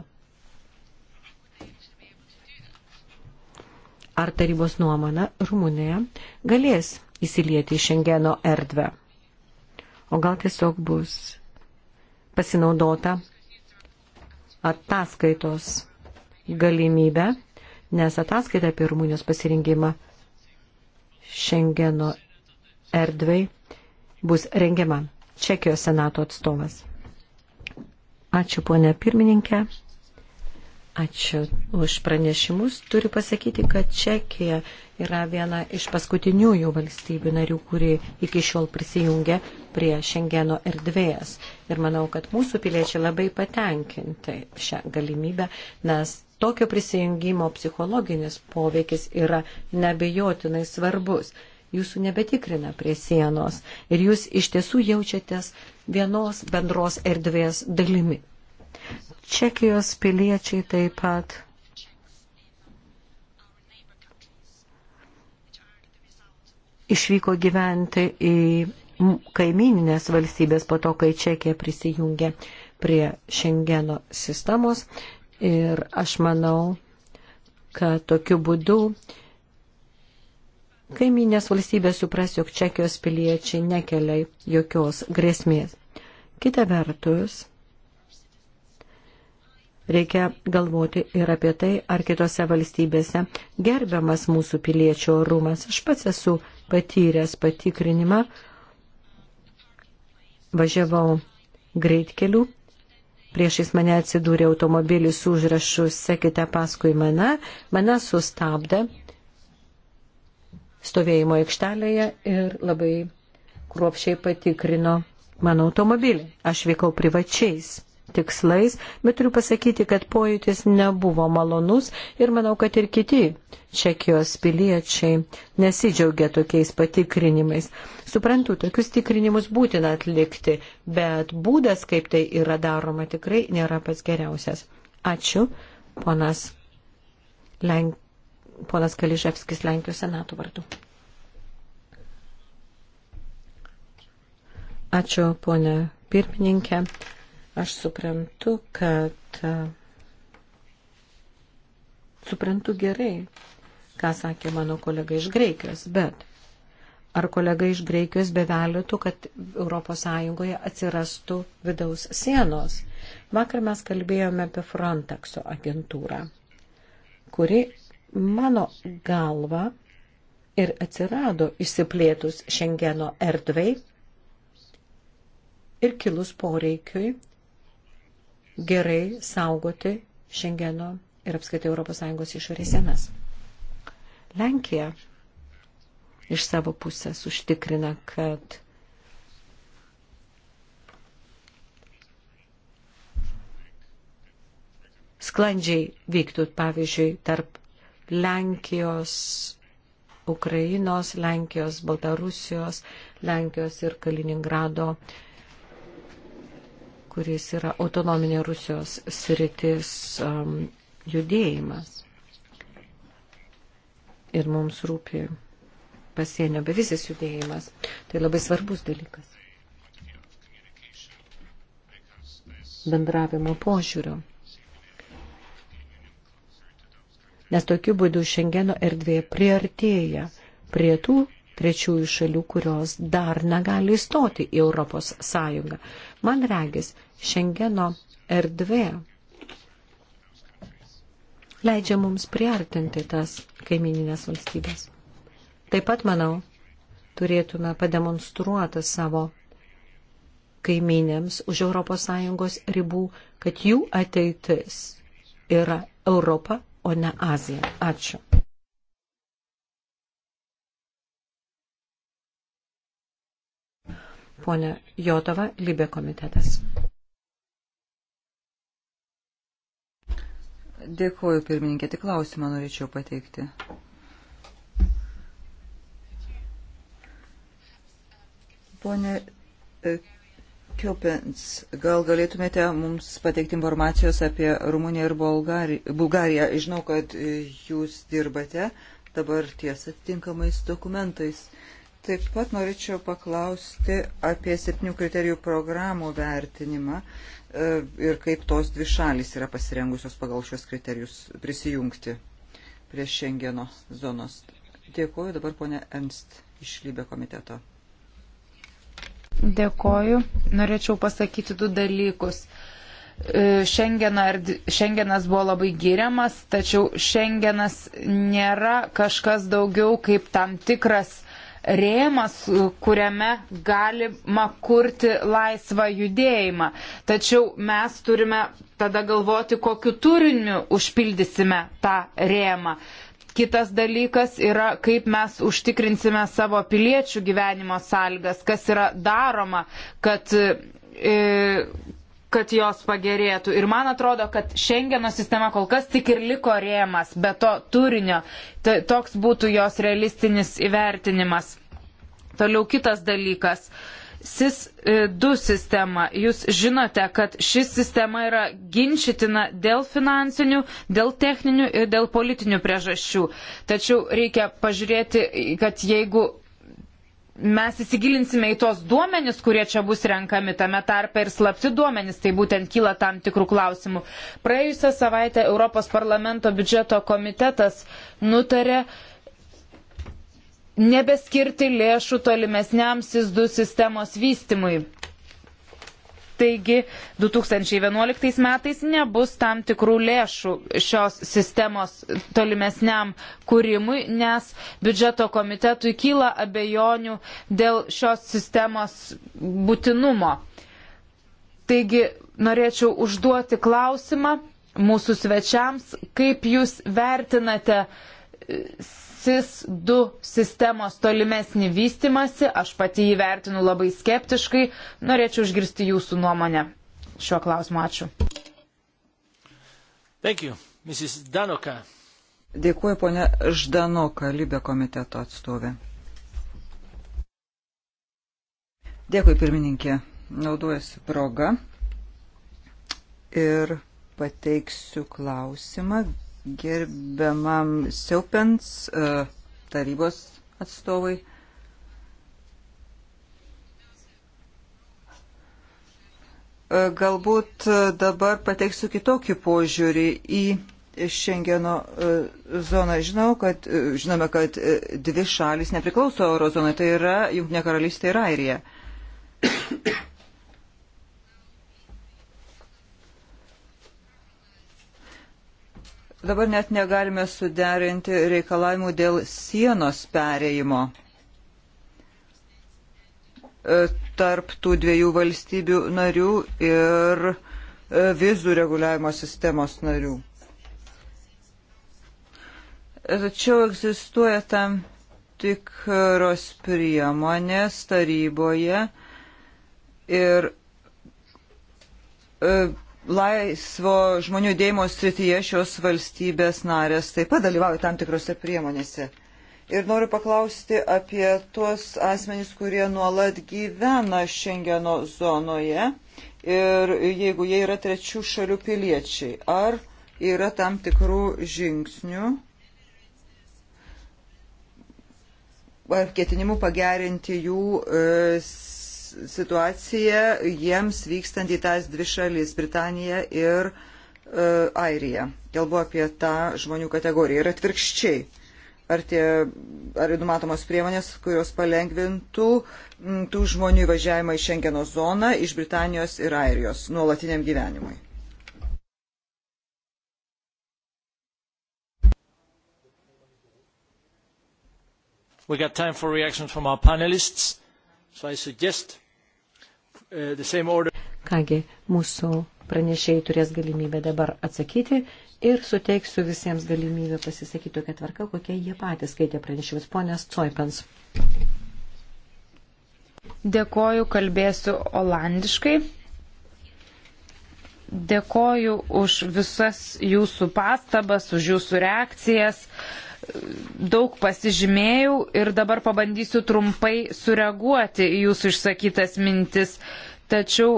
Ar tarybos nuomonė Rumunija galės įsilieti į Šengeno erdvę? O gal tiesiog bus pasinaudota ataskaitos galimybę, nes ataskaita apie Rumunijos pasirinkimą Šengeno erdvai bus rengiama Čekijos senato atstovas. Ačiū, ponė pirmininkė. Ačiū už pranešimus. Turiu pasakyti, kad Čekija yra viena iš paskutiniųjų valstybių narių, kuri iki šiol prisijungia prie Šengeno erdvėjas. Ir manau, kad mūsų piliečiai labai patenkinti šią galimybę, nes tokio prisijungimo psichologinis poveikis yra nebejotinai svarbus jūsų nebetikrina prie sienos ir jūs iš tiesų jaučiatės vienos bendros erdvės dalimi. Čekijos piliečiai taip pat išvyko gyventi į kaimininės valstybės po to, kai Čekija prisijungė prie Šengeno sistemos. Ir aš manau, kad tokiu būdu kaiminės valstybės supras, jog Čekijos piliečiai nekelia jokios grėsmės. Kita vertus, reikia galvoti ir apie tai, ar kitose valstybėse gerbiamas mūsų piliečio rūmas. Aš pats esu patyręs patikrinimą, važiavau greitkeliu Priešais mane atsidūrė automobilis užrašus, sekite paskui mane, mane sustabdė stovėjimo aikštelėje ir labai kruopšiai patikrino mano automobilį. Aš vykau privačiais tikslais, bet turiu pasakyti, kad pojūtis nebuvo malonus ir manau, kad ir kiti Čekijos piliečiai nesidžiaugia tokiais patikrinimais. Suprantu, tokius tikrinimus būtina atlikti, bet būdas, kaip tai yra daroma, tikrai nėra pats geriausias. Ačiū, ponas Lenk ponas Kaliževskis Lenkijos senato vardu. Ačiū, ponė pirmininkė. Aš suprantu, kad e, suprantu gerai, ką sakė mano kolega iš Graikijos, bet ar kolega iš Graikijos bevelėtų, kad ES atsirastų vidaus sienos? Vakar mes kalbėjome apie Frontexo agentūrą, kuri Mano galva ir atsirado išsiplėtus Šengeno erdvai ir kilus poreikiui gerai saugoti Šengeno ir apskaitai ES išorės sienas. Lenkija iš savo pusės užtikrina, kad sklandžiai vyktų, pavyzdžiui, tarp Lenkijos, Ukrainos, Lenkijos, Baltarusijos, Lenkijos ir Kaliningrado, kuris yra autonominė Rusijos sritis um, judėjimas. Ir mums rūpi pasienio bevisis judėjimas. Tai labai svarbus dalykas. Bendravimo požiūrio nes tokiu būdu Šengeno erdvė priartėja prie tų trečiųjų šalių, kurios dar negali įstoti į Europos Sąjungą. Man regis, Šengeno erdvė leidžia mums priartinti tas kaimininės valstybės. Taip pat, manau, turėtume pademonstruoti savo kaiminėms už ES ribų, kad jų ateitis yra Europa o ne Aziją. Ačiū. Pone Jotova, Libė komitetas. Dėkuoju, pirmininkė, tik klausimą norėčiau pateikti. Pone e, Kiopens, gal galėtumėte mums pateikti informacijos apie Rumuniją ir Bulgariją. Žinau, kad jūs dirbate dabar ties atitinkamais dokumentais. Taip pat norėčiau paklausti apie septynių kriterijų programų vertinimą e, ir kaip tos dvi šalis yra pasirengusios pagal šios kriterijus prisijungti prie Šengeno zonos. Dėkuoju dabar ponė Ernst iš Lybė komiteto. Dėkoju. Norėčiau pasakyti du dalykus. Šengenas e, buvo labai giriamas, tačiau Šengenas nėra kažkas daugiau kaip tam tikras rėmas, kuriame galima kurti laisvą judėjimą. Tačiau mes turime tada galvoti, kokiu turiniu užpildysime tą rėmą. Kitas dalykas yra, kaip mes užtikrinsime savo piliečių gyvenimo sąlygas, kas yra daroma, kad, e, kad jos pagerėtų. Ir man atrodo, kad Šengeno sistema kol kas tik ir liko rėmas, be to turinio. Tai toks būtų jos realistinis įvertinimas. Toliau kitas dalykas. Uh, SIS2 e, sistemą. Jūs žinote, kad ši sistema yra ginčitina dėl finansinių, dėl techninių ir dėl politinių priežasčių. Tačiau reikia pažiūrėti, kad jeigu mes įsigilinsime į tos duomenis, kurie čia bus renkami, tame tarpe ir slapti duomenis, tai būtent kyla tam tikrų klausimų. Praėjusią savaitę Europos parlamento biudžeto komitetas nutarė, nebeskirti lėšų tolimesniam SIS2 sistemos vystimui. Taigi 2011 metais nebus tam tikrų lėšų šios sistemos tolimesniam kūrimui, nes biudžeto komitetui kyla abejonių dėl šios sistemos būtinumo. Taigi norėčiau užduoti klausimą mūsų svečiams, kaip jūs vertinate uh, SIS-2 sistemos tolimesnį vystimasi. Aš pati jį vertinu labai skeptiškai. Norėčiau išgirsti jūsų nuomonę šiuo klausimu. Ačiū. Thank you. Mrs. Danoka. Dėkuoju, ponė Ždanoka, Libė komiteto atstovė. Dėkui, pirmininkė. Naudojasi proga ir pateiksiu klausimą gerbiamam Siaupens e, tarybos atstovui. E, galbūt dabar pateiksiu kitokį požiūrį į Šengeno e, zoną. Žinau, kad, žinome, kad dvi šalis nepriklauso eurozonai, tai yra Junktinė karalystė ir Airija. Dabar net negalime suderinti reikalavimų dėl sienos perėjimo e, tarp tų dviejų valstybių narių ir e, vizų reguliavimo sistemos narių. Tačiau egzistuoja tam tikros priemonės taryboje ir e, laisvo žmonių dėjimo srityje šios valstybės narės taip pat dalyvauja tam tikrose priemonėse. Ir noriu paklausti apie tuos asmenys, kurie nuolat gyvena Šengeno zonoje ir jeigu jie yra trečių šalių piliečiai. Ar yra tam tikrų žingsnių ar ketinimų pagerinti jų e, situaciją jiems vykstant į tas dvi šalis - Britaniją ir e, Airiją. Kalbu apie tą žmonių kategoriją. Ir atvirkščiai. Ar, tie, ar numatomos priemonės, kurios palengvintų m, tų žmonių įvažiavimą į Šengeno zoną iš Britanijos ir Airijos nuolatiniam gyvenimui? we have time for reactions from our panellists so i suggest Uh, Kągi, mūsų pranešėjai turės galimybę dabar atsakyti ir suteiksiu visiems galimybę pasisakyti tokią tvarką, kokie jie patys skaitė pranešimus. Ponės Coipens. Dėkoju, kalbėsiu olandiškai. Dėkoju už visas jūsų pastabas, už jūsų reakcijas. Uh, daug pasižymėjau ir dabar pabandysiu trumpai sureaguoti į jūsų išsakytas mintis. Tačiau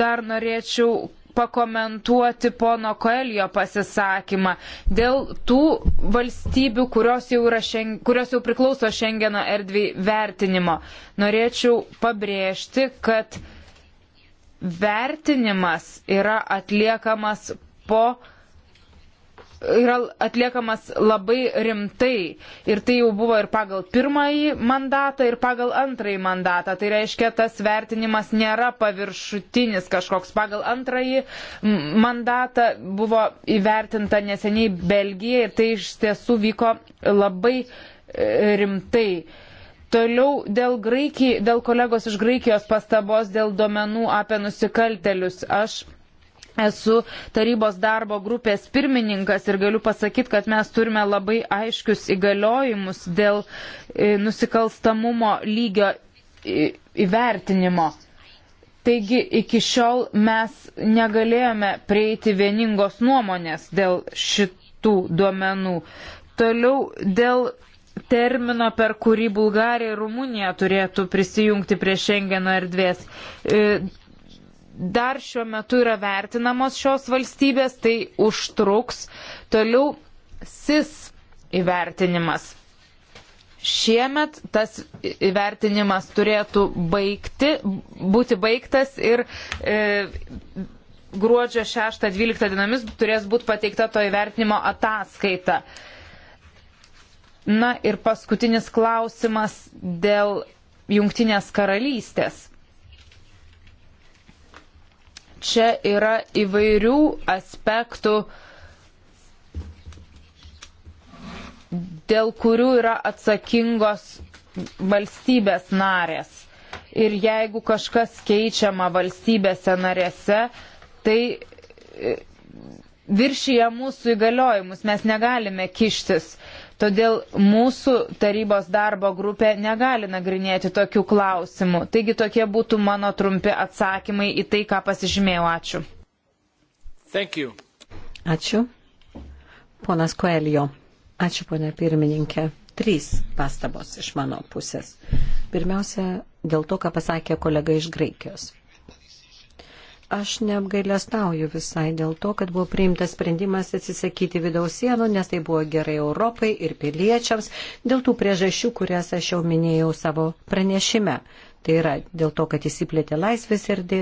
dar norėčiau pakomentuoti pono Koelio pasisakymą dėl tų valstybių, kurios jau, šeng... kurios jau priklauso Šengeno erdviai vertinimo. Norėčiau pabrėžti, kad vertinimas yra atliekamas po yra atliekamas labai rimtai. Ir tai jau buvo ir pagal pirmąjį mandatą, ir pagal antrąjį mandatą. Tai reiškia, tas vertinimas nėra paviršutinis kažkoks. Pagal antrąjį mandatą buvo įvertinta neseniai Belgija ir tai iš tiesų vyko labai e, rimtai. Toliau dėl, Graikijai, dėl kolegos iš Graikijos pastabos dėl duomenų apie nusikaltelius. Aš Esu tarybos darbo grupės pirmininkas ir galiu pasakyti, kad mes turime labai aiškius įgaliojimus dėl e, nusikalstamumo lygio e, įvertinimo. Taigi iki šiol mes negalėjome prieiti vieningos nuomonės dėl šitų duomenų. Toliau dėl termino, per kurį Bulgarija ir Rumunija turėtų prisijungti prie Schengeno erdvės. E, dar šiuo metu yra vertinamos šios valstybės, tai užtruks. Toliau SIS įvertinimas. Šiemet tas įvertinimas turėtų baigti, būti baigtas ir e, gruodžio 6-12 dienomis turės būti pateikta to įvertinimo ataskaita. Na ir paskutinis klausimas dėl Jungtinės karalystės čia yra įvairių aspektų, dėl kurių yra atsakingos valstybės narės. Ir jeigu kažkas keičiama valstybėse narėse, tai e, viršyje mūsų įgaliojimus mes negalime kištis. Todėl mūsų tarybos darbo grupė negali nagrinėti tokių klausimų. Taigi tokie būtų mano trumpi atsakymai į tai, ką pasižymėjau. Ačiū. Ačiū. Ponas Koelio. Ačiū, ponė pirmininkė. Trys pastabos iš mano pusės. Pirmiausia, dėl to, ką pasakė kolega iš Graikijos. Aš neapgailestauju visai dėl to, kad buvo priimtas sprendimas atsisakyti vidaus sienų, nes tai buvo gerai Europai ir piliečiams, dėl tų priežasčių, kurias aš jau minėjau savo pranešime. Tai yra dėl to, kad įsiplėtė laisvės irdį,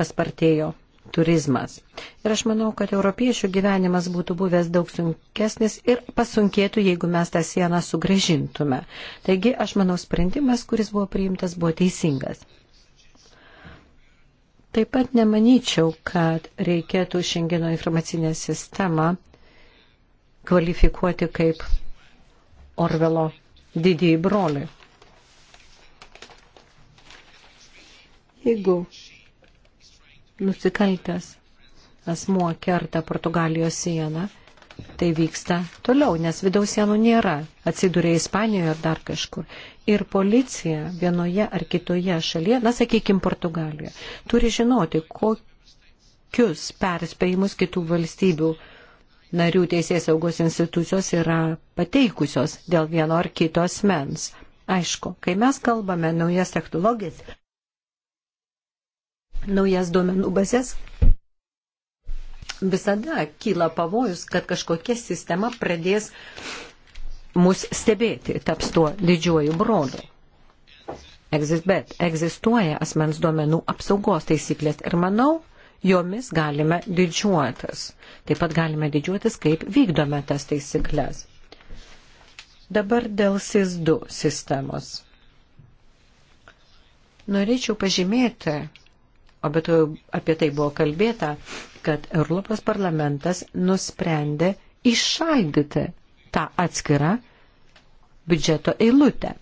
paspartėjo turizmas. Ir aš manau, kad europiečių gyvenimas būtų buvęs daug sunkesnis ir pasunkėtų, jeigu mes tą sieną sugražintume. Taigi, aš manau, sprendimas, kuris buvo priimtas, buvo teisingas. Taip pat nemanyčiau, kad reikėtų Šengeno informacinę sistemą kvalifikuoti kaip Orvelo didįjį brolį. Jeigu nusikaltęs asmuo kerta Portugalijos sieną tai vyksta toliau, nes vidaus sienų nėra, atsiduria Ispanijoje ar dar kažkur. Ir policija vienoje ar kitoje šalyje, na sakykime, Portugalijoje, turi žinoti, kokius perspėjimus kitų valstybių narių teisės saugos institucijos yra pateikusios dėl vieno ar kito asmens. Aišku, kai mes kalbame naujas technologijas, naujas duomenų bazės, visada kyla pavojus, kad kažkokia sistema pradės mus stebėti, taps tuo didžiuoju broliu. Bet egzistuoja asmens duomenų apsaugos taisyklės ir manau, jomis galime didžiuotis. Taip pat galime didžiuotis, kaip vykdome tas taisyklės. Dabar dėl SIS2 sistemos. Norėčiau pažymėti, o bet apie tai buvo kalbėta, kad Europos parlamentas nusprendė išaldyti tą atskirą biudžeto eilutę.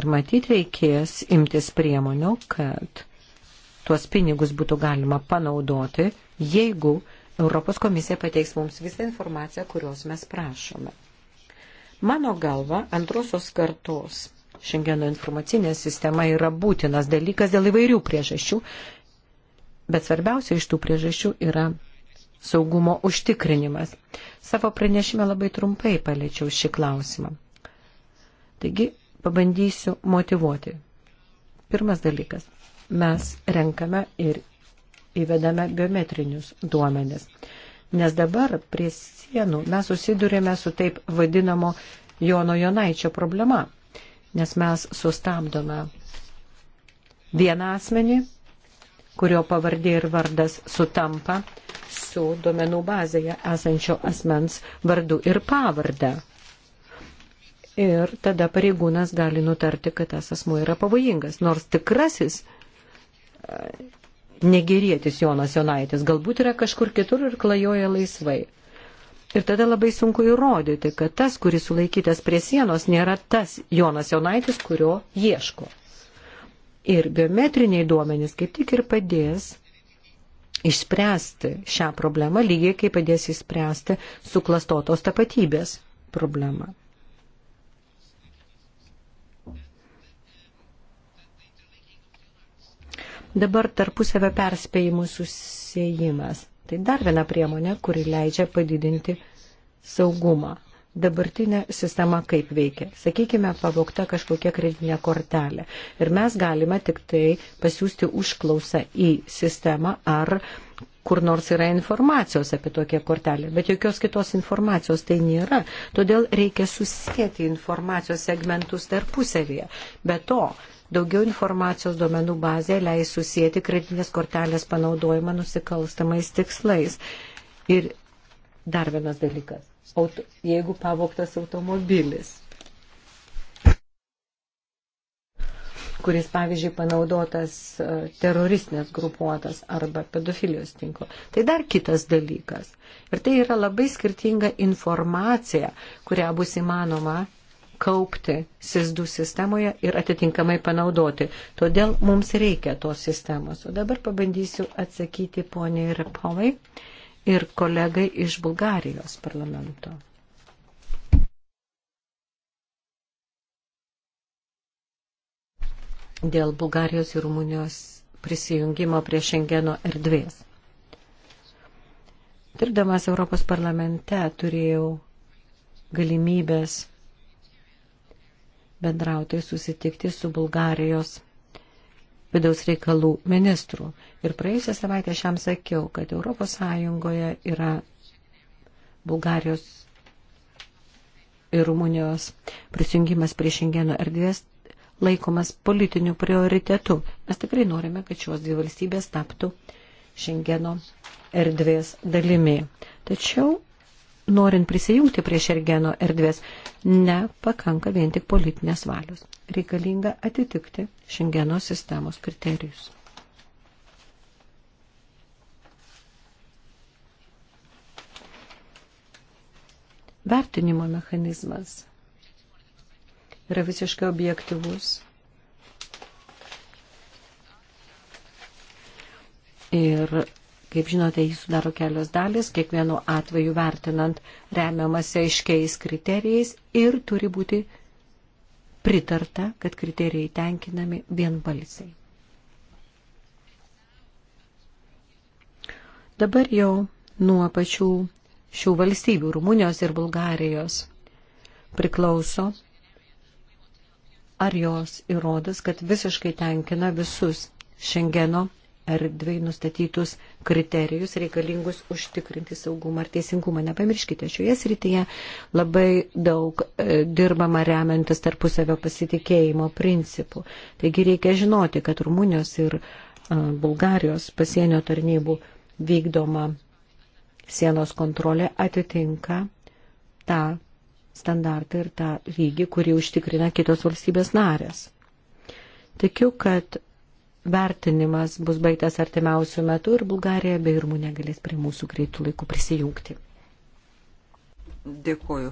Ir matyt reikės imtis priemonių, kad tuos pinigus būtų galima panaudoti, jeigu Europos komisija pateiks mums visą informaciją, kurios mes prašome. Mano galva, antrosios kartos Šengeno informacinė sistema yra būtinas dalykas dėl įvairių priežasčių Bet svarbiausia iš tų priežasčių yra saugumo užtikrinimas. Savo pranešime labai trumpai paliečiau šį klausimą. Taigi, pabandysiu motivuoti. Pirmas dalykas. Mes renkame ir įvedame biometrinius duomenis. Nes dabar prie sienų mes susidurėme su taip vadinamo Jono Jonaičio problema. Nes mes sustabdome vieną asmenį kurio pavardė ir vardas sutampa su duomenų bazėje esančio asmens vardu ir pavardę. Ir tada pareigūnas gali nutarti, kad tas asmuo yra pavojingas, nors tikrasis e, negerėtis Jonas Jonaitis galbūt yra kažkur kitur ir klajoja laisvai. Ir tada labai sunku įrodyti, kad tas, kuris sulaikytas prie sienos, nėra tas Jonas Jonaitis, kurio ieško. Ir biometriniai duomenys kaip tik ir padės išspręsti šią problemą, lygiai kaip padės išspręsti suklastotos tapatybės problemą. Dabar tarpusavio perspėjimų susijimas. Tai dar viena priemonė, kuri leidžia padidinti saugumą dabartinė sistema kaip veikia. Sakykime, pavokta kažkokia kreditinė kortelė. Ir mes galime tik tai pasiūsti užklausą į sistemą ar kur nors yra informacijos apie tokią kortelę, bet jokios kitos informacijos tai nėra. Todėl reikia susijęti informacijos segmentus tarpusavėje. Be to, Daugiau informacijos duomenų bazė leis susijęti kreditinės kortelės panaudojimą nusikalstamais tikslais. Ir Dar vienas dalykas. Auto, jeigu pavoktas automobilis, kuris, pavyzdžiui, panaudotas e, teroristinės grupuotas arba pedofilijos tinklo, tai dar kitas dalykas. Ir tai yra labai skirtinga informacija, kurią bus įmanoma kaupti SISDU sistemoje ir atitinkamai panaudoti. Todėl mums reikia tos sistemos. O dabar pabandysiu atsakyti poniai Repovai. Uh, ir kolegai iš Bulgarijos parlamento. Dėl Bulgarijos ir Rumunijos prisijungimo prie Šengeno erdvės. Dirbdamas Europos parlamente turėjau galimybės bendrautai susitikti su Bulgarijos vidaus reikalų ministrų. Ir praėjusią savaitę šiam sakiau, kad ES yra Bulgarijos ir Rumunijos prisijungimas prie Šengeno erdvės laikomas politiniu prioritetu. Mes tikrai norime, kad šios dvi valstybės taptų Šengeno erdvės dalimi. Tačiau norint prisijungti prie Šergeno erdvės, nepakanka vien tik politinės valios. Reikalinga atitikti Šengeno sistemos kriterijus. Vertinimo mechanizmas yra visiškai objektivus. Ir Kaip žinote, jis sudaro kelios dalis, kiekvienu atveju vertinant remiamas aiškiais kriterijais ir turi būti pritarta, kad kriterijai tenkinami vienbalsiai. Dabar jau nuo pačių šių valstybių, Rumunijos ir Bulgarijos, priklauso, ar jos įrodas, kad visiškai tenkina visus Šengeno erdvai nustatytus kriterijus reikalingus užtikrinti saugumą ar teisingumą. Nepamirškite, šioje srityje labai daug e, dirbama remiantis tarpusavio pasitikėjimo principų. Taigi reikia žinoti, kad Rumunijos ir e, Bulgarijos pasienio tarnybų vykdoma sienos kontrolė atitinka tą standartą ir tą lygį, kurį užtikrina kitos valstybės narės. Tikiu, kad vertinimas bus baigtas artimiausių metų ir Bulgarija bei Rumunija galės prie mūsų greitų laikų prisijungti. Dėkuoju.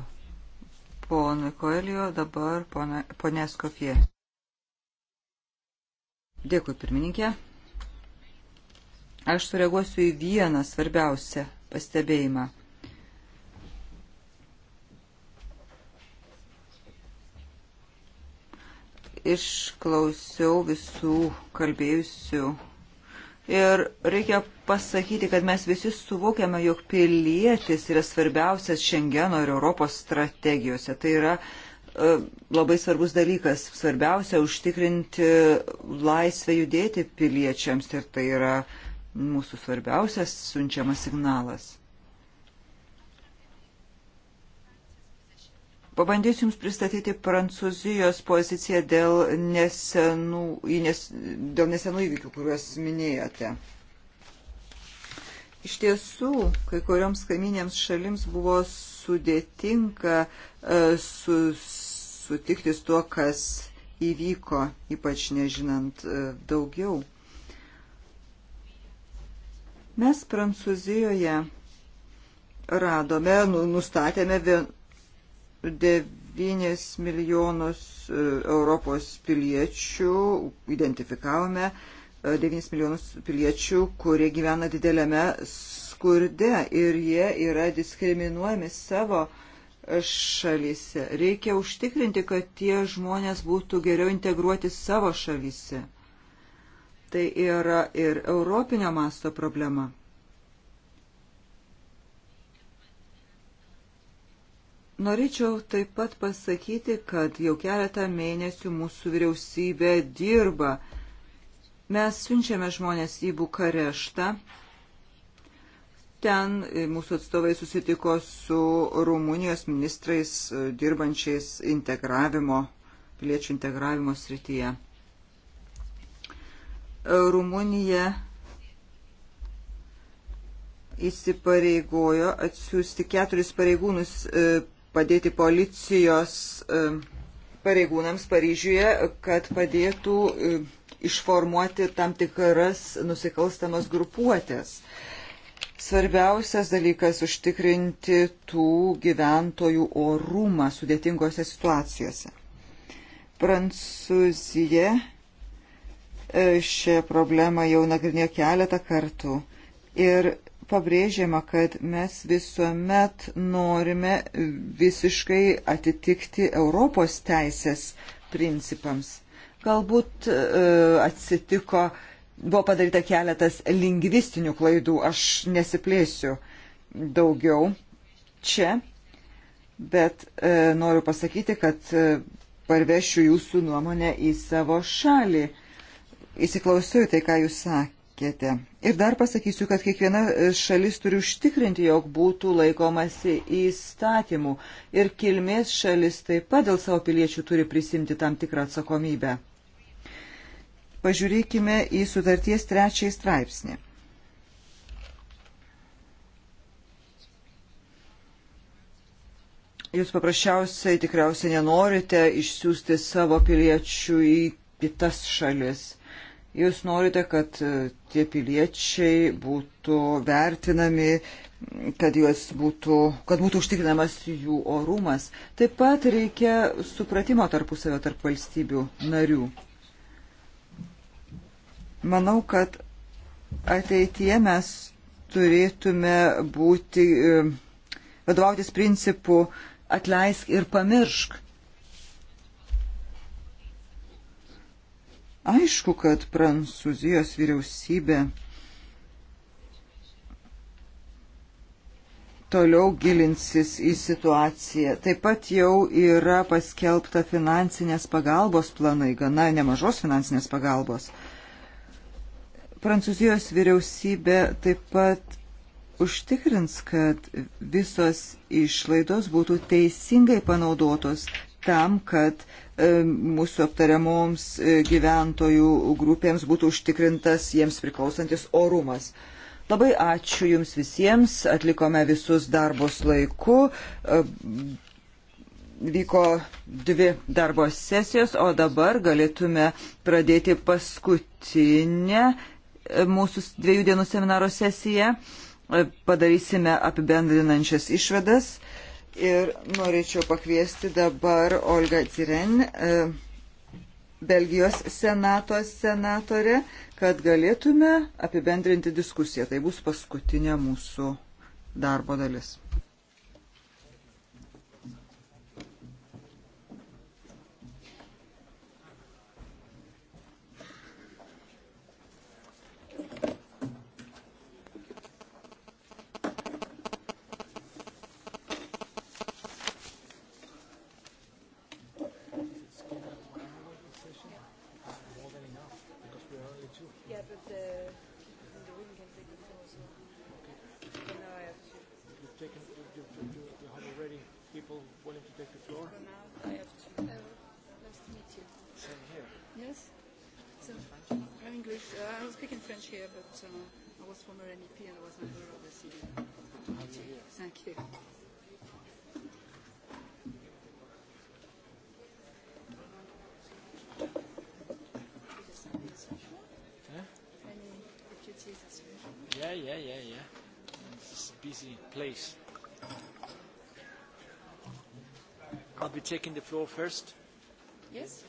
Ponui Koelijo, dabar ponė Skofie. Dėkui, pirmininkė. Aš sureaguosiu į vieną svarbiausią pastebėjimą. Išklausiau visų kalbėjusių. Ir reikia pasakyti, kad mes visi suvokiame, jog pilietis yra svarbiausias Šengeno ir Europos strategijose. Tai yra e, labai svarbus dalykas. Svarbiausia užtikrinti laisvę judėti piliečiams ir tai yra mūsų svarbiausias siunčiamas signalas. Pabandysiu Jums pristatyti Prancūzijos poziciją dėl nesenų, nes, dėl nesenų įvykių, kuriuos minėjote. Iš tiesų, kai kurioms kaiminėms šalims buvo sudėtinga e, su, sutikti su tuo, kas įvyko, ypač nežinant e, daugiau. Mes Prancūzijoje radome, nu, nustatėme 9 milijonus e, Europos piliečių identifikavome, 9 e, milijonus piliečių, kurie gyvena didelėme skurde ir jie yra diskriminuojami savo šalyse. Reikia užtikrinti, kad tie žmonės būtų geriau integruoti savo šalyse. Tai yra ir europinio masto problema. Norėčiau taip pat pasakyti, kad jau keletą mėnesių mūsų vyriausybė dirba. Mes siunčiame žmonės į Bukareštą. Ten mūsų atstovai susitiko su Rumunijos ministrais e, dirbančiais integravimo, piliečių integravimo srityje. E, Rumunija įsipareigojo atsiųsti keturis pareigūnus e, padėti policijos e, pareigūnams Paryžiuje, kad padėtų e, išformuoti tam tikras nusikalstamas grupuotės. Svarbiausias dalykas - užtikrinti tų gyventojų orumą sudėtingose situacijose. Prancūzija e, šią problemą jau nagrinėjo keletą kartų ir pabrėžiama, kad mes visuomet norime visiškai atitikti Europos teisės principams. Galbūt e, atsitiko, buvo padaryta keletas lingvistinių klaidų, aš nesiplėsiu daugiau čia, bet e, noriu pasakyti, kad e, parvešiu jūsų nuomonę į savo šalį. Įsiklausiu tai, ką jūs sakėte sakėte. Ir dar pasakysiu, kad kiekviena šalis turi užtikrinti, jog būtų laikomasi įstatymų. Ir kilmės šalis taip pat dėl savo piliečių turi prisimti tam tikrą atsakomybę. Pažiūrėkime į sutarties trečiąjį straipsnį. Jūs paprasčiausiai tikriausiai nenorite išsiųsti savo piliečių į kitas šalis. Jūs norite, kad e, tie piliečiai būtų vertinami, kad, būtų, kad būtų užtikrinamas jų orumas. Taip pat reikia supratimo tarpusavio tarp valstybių narių. Manau, kad ateitie mes turėtume būti, e, vadovautis principu atleisk ir pamiršk Aišku, kad Prancūzijos vyriausybė toliau gilinsis į situaciją. Taip pat jau yra paskelbta finansinės pagalbos planai, gana nemažos finansinės pagalbos. Prancūzijos vyriausybė taip pat užtikrins, kad visos išlaidos būtų teisingai panaudotos tam, kad E, mūsų aptariamoms e, gyventojų grupėms būtų užtikrintas jiems priklausantis orumas. Labai ačiū Jums visiems, atlikome visus darbus laiku. E, vyko dvi darbo sesijos, o dabar galėtume pradėti paskutinę mūsų dviejų dienų seminaro sesiją. Padarysime apibendrinančias išvadas. Ir norėčiau pakviesti dabar Olga Ciren, e, Belgijos senato senatorė, kad galėtume apibendrinti diskusiją. Tai bus paskutinė mūsų darbo dalis. chair, but uh, I was former MEP and I was member of the CD. Have you here. Thank you. Yeah. Any deputies as usual? Yeah, yeah, yeah, yeah. It's a busy place. I'll be taking the floor first. Yes.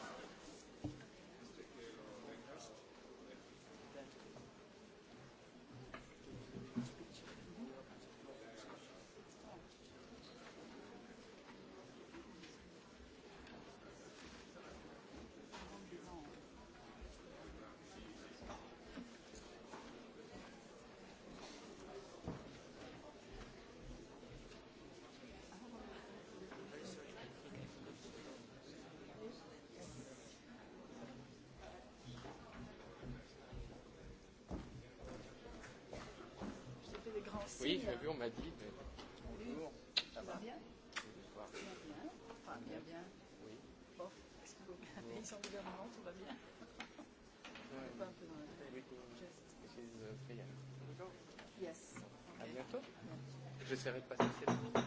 J'essaierai de passer ces minutes.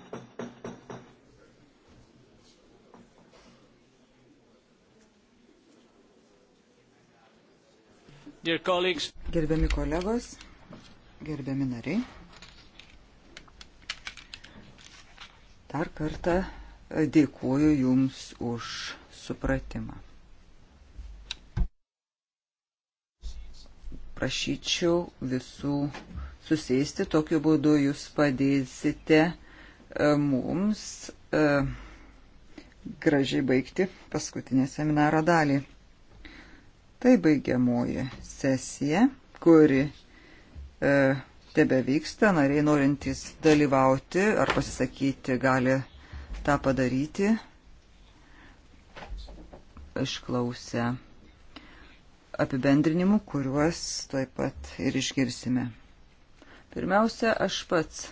Gerbiami kolegos, gerbiami nariai, dar kartą dėkuoju Jums už supratimą. Prašyčiau visų susėsti, tokiu būdu jūs padėsite e, mums e, gražiai baigti paskutinę seminaro dalį. Tai baigiamoji sesija, kuri e, tebe vyksta, nariai norintys dalyvauti ar pasisakyti gali tą padaryti, išklausę apibendrinimų, kuriuos taip pat ir išgirsime. Pirmiausia, aš pats,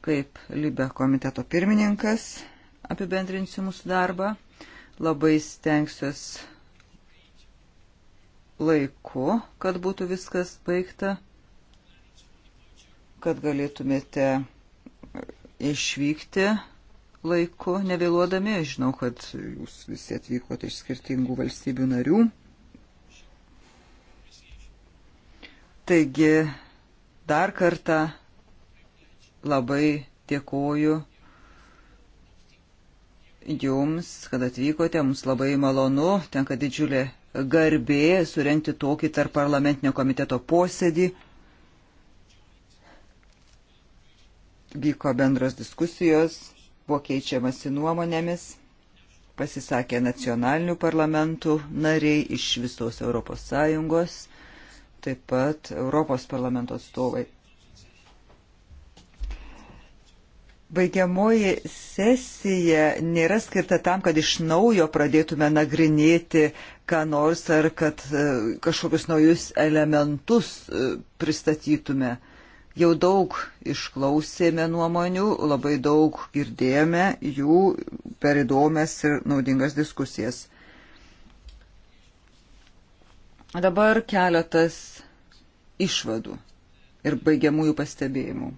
kaip Libe komiteto pirmininkas, apibendrinsiu mūsų darbą. Labai stengsiuos laiku, kad būtų viskas baigta, kad galėtumėte išvykti laiku, nevėluodami. Žinau, kad jūs visi atvykote iš skirtingų valstybių narių. Taigi Dar kartą labai dėkoju Jums, kad atvykote, mums labai malonu, tenka didžiulė garbė surenkti tokį tarp parlamentinio komiteto posėdį. Vyko bendros diskusijos, buvo keičiamasi nuomonėmis, pasisakė nacionalinių parlamentų nariai iš visos Europos Sąjungos taip pat Europos parlamento atstovai. Baigiamoji sesija nėra skirta tam, kad iš naujo pradėtume nagrinėti ką nors ar kad e, kažkokius naujus elementus e, pristatytume. Jau daug išklausėme nuomonių, labai daug girdėjome jų per įdomias ir naudingas diskusijas. Dabar keletas išvadų ir baigiamųjų pastebėjimų.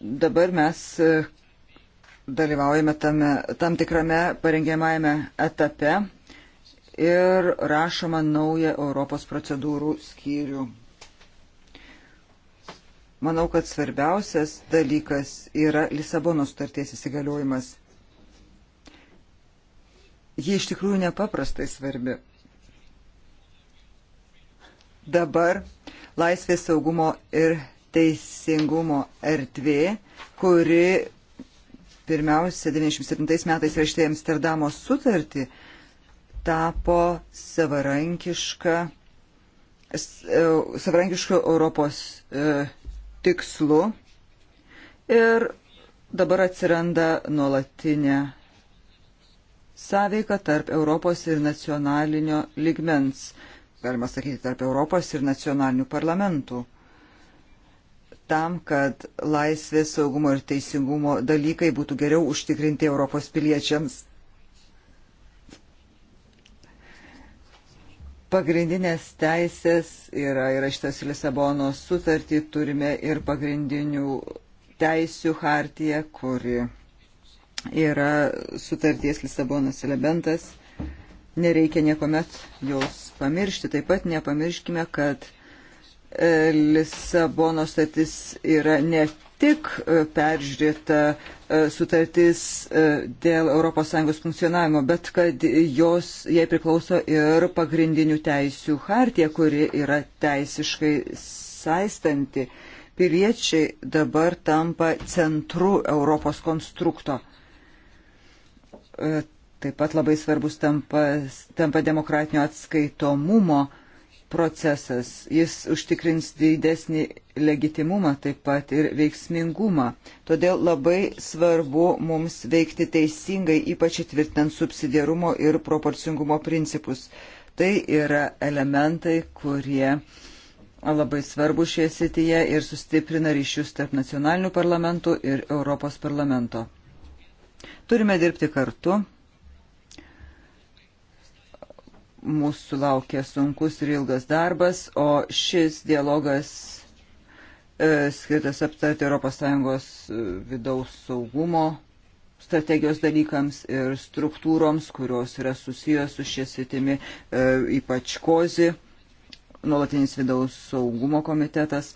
Dabar mes e, dalyvaujame tame, tam tikrame parengiamajame etape ir rašoma nauja Europos procedūrų skyrių Manau, kad svarbiausias dalykas yra Lisabono sutarties įsigaliojimas. Jie iš tikrųjų nepaprastai svarbi. Dabar laisvės saugumo ir teisingumo erdvė, kuri pirmiausia 97 metais raštė Amsterdamo sutartį, tapo savarankiška, e, savarankiško Europos e, tikslu ir dabar atsiranda nuolatinė sąveika tarp Europos ir nacionalinio ligmens, galima sakyti, tarp Europos ir nacionalinių parlamentų tam, kad laisvės, saugumo ir teisingumo dalykai būtų geriau užtikrinti Europos piliečiams. pagrindinės teisės yra įrašytas Lisabonos sutartį, turime ir pagrindinių teisių hartiją, kuri yra sutarties Lisabonos elementas. Nereikia niekuomet jos pamiršti. Taip pat nepamirškime, kad e, Lisabonos sutartis yra ne tik e, peržiūrėta e, sutartis e, dėl ES funkcionavimo, bet kad jos, jai priklauso ir pagrindinių teisių hartija, kuri yra teisiškai saistanti. Piliečiai dabar tampa centru Europos konstrukto. Taip pat labai svarbus tampa, tampa demokratinio atskaitomumo procesas. Jis užtikrins didesnį legitimumą taip pat ir veiksmingumą. Todėl labai svarbu mums veikti teisingai, ypač įtvirtinant subsidiarumo ir proporcingumo principus. Tai yra elementai, kurie labai svarbu šioje sityje ir sustiprina ryšius tarp nacionalinių parlamentų ir Europos parlamento. Turime dirbti kartu mūsų laukia sunkus ir ilgas darbas, o šis dialogas e, skirtas aptarti ES e, vidaus saugumo strategijos dalykams ir struktūroms, kurios yra susijęs su šia sitimi, e, ypač kozi, nuolatinis vidaus saugumo komitetas.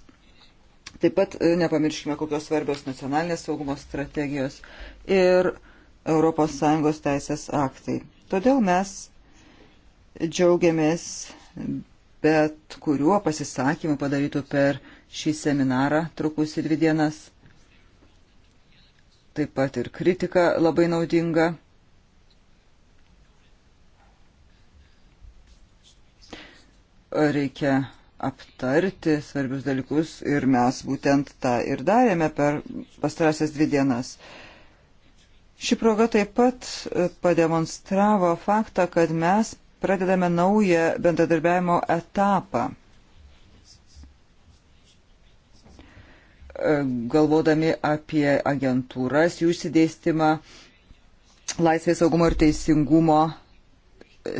Taip pat e, nepamirškime, kokios svarbios nacionalinės saugumo strategijos ir ES teisės aktai. Todėl mes Džiaugiamės bet kuriuo pasisakymu padarytų per šį seminarą trukusį dvi dienas. Taip pat ir kritika labai naudinga. Reikia aptarti svarbius dalykus ir mes būtent tą ir darėme per pastarąsias dvi dienas. Ši proga taip pat pademonstravo faktą, kad mes pradedame naują bendradarbiavimo etapą. E, galvodami apie agentūras, jų įsidėstymą laisvės saugumo ir teisingumo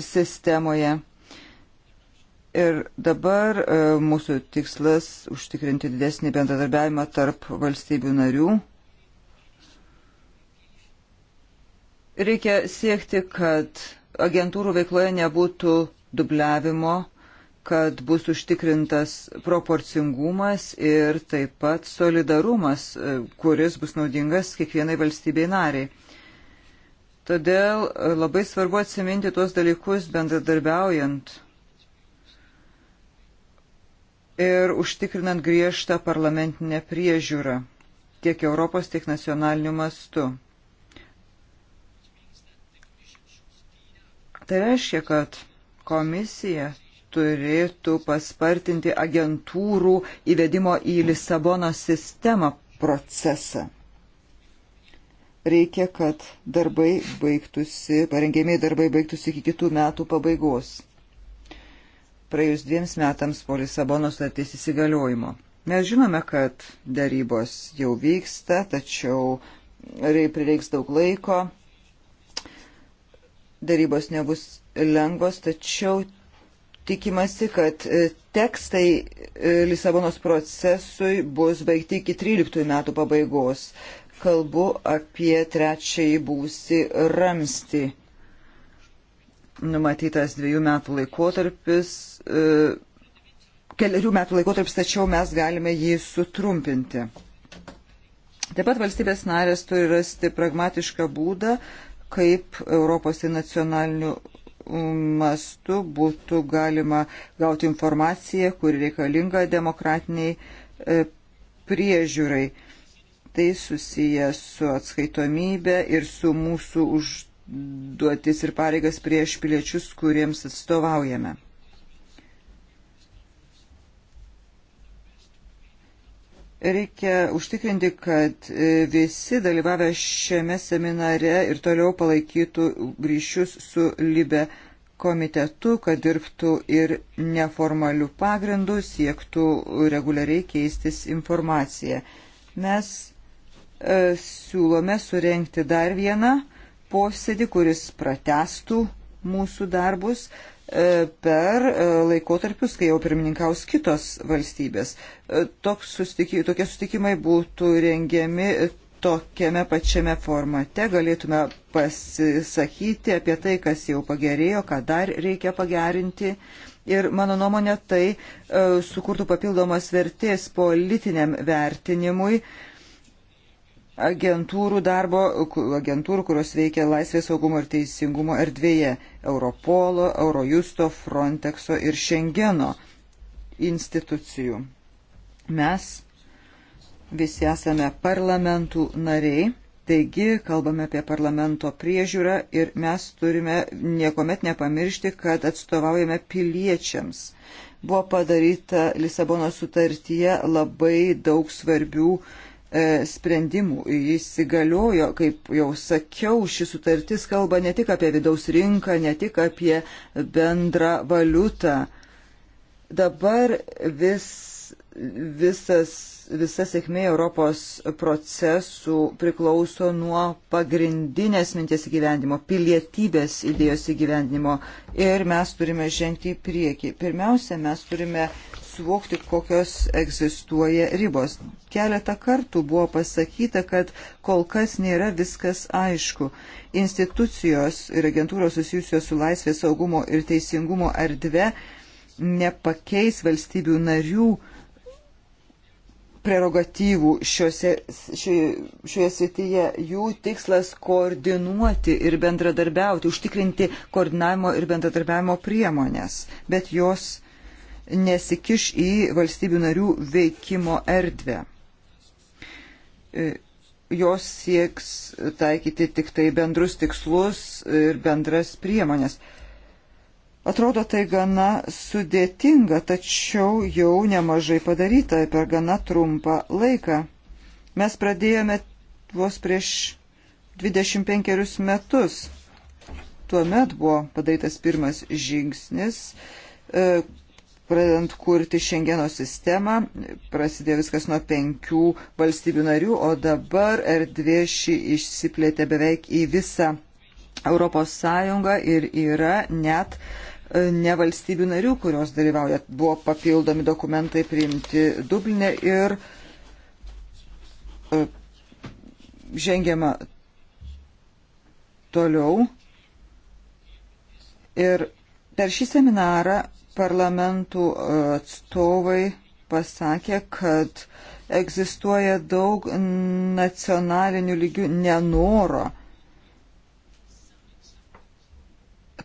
sistemoje. Ir dabar e, mūsų tikslas užtikrinti didesnį bendradarbiavimą tarp valstybių narių. Reikia siekti, kad agentūrų veikloje nebūtų dubliavimo, kad bus užtikrintas proporcingumas ir taip pat solidarumas, e, kuris bus naudingas kiekvienai valstybei nariai. Todėl e, labai svarbu atsiminti tuos dalykus bendradarbiaujant ir užtikrinant griežtą parlamentinę priežiūrą tiek Europos, tiek nacionaliniu mastu. Tai reiškia, kad komisija turėtų paspartinti agentūrų įvedimo į Lisabono sistemą procesą. Reikia, kad darbai baigtųsi, parengėmiai darbai baigtųsi iki kitų metų pabaigos. Praėjus dviems metams po Lisabono sutarties įsigaliojimo. Mes žinome, kad darybos jau vyksta, tačiau reikia prireiks daug laiko Darybos nebus lengvos, tačiau tikimasi, kad e, tekstai e, Lisabonos procesui bus baigti iki 13 metų pabaigos. Kalbu apie trečiąjį būsį ramsti. Numatytas dviejų metų laikotarpis, e, keliarių metų laikotarpis, tačiau mes galime jį sutrumpinti. Taip pat valstybės narės turi rasti pragmatišką būdą, kaip Europos ir nacionalinių um, mastu būtų galima gauti informaciją, kuri reikalinga demokratiniai e, priežiūrai. Tai susiję su atskaitomybė ir su mūsų užduotis ir pareigas prieš piliečius, kuriems atstovaujame. Reikia užtikrinti, kad e, visi dalyvavę šiame seminare ir toliau palaikytų ryšius su Libe komitetu, kad dirbtų ir neformalių pagrindų, siektų reguliariai keistis informaciją. Mes e, siūlome surenkti dar vieną posėdį, kuris pratestų mūsų darbus. E, per e, laikotarpius, kai jau pirmininkaus kitos valstybės. E, susitiki, tokie susitikimai būtų rengiami tokiame pačiame formate, galėtume pasisakyti apie tai, kas jau pagerėjo, ką dar reikia pagerinti. Ir mano nuomonė tai sukurtų papildomas vertės politiniam vertinimui. Uh, agentūrų darbo, agentūrų, kurios veikia laisvės saugumo ir teisingumo erdvėje - Europolo, Eurojusto, Frontexo ir Šengeno institucijų. Mes visi esame parlamentų nariai, taigi kalbame apie parlamento priežiūrą ir mes turime niekuomet nepamiršti, kad atstovaujame piliečiams. Buvo padaryta Lisabono sutartyje labai daug svarbių uh, E, sprendimų. Jis įgaliojo, kaip jau sakiau, ši sutartis kalba ne tik apie vidaus rinką, ne tik apie bendrą valiutą. Dabar vis, visas, visa sėkmė Europos procesų priklauso nuo pagrindinės minties įgyvendimo, pilietybės idėjos įgyvendimo ir mes turime žengti į priekį. Pirmiausia, mes turime suvokti, kokios egzistuoja ribos. Keletą kartų buvo pasakyta, kad kol kas nėra viskas aišku. Institucijos ir agentūros susijusios su laisvės saugumo ir teisingumo erdve nepakeis valstybių narių prerogatyvų šiose, šioje, šioje srityje. Jų tikslas koordinuoti ir bendradarbiauti, užtikrinti koordinavimo ir bendradarbiavimo priemonės, bet jos nesikiš į valstybių narių veikimo erdvę. E, jos sieks taikyti tik tai bendrus tikslus ir bendras priemonės. Atrodo tai gana sudėtinga, tačiau jau nemažai padaryta per gana trumpą laiką. Mes pradėjome vos prieš 25 metus. Tuomet buvo padarytas pirmas žingsnis, e, pradedant kurti Šengeno sistemą, prasidėjo viskas nuo penkių valstybių narių, o dabar erdvė šį išsiplėtė beveik į visą Europos Sąjungą ir yra net e, ne valstybių narių, kurios dalyvauja. Buvo papildomi dokumentai priimti Dublinė ir e, žengiama toliau. Ir per šį seminarą parlamentų e, atstovai pasakė, kad egzistuoja daug nacionalinių lygių nenoro.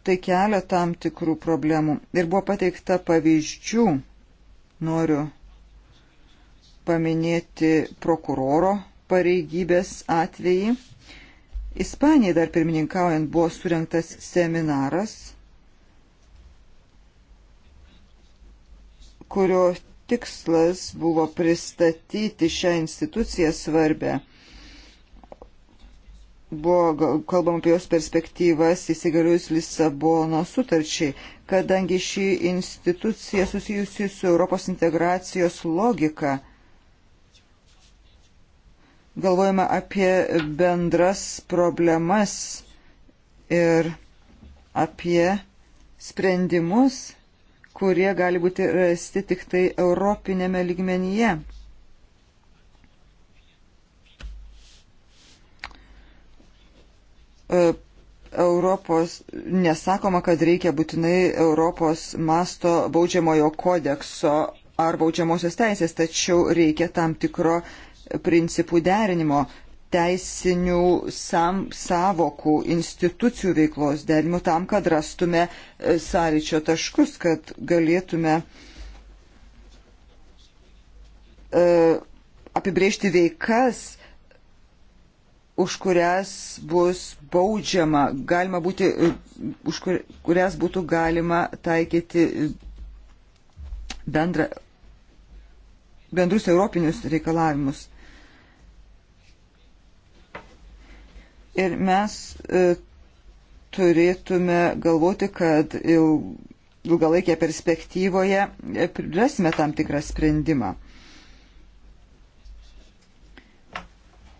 Tai kelia tam tikrų problemų. Ir buvo pateikta pavyzdžių, noriu paminėti prokuroro pareigybės atvejį. Ispanijai dar pirmininkaujant buvo surinktas seminaras kurio tikslas buvo pristatyti šią instituciją svarbę. Buvo kalbam apie jos perspektyvas įsigaliojus Lisabono sutarčiai, kadangi ši institucija susijusi su Europos integracijos logika. Galvojame apie bendras problemas ir apie sprendimus kurie gali būti rasti tik tai europinėme lygmenyje. E, Europos, nesakoma, kad reikia būtinai Europos masto baudžiamojo kodekso ar baudžiamosios teisės, tačiau reikia tam tikro principų derinimo teisinių sam, savokų, institucijų veiklos derinimų tam, kad rastume e, sąryčio taškus, kad galėtume uh, e, apibriežti veikas, už kurias bus baudžiama, galima būti, e, už kur, kurias būtų galima taikyti bendra, bendrus europinius reikalavimus. Ir mes e, turėtume galvoti, kad ilgalaikėje perspektyvoje e, rasime tam tikrą sprendimą.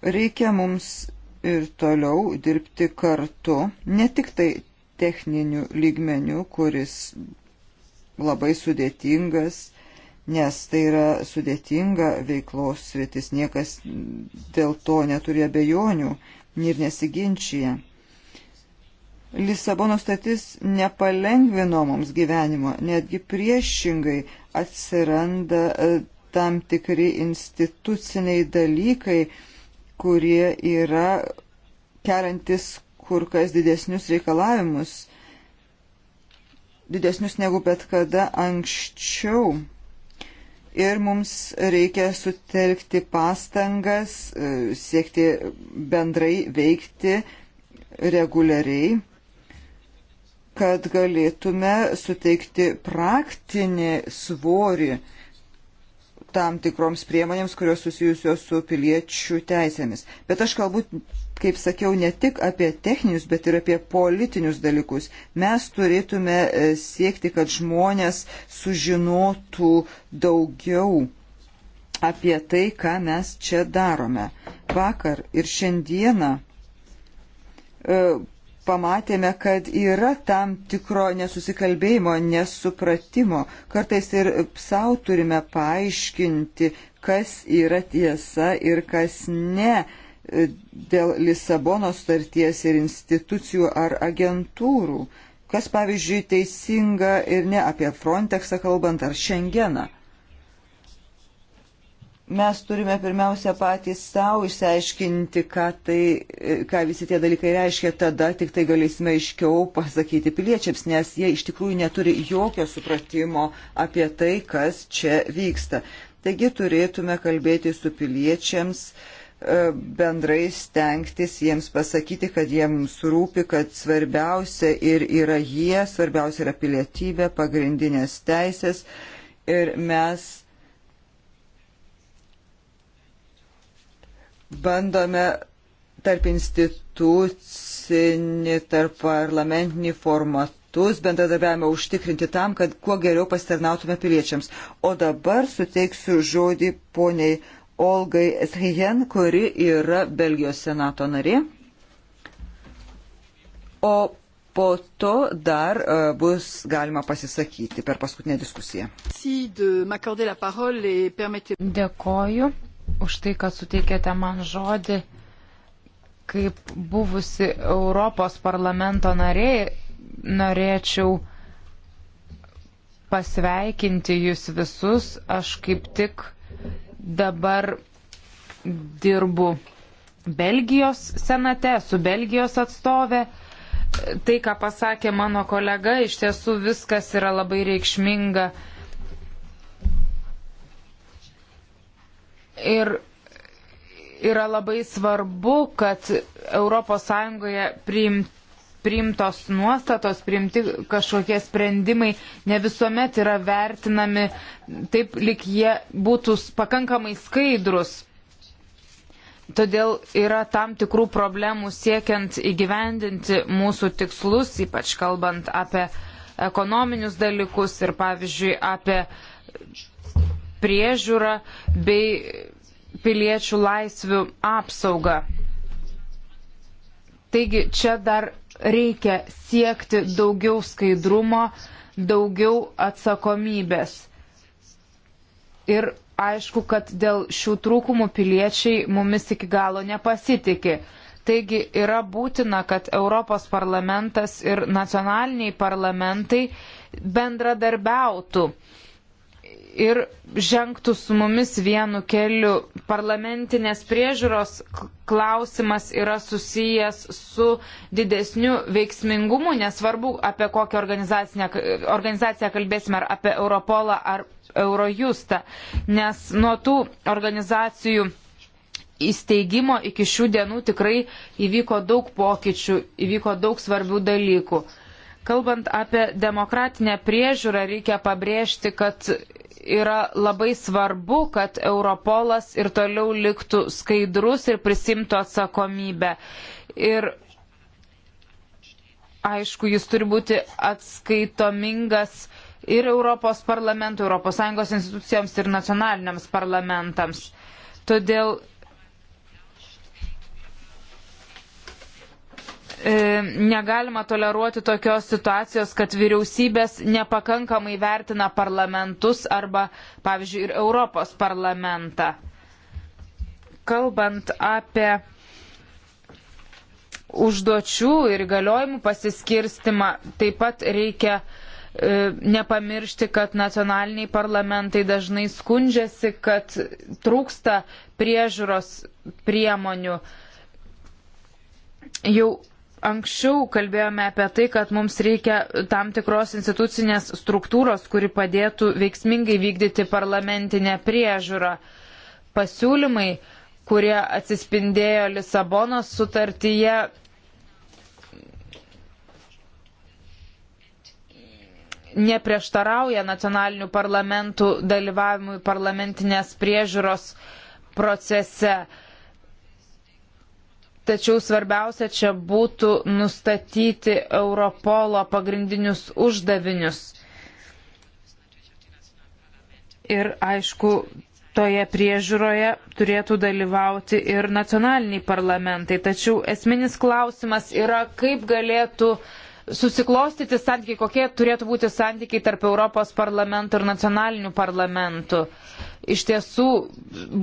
Reikia mums ir toliau dirbti kartu, ne tik tai techniniu lygmeniu, kuris labai sudėtingas, nes tai yra sudėtinga veiklos sritis, niekas dėl to neturi abejonių ir nesiginčia. Lisabono statis nepalengvino mums gyvenimo, netgi priešingai atsiranda e, tam tikri instituciniai dalykai, kurie yra keliantis kur kas didesnius reikalavimus, didesnius negu bet kada anksčiau ir mums reikia sutelkti pastangas, e, siekti bendrai veikti reguliariai, kad galėtume suteikti praktinį svorį tam tikroms priemonėms, kurios susijusios su piliečių teisėmis. Bet aš kalbu kaip sakiau, ne tik apie techninius, bet ir apie politinius dalykus. Mes turėtume e, siekti, kad žmonės sužinotų daugiau apie tai, ką mes čia darome. Vakar ir šiandieną e, pamatėme, kad yra tam tikro nesusikalbėjimo, nesupratimo. Kartais ir savo turime paaiškinti, kas yra tiesa ir kas ne dėl Lisabono starties ir institucijų ar agentūrų, kas pavyzdžiui teisinga ir ne apie Frontexą kalbant ar Šengeną. Mes turime pirmiausia patys savo išsiaiškinti, ką, tai, ką visi tie dalykai reiškia, tada tik tai galėsime aiškiau pasakyti piliečiams, nes jie iš tikrųjų neturi jokio supratimo apie tai, kas čia vyksta. Taigi turėtume kalbėti su piliečiams, uh, E, bendrai stengtis jiems pasakyti, kad jie mums rūpi, kad svarbiausia ir yra jie, svarbiausia yra pilietybė, pagrindinės teisės ir mes bandome tarp institucinį, tarp parlamentinį formatus bendradarbiavimą užtikrinti tam, kad kuo geriau pasitarnautume piliečiams. O dabar suteiksiu žodį poniai Olgai Eshijen, kuri yra Belgijos senato narė. O po to dar e, bus galima pasisakyti per paskutinę diskusiją. Dėkoju už tai, kad suteikėte man žodį kaip buvusi Europos parlamento narė, norėčiau pasveikinti jūs visus. Aš kaip tik dabar dirbu Belgijos senate, su Belgijos atstovė. Tai, ką pasakė mano kolega, iš tiesų viskas yra labai reikšminga. Ir yra labai svarbu, kad ES priimti priimtos nuostatos, priimti kažkokie sprendimai ne visuomet yra vertinami taip, lik jie būtų pakankamai skaidrus. Todėl yra tam tikrų problemų siekiant įgyvendinti mūsų tikslus, ypač kalbant apie ekonominius dalykus ir pavyzdžiui apie priežiūrą bei piliečių laisvių apsaugą. Taigi čia dar reikia siekti daugiau skaidrumo, daugiau atsakomybės. Ir aišku, kad dėl šių trūkumų piliečiai mumis iki galo nepasitikė. Taigi yra būtina, kad Europos parlamentas ir nacionaliniai parlamentai bendradarbiautų ir žengtų su mumis vienu keliu. Parlamentinės priežiūros klausimas yra susijęs su didesniu veiksmingumu, nesvarbu apie kokią organizaciją kalbėsime, ar apie Europolą, ar Eurojustą, nes nuo tų organizacijų įsteigimo iki šių dienų tikrai įvyko daug pokyčių, įvyko daug svarbių dalykų. Kalbant apie demokratinę priežiūrą, reikia pabrėžti, kad yra labai svarbu, kad Europolas ir toliau liktų skaidrus ir prisimtų atsakomybę. Ir aišku, jis turi būti atskaitomingas ir Europos parlamentui, ES institucijoms ir nacionaliniams parlamentams. Todėl E, negalima toleruoti tokios situacijos, kad vyriausybės nepakankamai vertina parlamentus arba, pavyzdžiui, ir Europos parlamentą. Kalbant apie užduočių ir įgaliojimų pasiskirstimą, taip pat reikia e, nepamiršti, kad nacionaliniai parlamentai dažnai skundžiasi, kad trūksta priežiūros priemonių. Jau Anksčiau kalbėjome apie tai, kad mums reikia tam tikros institucinės struktūros, kuri padėtų veiksmingai vykdyti parlamentinę priežiūrą. Pasiūlymai, kurie atsispindėjo Lisabonos sutartyje, neprieštarauja nacionalinių parlamentų dalyvavimui parlamentinės priežiūros procese. Tačiau svarbiausia čia būtų nustatyti Europolo pagrindinius uždavinius. Ir aišku, toje priežiūroje turėtų dalyvauti ir nacionaliniai parlamentai. Tačiau esminis klausimas yra, kaip galėtų uh, susiklostyti santykiai, kokie turėtų būti santykiai tarp Europos parlamento ir nacionalinių parlamentų. Iš tiesų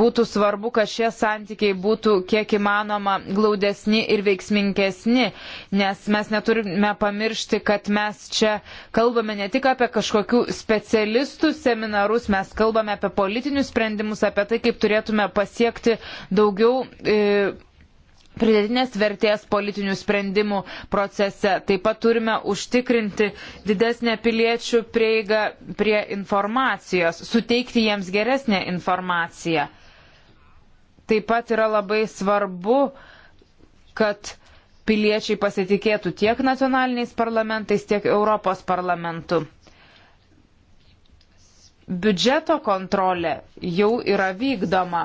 būtų svarbu, kad šie santykiai būtų kiek įmanoma glaudesni ir veiksmingesni, nes mes neturime pamiršti, kad mes čia kalbame ne tik apie kažkokių specialistų seminarus, mes kalbame apie politinius sprendimus, apie tai, kaip turėtume pasiekti daugiau. E, pridėtinės vertės politinių sprendimų procese. Taip pat turime užtikrinti didesnę piliečių prieigą prie informacijos, suteikti jiems geresnę informaciją. Taip pat yra labai svarbu, kad piliečiai pasitikėtų tiek nacionaliniais parlamentais, tiek Europos parlamentu. Biudžeto kontrolė jau yra vykdoma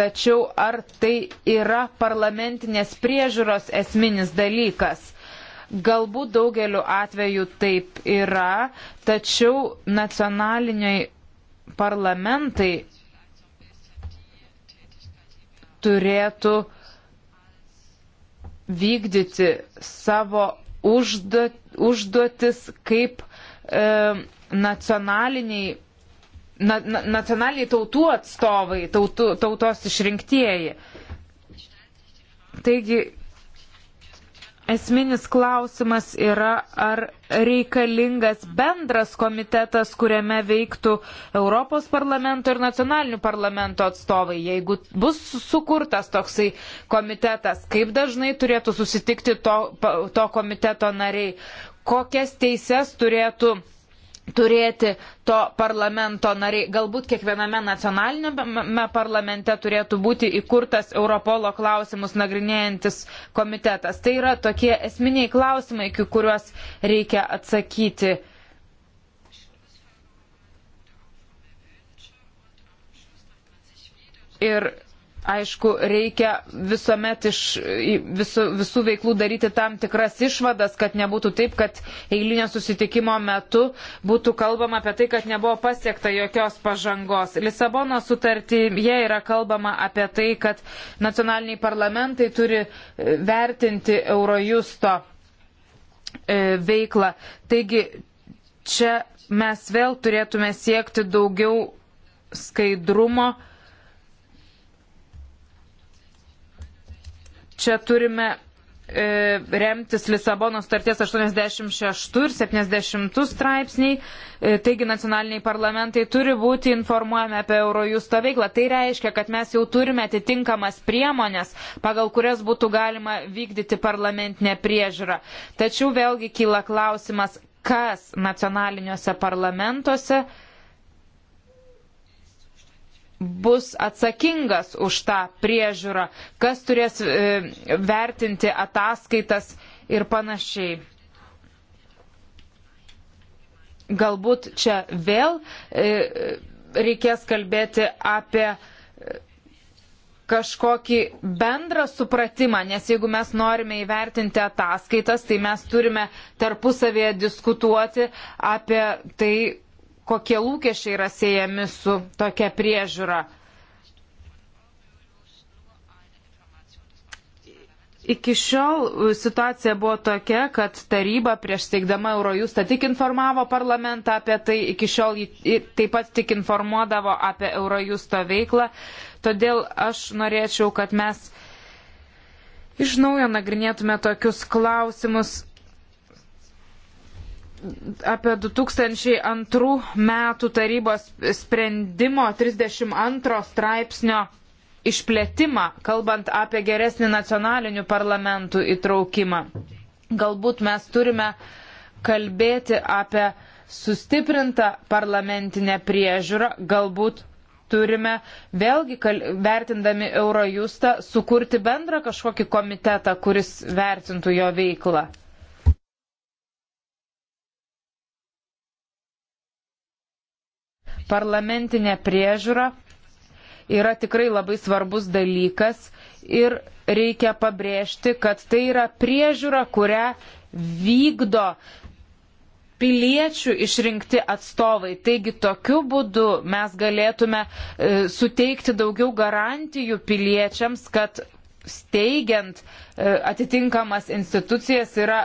Tačiau ar tai yra parlamentinės priežiūros esminis dalykas? Galbūt daugeliu atveju taip yra, tačiau nacionaliniai parlamentai turėtų vykdyti savo užduotis kaip e, nacionaliniai na, na, nacionaliai tautų atstovai, tautų, tautos išrinktieji. Taigi, esminis klausimas yra, ar reikalingas bendras komitetas, kuriame veiktų Europos parlamento ir nacionalinių parlamento atstovai. Jeigu bus sukurtas toksai komitetas, kaip dažnai turėtų susitikti to, to komiteto nariai, kokias teises turėtų turėti to parlamento nariai. Galbūt kiekviename nacionalinėme parlamente turėtų būti įkurtas Europolo klausimus nagrinėjantis komitetas. Tai yra tokie esminiai klausimai, kuriuos reikia atsakyti. Ir aišku, reikia visuomet iš visų, visų veiklų daryti tam tikras išvadas, kad nebūtų taip, kad eilinio susitikimo metu būtų kalbama apie tai, kad nebuvo pasiekta jokios pažangos. Lisabono sutartyje yra kalbama apie tai, kad nacionaliniai parlamentai turi e, vertinti Eurojusto e, veiklą. Taigi čia mes vėl turėtume siekti daugiau skaidrumo Čia turime e, remtis Lisabonos starties 86 ir 70 straipsniai. E, taigi nacionaliniai parlamentai turi būti informuojami apie Eurojusto veiklą. Tai reiškia, kad mes jau turime atitinkamas priemonės, pagal kurias būtų galima vykdyti parlamentinę priežiūrą. Tačiau vėlgi kyla klausimas, kas nacionaliniuose parlamentuose bus atsakingas už tą priežiūrą, kas turės e, vertinti ataskaitas ir panašiai. Galbūt čia vėl e, reikės kalbėti apie e, kažkokį bendrą supratimą, nes jeigu mes norime įvertinti ataskaitas, tai mes turime tarpusavėje diskutuoti apie tai, kokie lūkesčiai yra siejami su tokia priežiūra. Iki šiol situacija buvo tokia, kad taryba prieš steigdama Eurojustą tik informavo parlamentą apie tai, iki šiol jį taip pat tik informuodavo apie Eurojusto veiklą. Todėl aš norėčiau, kad mes iš naujo nagrinėtume tokius klausimus apie 2002 metų tarybos sprendimo 32 straipsnio išplėtimą, kalbant apie geresnį nacionalinių parlamentų įtraukimą. Galbūt mes turime kalbėti apie sustiprintą parlamentinę priežiūrą, galbūt turime vėlgi vertindami Eurojustą sukurti bendrą kažkokį komitetą, kuris vertintų jo veiklą. parlamentinė priežiūra yra tikrai labai svarbus dalykas ir reikia pabrėžti, kad tai yra priežiūra, kurią vykdo piliečių išrinkti atstovai. Taigi tokiu būdu mes galėtume e, suteikti daugiau garantijų piliečiams, kad steigiant e, atitinkamas institucijas yra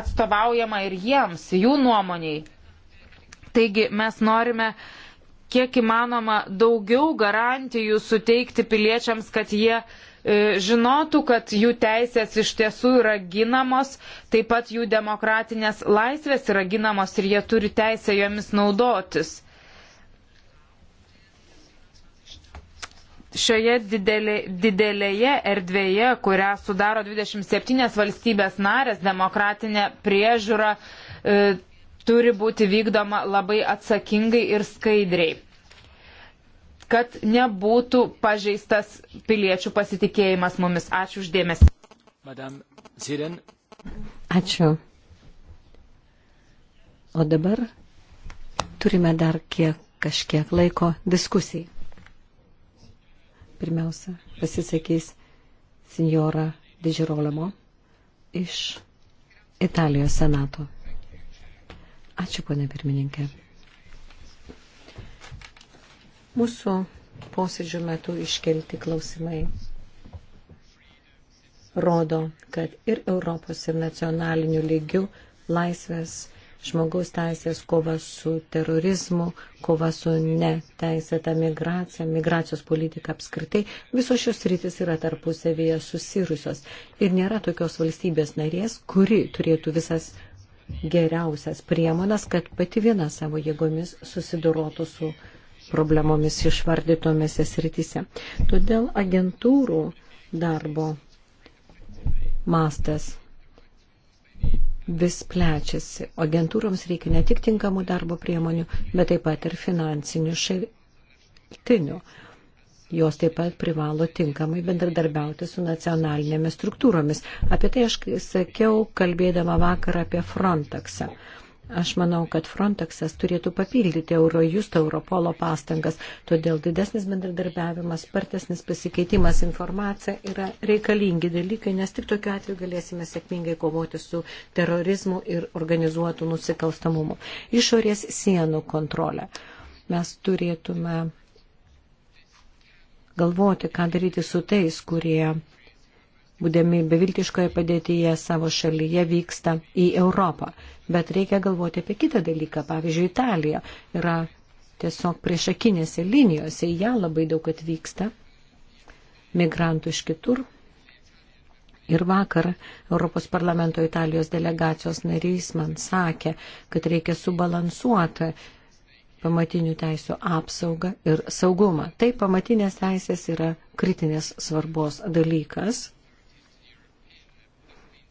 atstovaujama ir jiems, jų nuomoniai. Taigi mes norime kiek įmanoma daugiau garantijų suteikti piliečiams, kad jie e, žinotų, kad jų teisės iš tiesų yra ginamos, taip pat jų demokratinės laisvės yra ginamos ir jie turi teisę jomis naudotis. Šioje didelė, didelėje erdvėje, kurią sudaro 27 valstybės narės, demokratinė priežiūra e, turi būti vykdoma labai atsakingai ir skaidriai, kad nebūtų pažeistas piliečių pasitikėjimas mumis. Ačiū uždėmesi. Ačiū. O dabar turime dar kiek, kažkiek laiko diskusijai. Pirmiausia, pasisakys senjora Dižirolemo iš Italijos senato. Ačiū, ponė pirmininkė. Mūsų posėdžių metu iškelti klausimai rodo, kad ir Europos ir nacionalinių lygių laisvės žmogaus teisės, kova su terorizmu, kova su neteisėta migracija, migracijos politika apskritai, visos šios rytis yra tarpusavėje susirusios. Ir nėra tokios valstybės narės, kuri turėtų visas geriausias priemonas, kad pati viena savo jėgomis susidorotų su problemomis išvardytomis esrityse. Todėl agentūrų darbo mastas vis plečiasi. Agentūroms reikia ne tik tinkamų darbo priemonių, bet taip pat ir finansinių šaltinių. Šir jos taip pat privalo tinkamai bendradarbiauti su nacionalinėmis struktūromis. Apie tai aš sakiau, kalbėdama vakar apie Frontexą. Aš manau, kad Frontexas turėtų papildyti Eurojust Europolo pastangas, todėl didesnis bendradarbiavimas, spartesnis pasikeitimas informacija yra reikalingi dalykai, nes tik tokiu atveju galėsime sėkmingai kovoti su terorizmu ir organizuotų nusikalstamumu. Išorės sienų kontrolė. Mes turėtume galvoti, ką daryti su tais, kurie, būdami beviltiškoje padėtyje savo šalyje, vyksta į Europą. Bet reikia galvoti apie kitą dalyką. Pavyzdžiui, Italija yra tiesiog priešakinėse linijose, į ją labai daug atvyksta migrantų iš kitur. Ir vakar Europos parlamento Italijos delegacijos narys man sakė, kad reikia subalansuoti pamatinių teisų apsaugą ir saugumą. Tai pamatinės teisės yra kritinės svarbos dalykas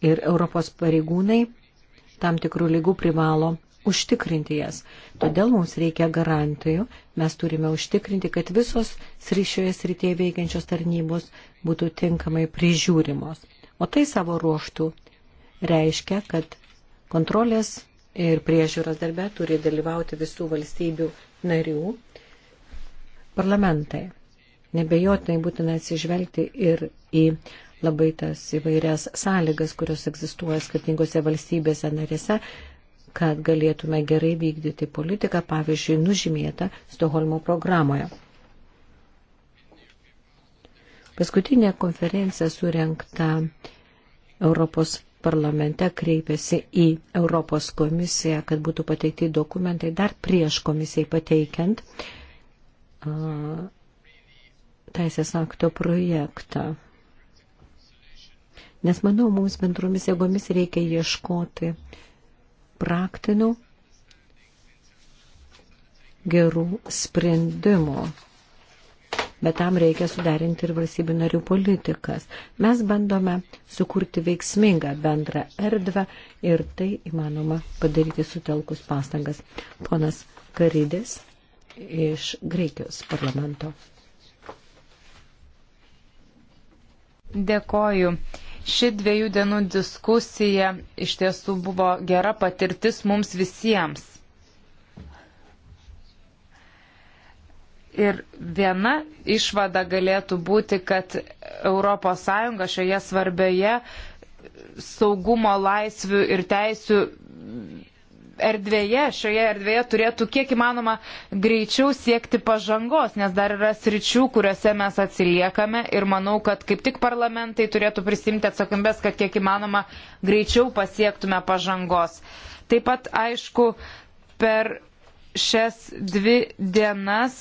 ir Europos pareigūnai tam tikrų lygų privalo užtikrinti jas. Todėl mums reikia garantijų, mes turime užtikrinti, kad visos sryšioje srityje veikiančios tarnybos būtų tinkamai prižiūrimos. O tai savo ruoštų reiškia, kad kontrolės ir priežiūros darbe turi dalyvauti visų valstybių narių parlamentai. Nebejotinai būtina atsižvelgti ir į labai tas įvairias sąlygas, kurios egzistuoja skirtingose valstybėse narėse, kad galėtume gerai vykdyti politiką, pavyzdžiui, nužymėtą Stoholmo programoje. Paskutinė konferencija surenkta Europos parlamente kreipėsi į Europos komisiją, kad būtų pateikti dokumentai dar prieš komisijai pateikiant uh, teisės akto projektą. Nes manau, mums bendromis jėgomis reikia ieškoti praktinių gerų sprendimų bet tam reikia suderinti ir valstybių narių politikas. Mes bandome sukurti veiksmingą bendrą erdvę ir tai įmanoma padaryti sutelkus pastangas. Ponas Karydis iš Graikijos parlamento. Dėkoju. Ši dviejų dienų diskusija iš tiesų buvo gera patirtis mums visiems. Ir viena išvada galėtų būti, kad ES šioje svarbioje saugumo laisvių ir teisių erdvėje, šioje erdvėje turėtų kiek įmanoma greičiau siekti pažangos, nes dar yra sričių, kuriuose mes atsiliekame ir manau, kad kaip tik parlamentai turėtų prisimti atsakomybės, kad kiek įmanoma greičiau pasiektume pažangos. Taip pat, aišku, per šias dvi dienas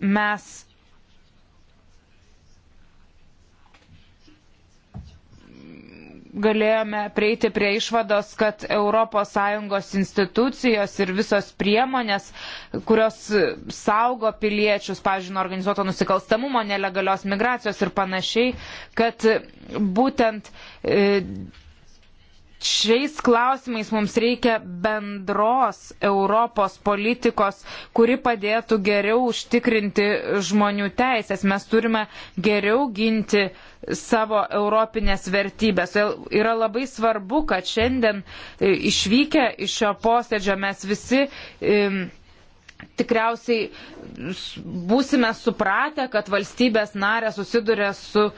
mes galėjome prieiti prie išvados, kad ES institucijos ir visos priemonės, kurios saugo piliečius, pažiūrėjau, organizuoto nusikalstamumo, nelegalios migracijos ir panašiai, kad būtent e, šiais klausimais mums reikia bendros Europos politikos, kuri padėtų geriau užtikrinti žmonių teisės. Mes turime geriau ginti savo europinės vertybės. Yra labai svarbu, kad šiandien e, išvykę iš šio posėdžio mes visi e, tikriausiai būsime supratę, kad valstybės narė susiduria su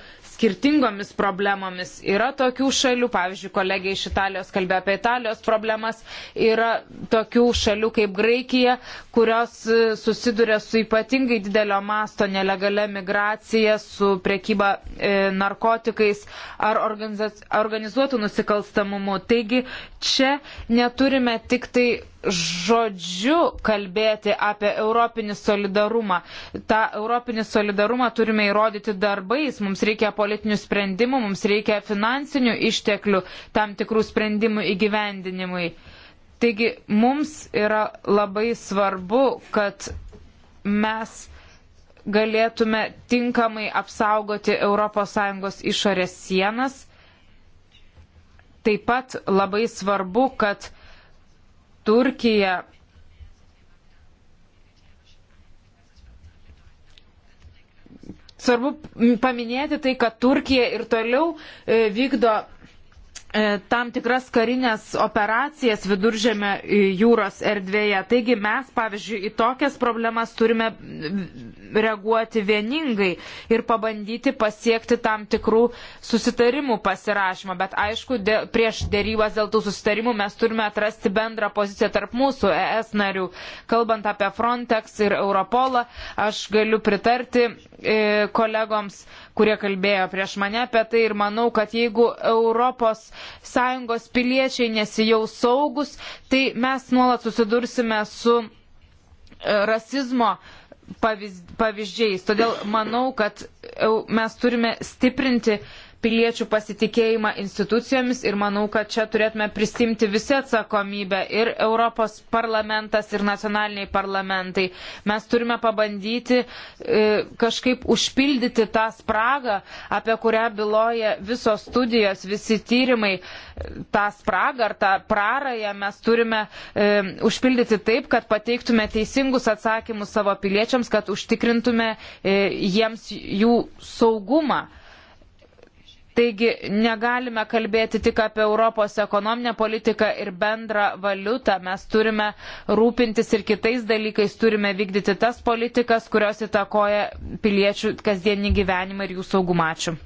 skirtingomis problemomis. Yra tokių šalių, pavyzdžiui, kolegė iš Italijos kalbėjo apie Italijos problemas, yra tokių šalių kaip Graikija, kurios e, susiduria su ypatingai didelio masto nelegalia migracija, su priekyba e, narkotikais ar organizuotų nusikalstamumu. Taigi čia neturime tik tai žodžiu kalbėti apie europinį solidarumą. Ta europinį solidarumą turime įrodyti darbais, mums reikia politinių sprendimų, mums reikia finansinių išteklių tam tikrų sprendimų įgyvendinimui. Taigi mums yra labai svarbu, kad mes galėtume tinkamai apsaugoti ES išorės sienas. Taip pat labai svarbu, kad Turkija svarbu paminėti tai, kad Turkija ir toliau e, vykdo E, tam tikras karinės operacijas viduržėme e, jūros erdvėje. Taigi mes, pavyzdžiui, į tokias problemas turime reaguoti vieningai ir pabandyti pasiekti tam tikrų susitarimų pasirašymą. Bet aišku, dė, prieš dėrybas dėl tų susitarimų mes turime atrasti bendrą poziciją tarp mūsų ES narių. Kalbant apie Frontex ir Europolą, aš galiu pritarti e, kolegoms, kurie kalbėjo prieš mane apie tai ir manau, kad jeigu ES piliečiai nesijaus saugus, tai mes nuolat susidursime su e, rasizmo pavyzdžiais. Todėl manau, kad mes turime stiprinti piliečių pasitikėjimą institucijomis ir manau, kad čia turėtume prisimti visi atsakomybę ir Europos parlamentas, ir nacionaliniai parlamentai. Mes turime pabandyti e, kažkaip užpildyti tą spragą, apie kurią byloja visos studijos, visi tyrimai. Ta spraga ar tą prarąją mes turime e, užpildyti taip, kad pateiktume teisingus atsakymus savo piliečiams, kad užtikrintume e, jiems jų saugumą. Taigi negalime kalbėti tik apie Europos ekonominę politiką ir bendrą valiutą. Mes turime rūpintis ir kitais dalykais, turime vykdyti tas politikas, kurios įtakoja piliečių kasdienį gyvenimą ir jų saugumą. Ačiū.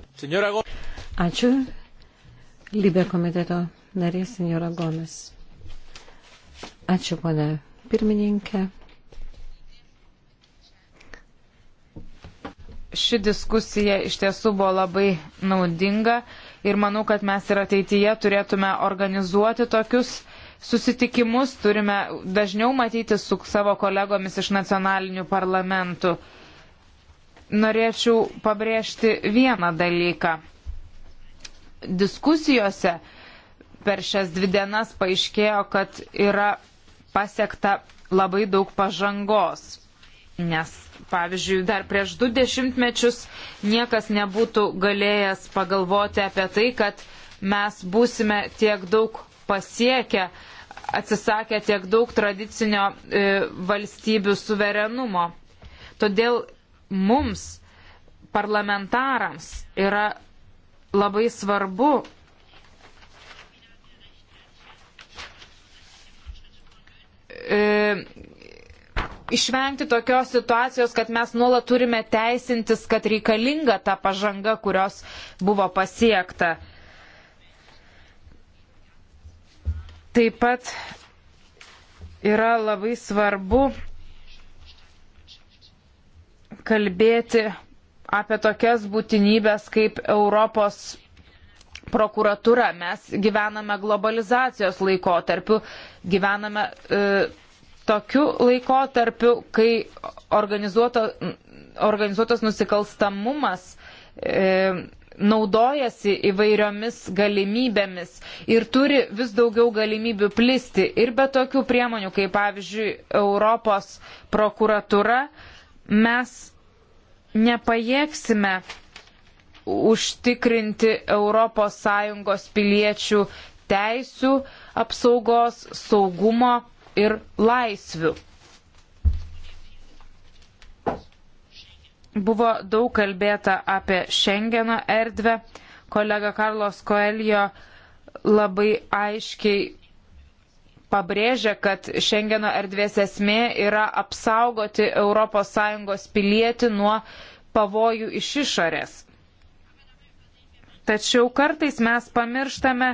Ačiū. Libė komiteto narė, senjora Gomes. Ačiū, ponė pirmininkė. ši diskusija iš tiesų buvo labai naudinga ir manau, kad mes ir ateityje turėtume organizuoti tokius susitikimus, turime dažniau matyti su savo kolegomis iš nacionalinių parlamentų. Norėčiau pabrėžti vieną dalyką. Diskusijose per šias dvi dienas paaiškėjo, kad yra pasiekta labai daug pažangos, nes Pavyzdžiui, dar prieš du dešimtmečius niekas nebūtų galėjęs pagalvoti apie tai, kad mes būsime tiek daug pasiekę, atsisakę tiek daug tradicinio e, valstybių suverenumo. Todėl mums, parlamentarams, yra labai svarbu e, išvengti tokios situacijos, kad mes nuolat turime teisintis, kad reikalinga ta pažanga, kurios buvo pasiekta. Taip pat yra labai svarbu kalbėti apie tokias būtinybės kaip Europos prokuratūra. Mes gyvename globalizacijos laikotarpiu, gyvename. E, tokiu laikotarpiu, kai organizuoto, organizuotas nusikalstamumas e, naudojasi įvairiomis galimybėmis ir turi vis daugiau galimybių plisti ir be tokių priemonių, kaip pavyzdžiui Europos prokuratura, mes nepajėgsime užtikrinti ES piliečių teisų apsaugos, saugumo ir laisvių. Buvo daug kalbėta apie Šengeno erdvę. Kolega Karlos Koelio labai aiškiai pabrėžia, kad Šengeno erdvės esmė yra apsaugoti ES pilietį nuo pavojų iš išorės. Tačiau kartais mes pamirštame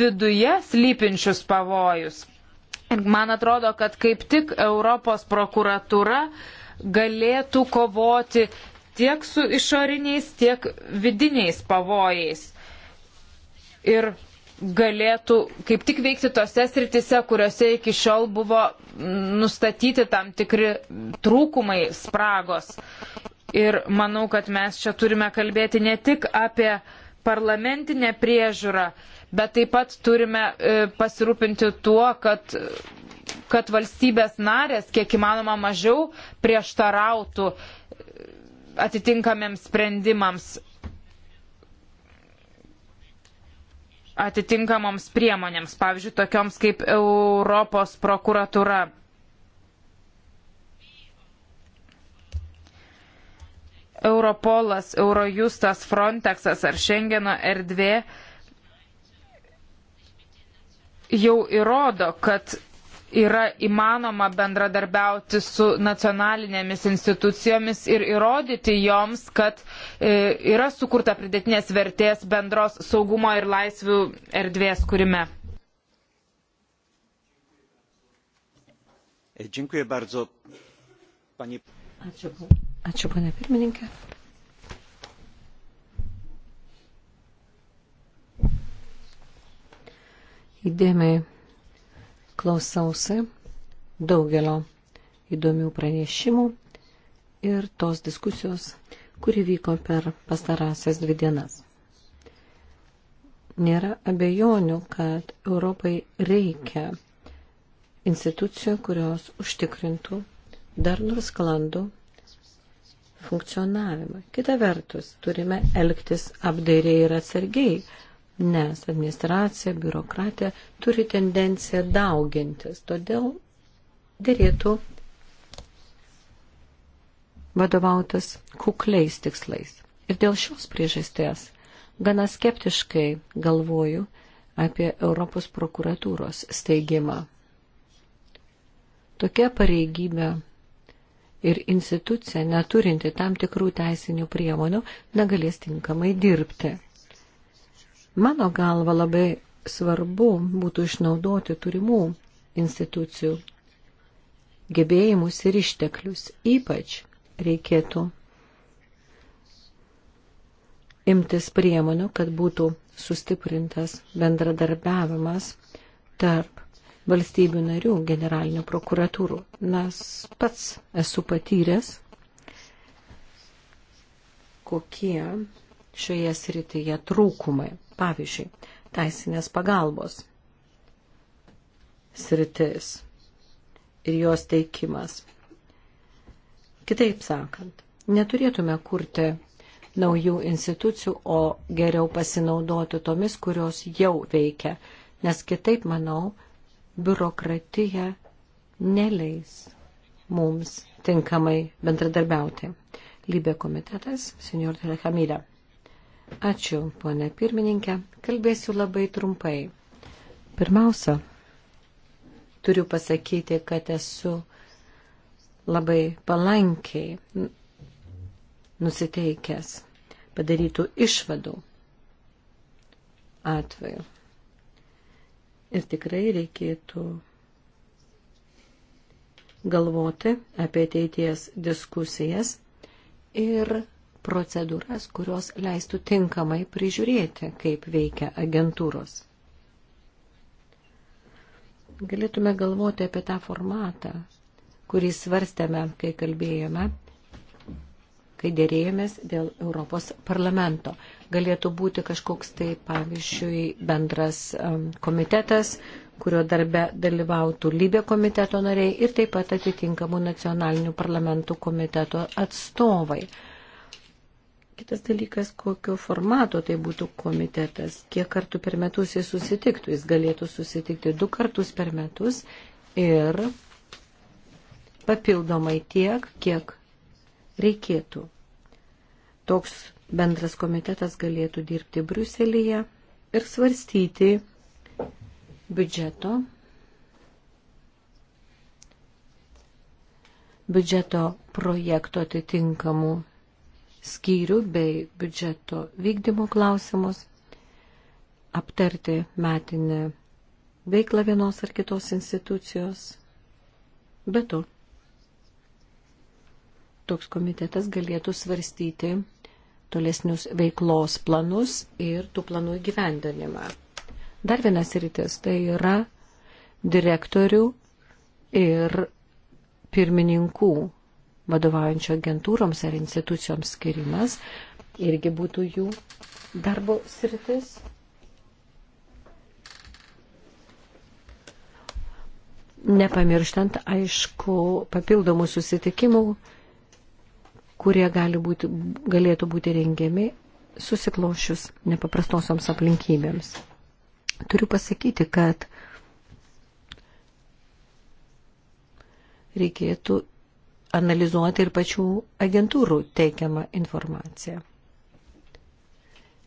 viduje slypinčius pavojus. Man atrodo, kad kaip tik Europos prokuratūra galėtų kovoti tiek su išoriniais, tiek vidiniais pavojais. Ir galėtų kaip tik veikti tose sritise, kuriuose iki šiol buvo nustatyti tam tikri trūkumai, spragos. Ir manau, kad mes čia turime kalbėti ne tik apie parlamentinę priežiūrą, bet taip pat turime e, pasirūpinti tuo, kad kad valstybės narės kiek įmanoma mažiau prieštarautų atitinkamiems sprendimams, atitinkamoms priemonėms, pavyzdžiui, tokioms kaip Europos prokuratura. Europolas, Eurojustas, Frontexas ar Šengeno erdvė jau įrodo, kad yra įmanoma bendradarbiauti su nacionalinėmis institucijomis ir įrodyti joms, kad e, yra sukurta pridėtinės vertės bendros saugumo ir laisvių erdvės kūrime. E, ačiū, ačiū, ponia pirmininkė. Įdėmiai klausiausi daugelio įdomių pranešimų ir tos diskusijos, kuri vyko per pastarąsias dvi dienas. Nėra abejonių, kad Europai reikia institucijų, kurios užtikrintų dar nors sklandų funkcionavimą. Kita vertus, turime elgtis apdairiai ir atsargiai, nes administracija, biurokratija turi tendenciją daugintis. Todėl dėrėtų vadovautis kukliais tikslais. Ir dėl šios priežasties gana skeptiškai galvoju apie Europos prokuratūros steigimą. Tokia pareigybė ir institucija, neturinti tam tikrų teisinių priemonių, negalės tinkamai dirbti. Mano galva labai svarbu būtų išnaudoti turimų institucijų gebėjimus ir išteklius. Ypač reikėtų imtis priemonių, kad būtų sustiprintas bendradarbiavimas tarp valstybių narių generalinių prokuratūrų. Nes pats esu patyręs, kokie šioje srityje trūkumai pavyzdžiui, teisinės pagalbos sritis ir jos teikimas. Kitaip sakant, neturėtume kurti naujų institucijų, o geriau pasinaudoti tomis, kurios jau veikia, nes kitaip, manau, biurokratija neleis mums tinkamai bendradarbiauti. Lybė komitetas, senior Telehamidė. Ačiū, ponė pirmininkė. Kalbėsiu labai trumpai. Pirmiausia, turiu pasakyti, kad esu labai palankiai nusiteikęs padarytų išvadų atveju. Ir tikrai reikėtų galvoti apie ateities diskusijas ir procedūras, kurios leistų tinkamai prižiūrėti, kaip veikia agentūros. Galėtume galvoti apie tą formatą, kurį svarstėme, kai kalbėjome, kai dėrėjomės dėl Europos parlamento. Galėtų būti kažkoks tai, pavyzdžiui, bendras um, komitetas, kurio darbe dalyvautų Libė komiteto nariai ir taip pat atitinkamų nacionalinių parlamentų komiteto atstovai. Kitas dalykas, kokio formato tai būtų komitetas, kiek kartų per metus jis susitiktų. Jis galėtų susitikti du kartus per metus ir papildomai tiek, kiek reikėtų. Toks bendras komitetas galėtų dirbti Bruselėje ir svarstyti biudžeto, biudžeto projekto atitinkamų skyrių bei biudžeto vykdymo klausimus, aptarti metinę veiklą vienos ar kitos institucijos. Be to, toks komitetas galėtų svarstyti tolesnius veiklos planus ir tų planų įgyvendinimą. Dar vienas rytis tai yra direktorių ir pirmininkų vadovaujančio agentūroms ar institucijoms skirimas irgi būtų jų darbo sritis. Nepamirštant, aišku, papildomų susitikimų, kurie gali būti, galėtų būti rengiami susiklošius nepaprastosioms aplinkybėms. Turiu pasakyti, kad reikėtų analizuoti ir pačių agentūrų teikiamą informaciją.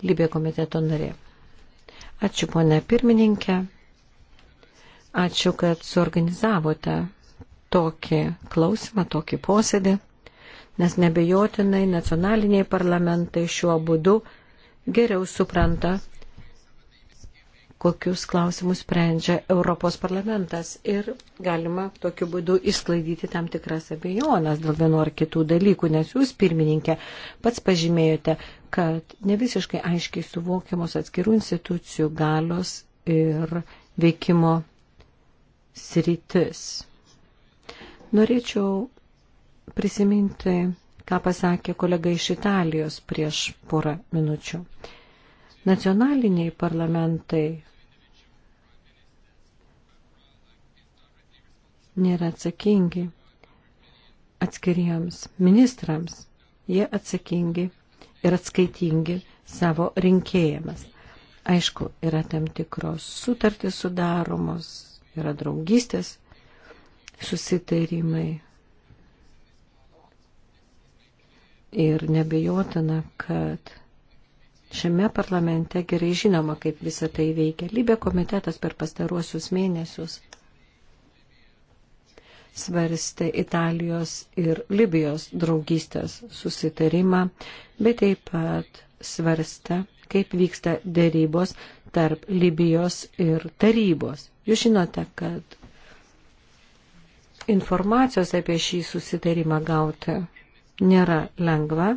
Libė komiteto narė. Ačiū, ponė pirmininkė. Ačiū, kad suorganizavote tokį klausimą, tokį posėdį, nes nebejotinai nacionaliniai parlamentai šiuo būdu geriau supranta kokius klausimus sprendžia Europos parlamentas ir galima tokiu būdu išsklaidyti tam tikras abejonas dėl vienu ar kitų dalykų, nes jūs, pirmininkė, pats pažymėjote, kad ne visiškai aiškiai suvokiamos atskirų institucijų galios ir veikimo sritis. Norėčiau prisiminti, ką pasakė kolega iš Italijos prieš porą minučių. Nacionaliniai parlamentai nėra atsakingi atskiriems ministrams. Jie atsakingi ir atskaitingi savo rinkėjams. Aišku, yra tam tikros sutartys sudaromos, yra draugystės susitarimai. Ir nebejotina, kad šiame parlamente gerai žinoma, kaip visa tai veikia. Lybė komitetas per pastaruosius mėnesius svarstė Italijos ir Libijos draugystės susitarimą, bet taip pat svarstė, kaip vyksta dėrybos tarp Libijos ir tarybos. Jūs žinote, kad informacijos apie šį susitarimą gauti nėra lengva,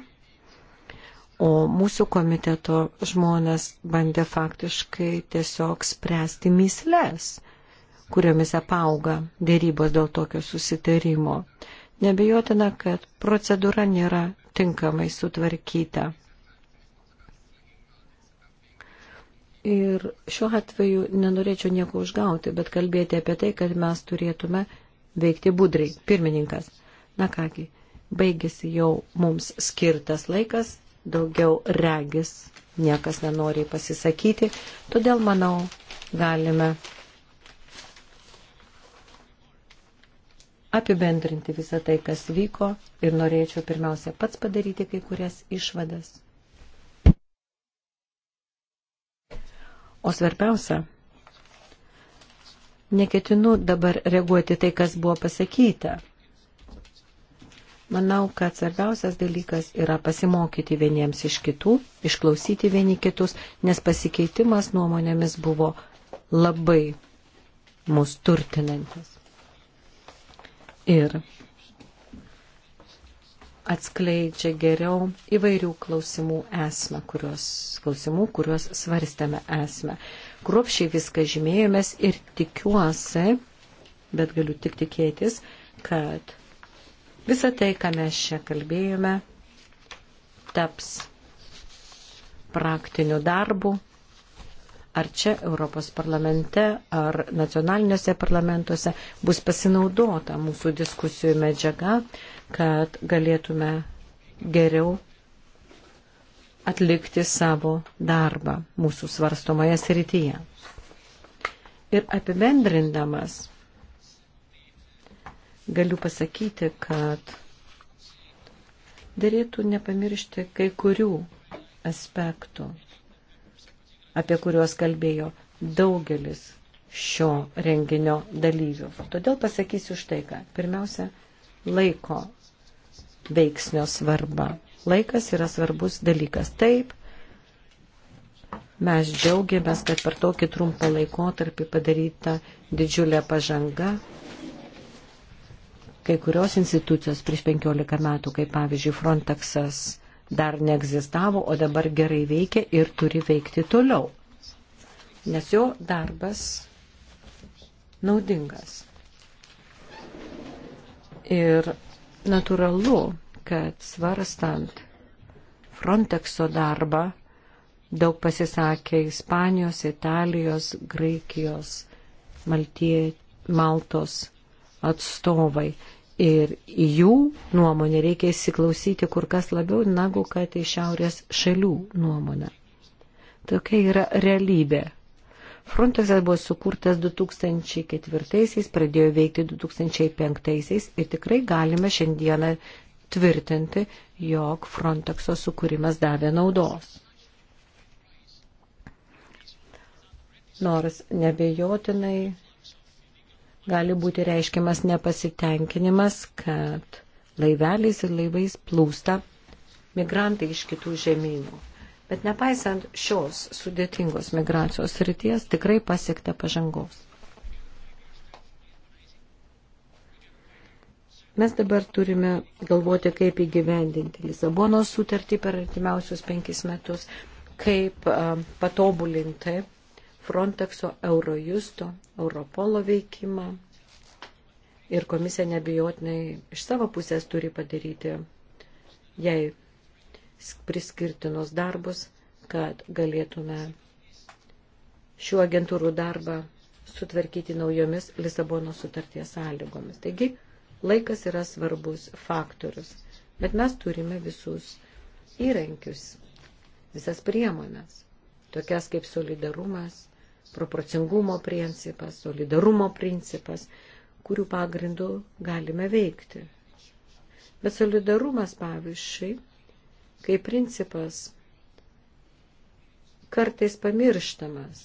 O mūsų komiteto žmonės bandė faktiškai tiesiog spręsti myslės, kuriomis apauga dėrybos dėl tokio susitarimo. Nebejotina, kad procedūra nėra tinkamai sutvarkyta. Ir šiuo atveju nenorėčiau nieko užgauti, bet kalbėti apie tai, kad mes turėtume veikti budrai. Pirmininkas. Na kągi, baigėsi jau mums skirtas laikas daugiau regis niekas nenori pasisakyti, todėl manau galime apibendrinti visą tai, kas vyko ir norėčiau pirmiausia pats padaryti kai kurias išvadas. O svarbiausia, neketinu dabar reaguoti tai, kas buvo pasakyta Manau, kad svarbiausias dalykas yra pasimokyti vieniems iš kitų, išklausyti vieni kitus, nes pasikeitimas nuomonėmis buvo labai mus turtinantis. Ir atskleidžia geriau įvairių klausimų esmę, kuriuos, klausimų, kuriuos svarstėme esmę. Kruopšiai viską žymėjomės ir tikiuosi, bet galiu tik tikėtis, kad Visą tai, ką mes čia kalbėjome, taps praktiniu darbu. Ar čia Europos parlamente, ar nacionaliniuose parlamentuose bus pasinaudota mūsų diskusijų medžiaga, kad galėtume geriau atlikti savo darbą mūsų svarstomoje srityje. Ir apibendrindamas, galiu pasakyti, kad dėlėtų nepamiršti kai kurių aspektų, apie kuriuos kalbėjo daugelis šio renginio dalyvių. Todėl pasakysiu štai ką. Pirmiausia, laiko veiksnio svarba. Laikas yra svarbus dalykas. Taip, mes džiaugiamės, kad per tokį trumpą laikotarpį padaryta didžiulė pažanga Kai kurios institucijos prieš 15 metų, kaip pavyzdžiui Frontexas, dar neegzistavo, o dabar gerai veikia ir turi veikti toliau. Nes jo darbas naudingas. Ir natūralu, kad svarstant Frontexo darbą daug pasisakė Ispanijos, Italijos, Graikijos, Maltie, Maltos atstovai ir jų nuomonė reikia įsiklausyti kur kas labiau negu kad į šiaurės šalių nuomonę. Tokia yra realybė. Frontexas buvo sukurtas 2004-aisiais, pradėjo veikti 2005-aisiais ir tikrai galime šiandieną tvirtinti, jog Frontexo sukūrimas davė naudos. Nors nebejotinai gali būti reiškiamas nepasitenkinimas, kad laiveliais ir laivais plūsta migrantai iš kitų žemynų. Bet nepaisant šios sudėtingos migracijos ryties, tikrai pasiekta pažangos. Mes dabar turime galvoti, kaip įgyvendinti Lisabonos sutartį per artimiausius penkis metus, kaip patobulinti Frontexo, Eurojusto Europolo veikimą. Ir komisija nebijotinai iš savo pusės turi padaryti jai priskirtinus darbus, kad galėtume šių agentūrų darbą sutvarkyti naujomis Lisabono sutarties sąlygomis. Taigi, laikas yra svarbus faktorius, bet mes turime visus įrankius, visas priemonės, tokias kaip solidarumas, proporcingumo principas, solidarumo principas, kurių pagrindų galime veikti. Bet solidarumas, pavyzdžiui, kaip principas kartais pamirštamas.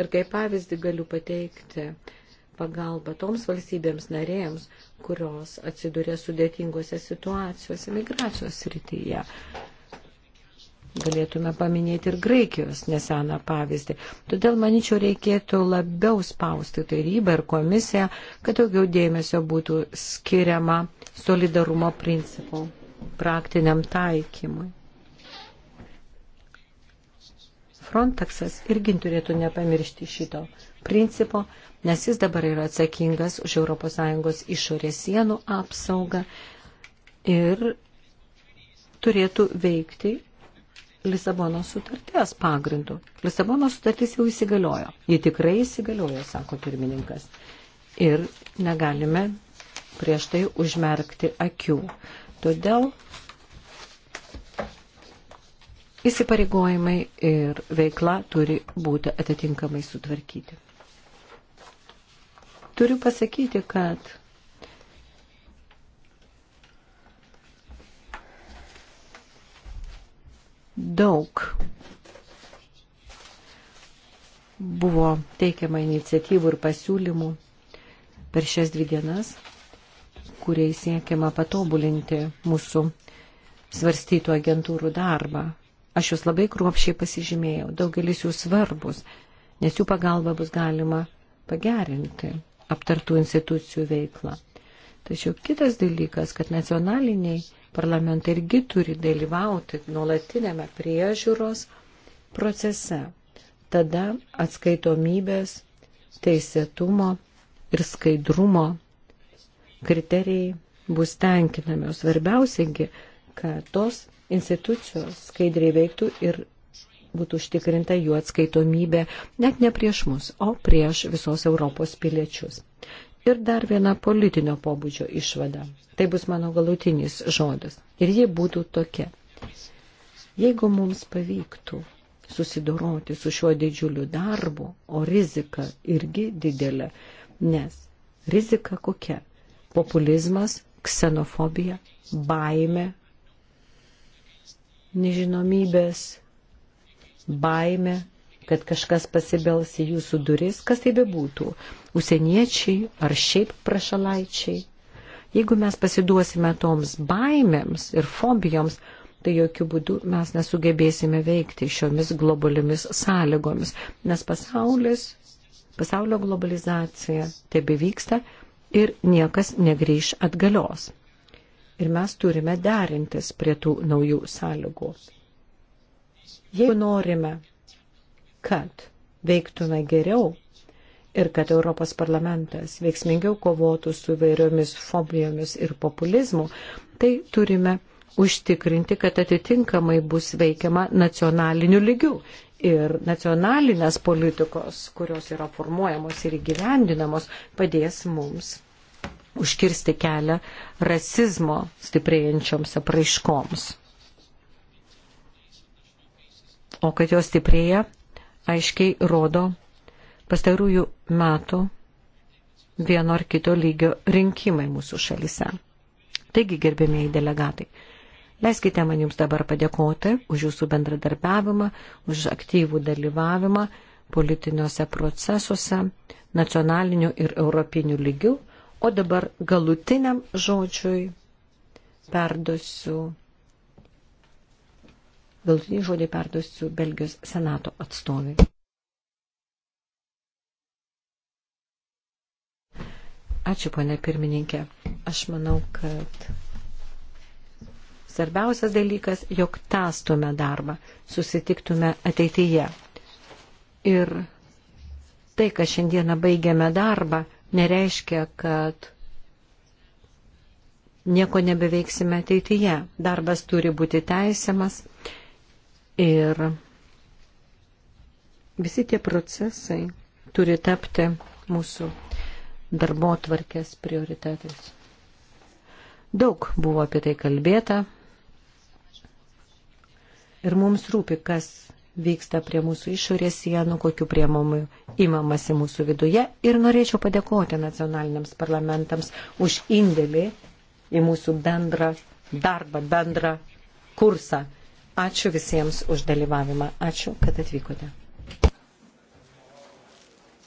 Ir kaip pavyzdį galiu pateikti pagalbą toms valstybėms narėms, kurios atsiduria sudėtingose situacijose migracijos srityje. Galėtume paminėti ir Graikijos neseną pavyzdį. Todėl, manyčiau, reikėtų labiau spausti tarybą ir komisiją, kad daugiau dėmesio būtų skiriama solidarumo principų praktiniam taikymui. Frontexas irgi turėtų nepamiršti šito principo, nes jis dabar yra atsakingas už ES išorės sienų apsaugą ir turėtų veikti Lisabono sutarties pagrindu. Lisabono sutartis jau įsigaliojo. Ji tikrai įsigaliojo, sako pirmininkas. Ir negalime prieš tai užmerkti akių. Todėl įsipareigojimai ir veikla turi būti atitinkamai sutvarkyti. Turiu pasakyti, kad daug buvo teikiama iniciatyvų ir pasiūlymų per šias dvi dienas, kuriais siekiama patobulinti mūsų svarstytų agentūrų darbą. Aš jūs labai kruopšiai pasižymėjau, daugelis jų svarbus, nes jų pagalba bus galima pagerinti aptartų institucijų veiklą. Tačiau kitas dalykas, kad nacionaliniai Parlamentai irgi turi dalyvauti nuolatinėme priežiūros procese. Tada atskaitomybės, teisėtumo ir skaidrumo kriterijai bus tenkinami. O svarbiausiagi, kad tos institucijos skaidriai veiktų ir būtų užtikrinta jų atskaitomybė net ne prieš mus, o prieš visos Europos piliečius ir dar viena politinio pobūdžio išvada. Tai bus mano galutinis žodis. Ir jie būtų tokia. Jeigu mums pavyktų susidoroti su šiuo didžiuliu darbu, o rizika irgi didelė, nes rizika kokia? Populizmas, ksenofobija, baime, nežinomybės, baime kad kažkas pasibels į jūsų duris, kas tai bebūtų, užsieniečiai ar šiaip prašalaičiai. Jeigu mes pasiduosime toms baimėms ir fobijoms, tai jokių būdų mes nesugebėsime veikti šiomis globaliomis sąlygomis, nes pasaulis, pasaulio globalizacija tebe vyksta ir niekas negryž atgalios. Ir mes turime derintis prie tų naujų sąlygų. Jeigu norime kad veiktume geriau ir kad Europos parlamentas veiksmingiau kovotų su įvairiomis fobijomis ir populizmu, tai turime užtikrinti, kad atitinkamai bus veikiama nacionaliniu lygiu. Ir nacionalinės politikos, kurios yra formuojamos ir įgyvendinamos, padės mums užkirsti kelią rasizmo stiprėjančioms apraiškoms. O kad jos stiprėja, aiškiai rodo pastarųjų metų vieno ar kito lygio rinkimai mūsų šalise. Taigi, gerbėmėjai delegatai, leiskite man jums dabar padėkoti už jūsų bendradarbiavimą, už aktyvų dalyvavimą politiniuose procesuose, nacionaliniu ir europiniu lygiu, o dabar galutiniam žodžiui perduosiu galtinį žodį perduosiu Belgijos senato atstovui. Ačiū, ponė pirmininkė. Aš manau, kad svarbiausias dalykas, jog testume darbą, susitiktume ateityje. Ir tai, kad šiandieną baigiame darbą, nereiškia, kad nieko nebeveiksime ateityje. Darbas turi būti teisiamas Ir visi tie procesai turi tapti mūsų darbo tvarkės prioritetais. Daug buvo apie tai kalbėta ir mums rūpi, kas vyksta prie mūsų išorės sienų, kokiu priemomu įmamasi mūsų viduje ir norėčiau padėkoti nacionaliniams parlamentams už indėlį į mūsų bendrą darbą, bendrą kursą Ačiū visiems už dalyvavimą. Ačiū, kad atvykote.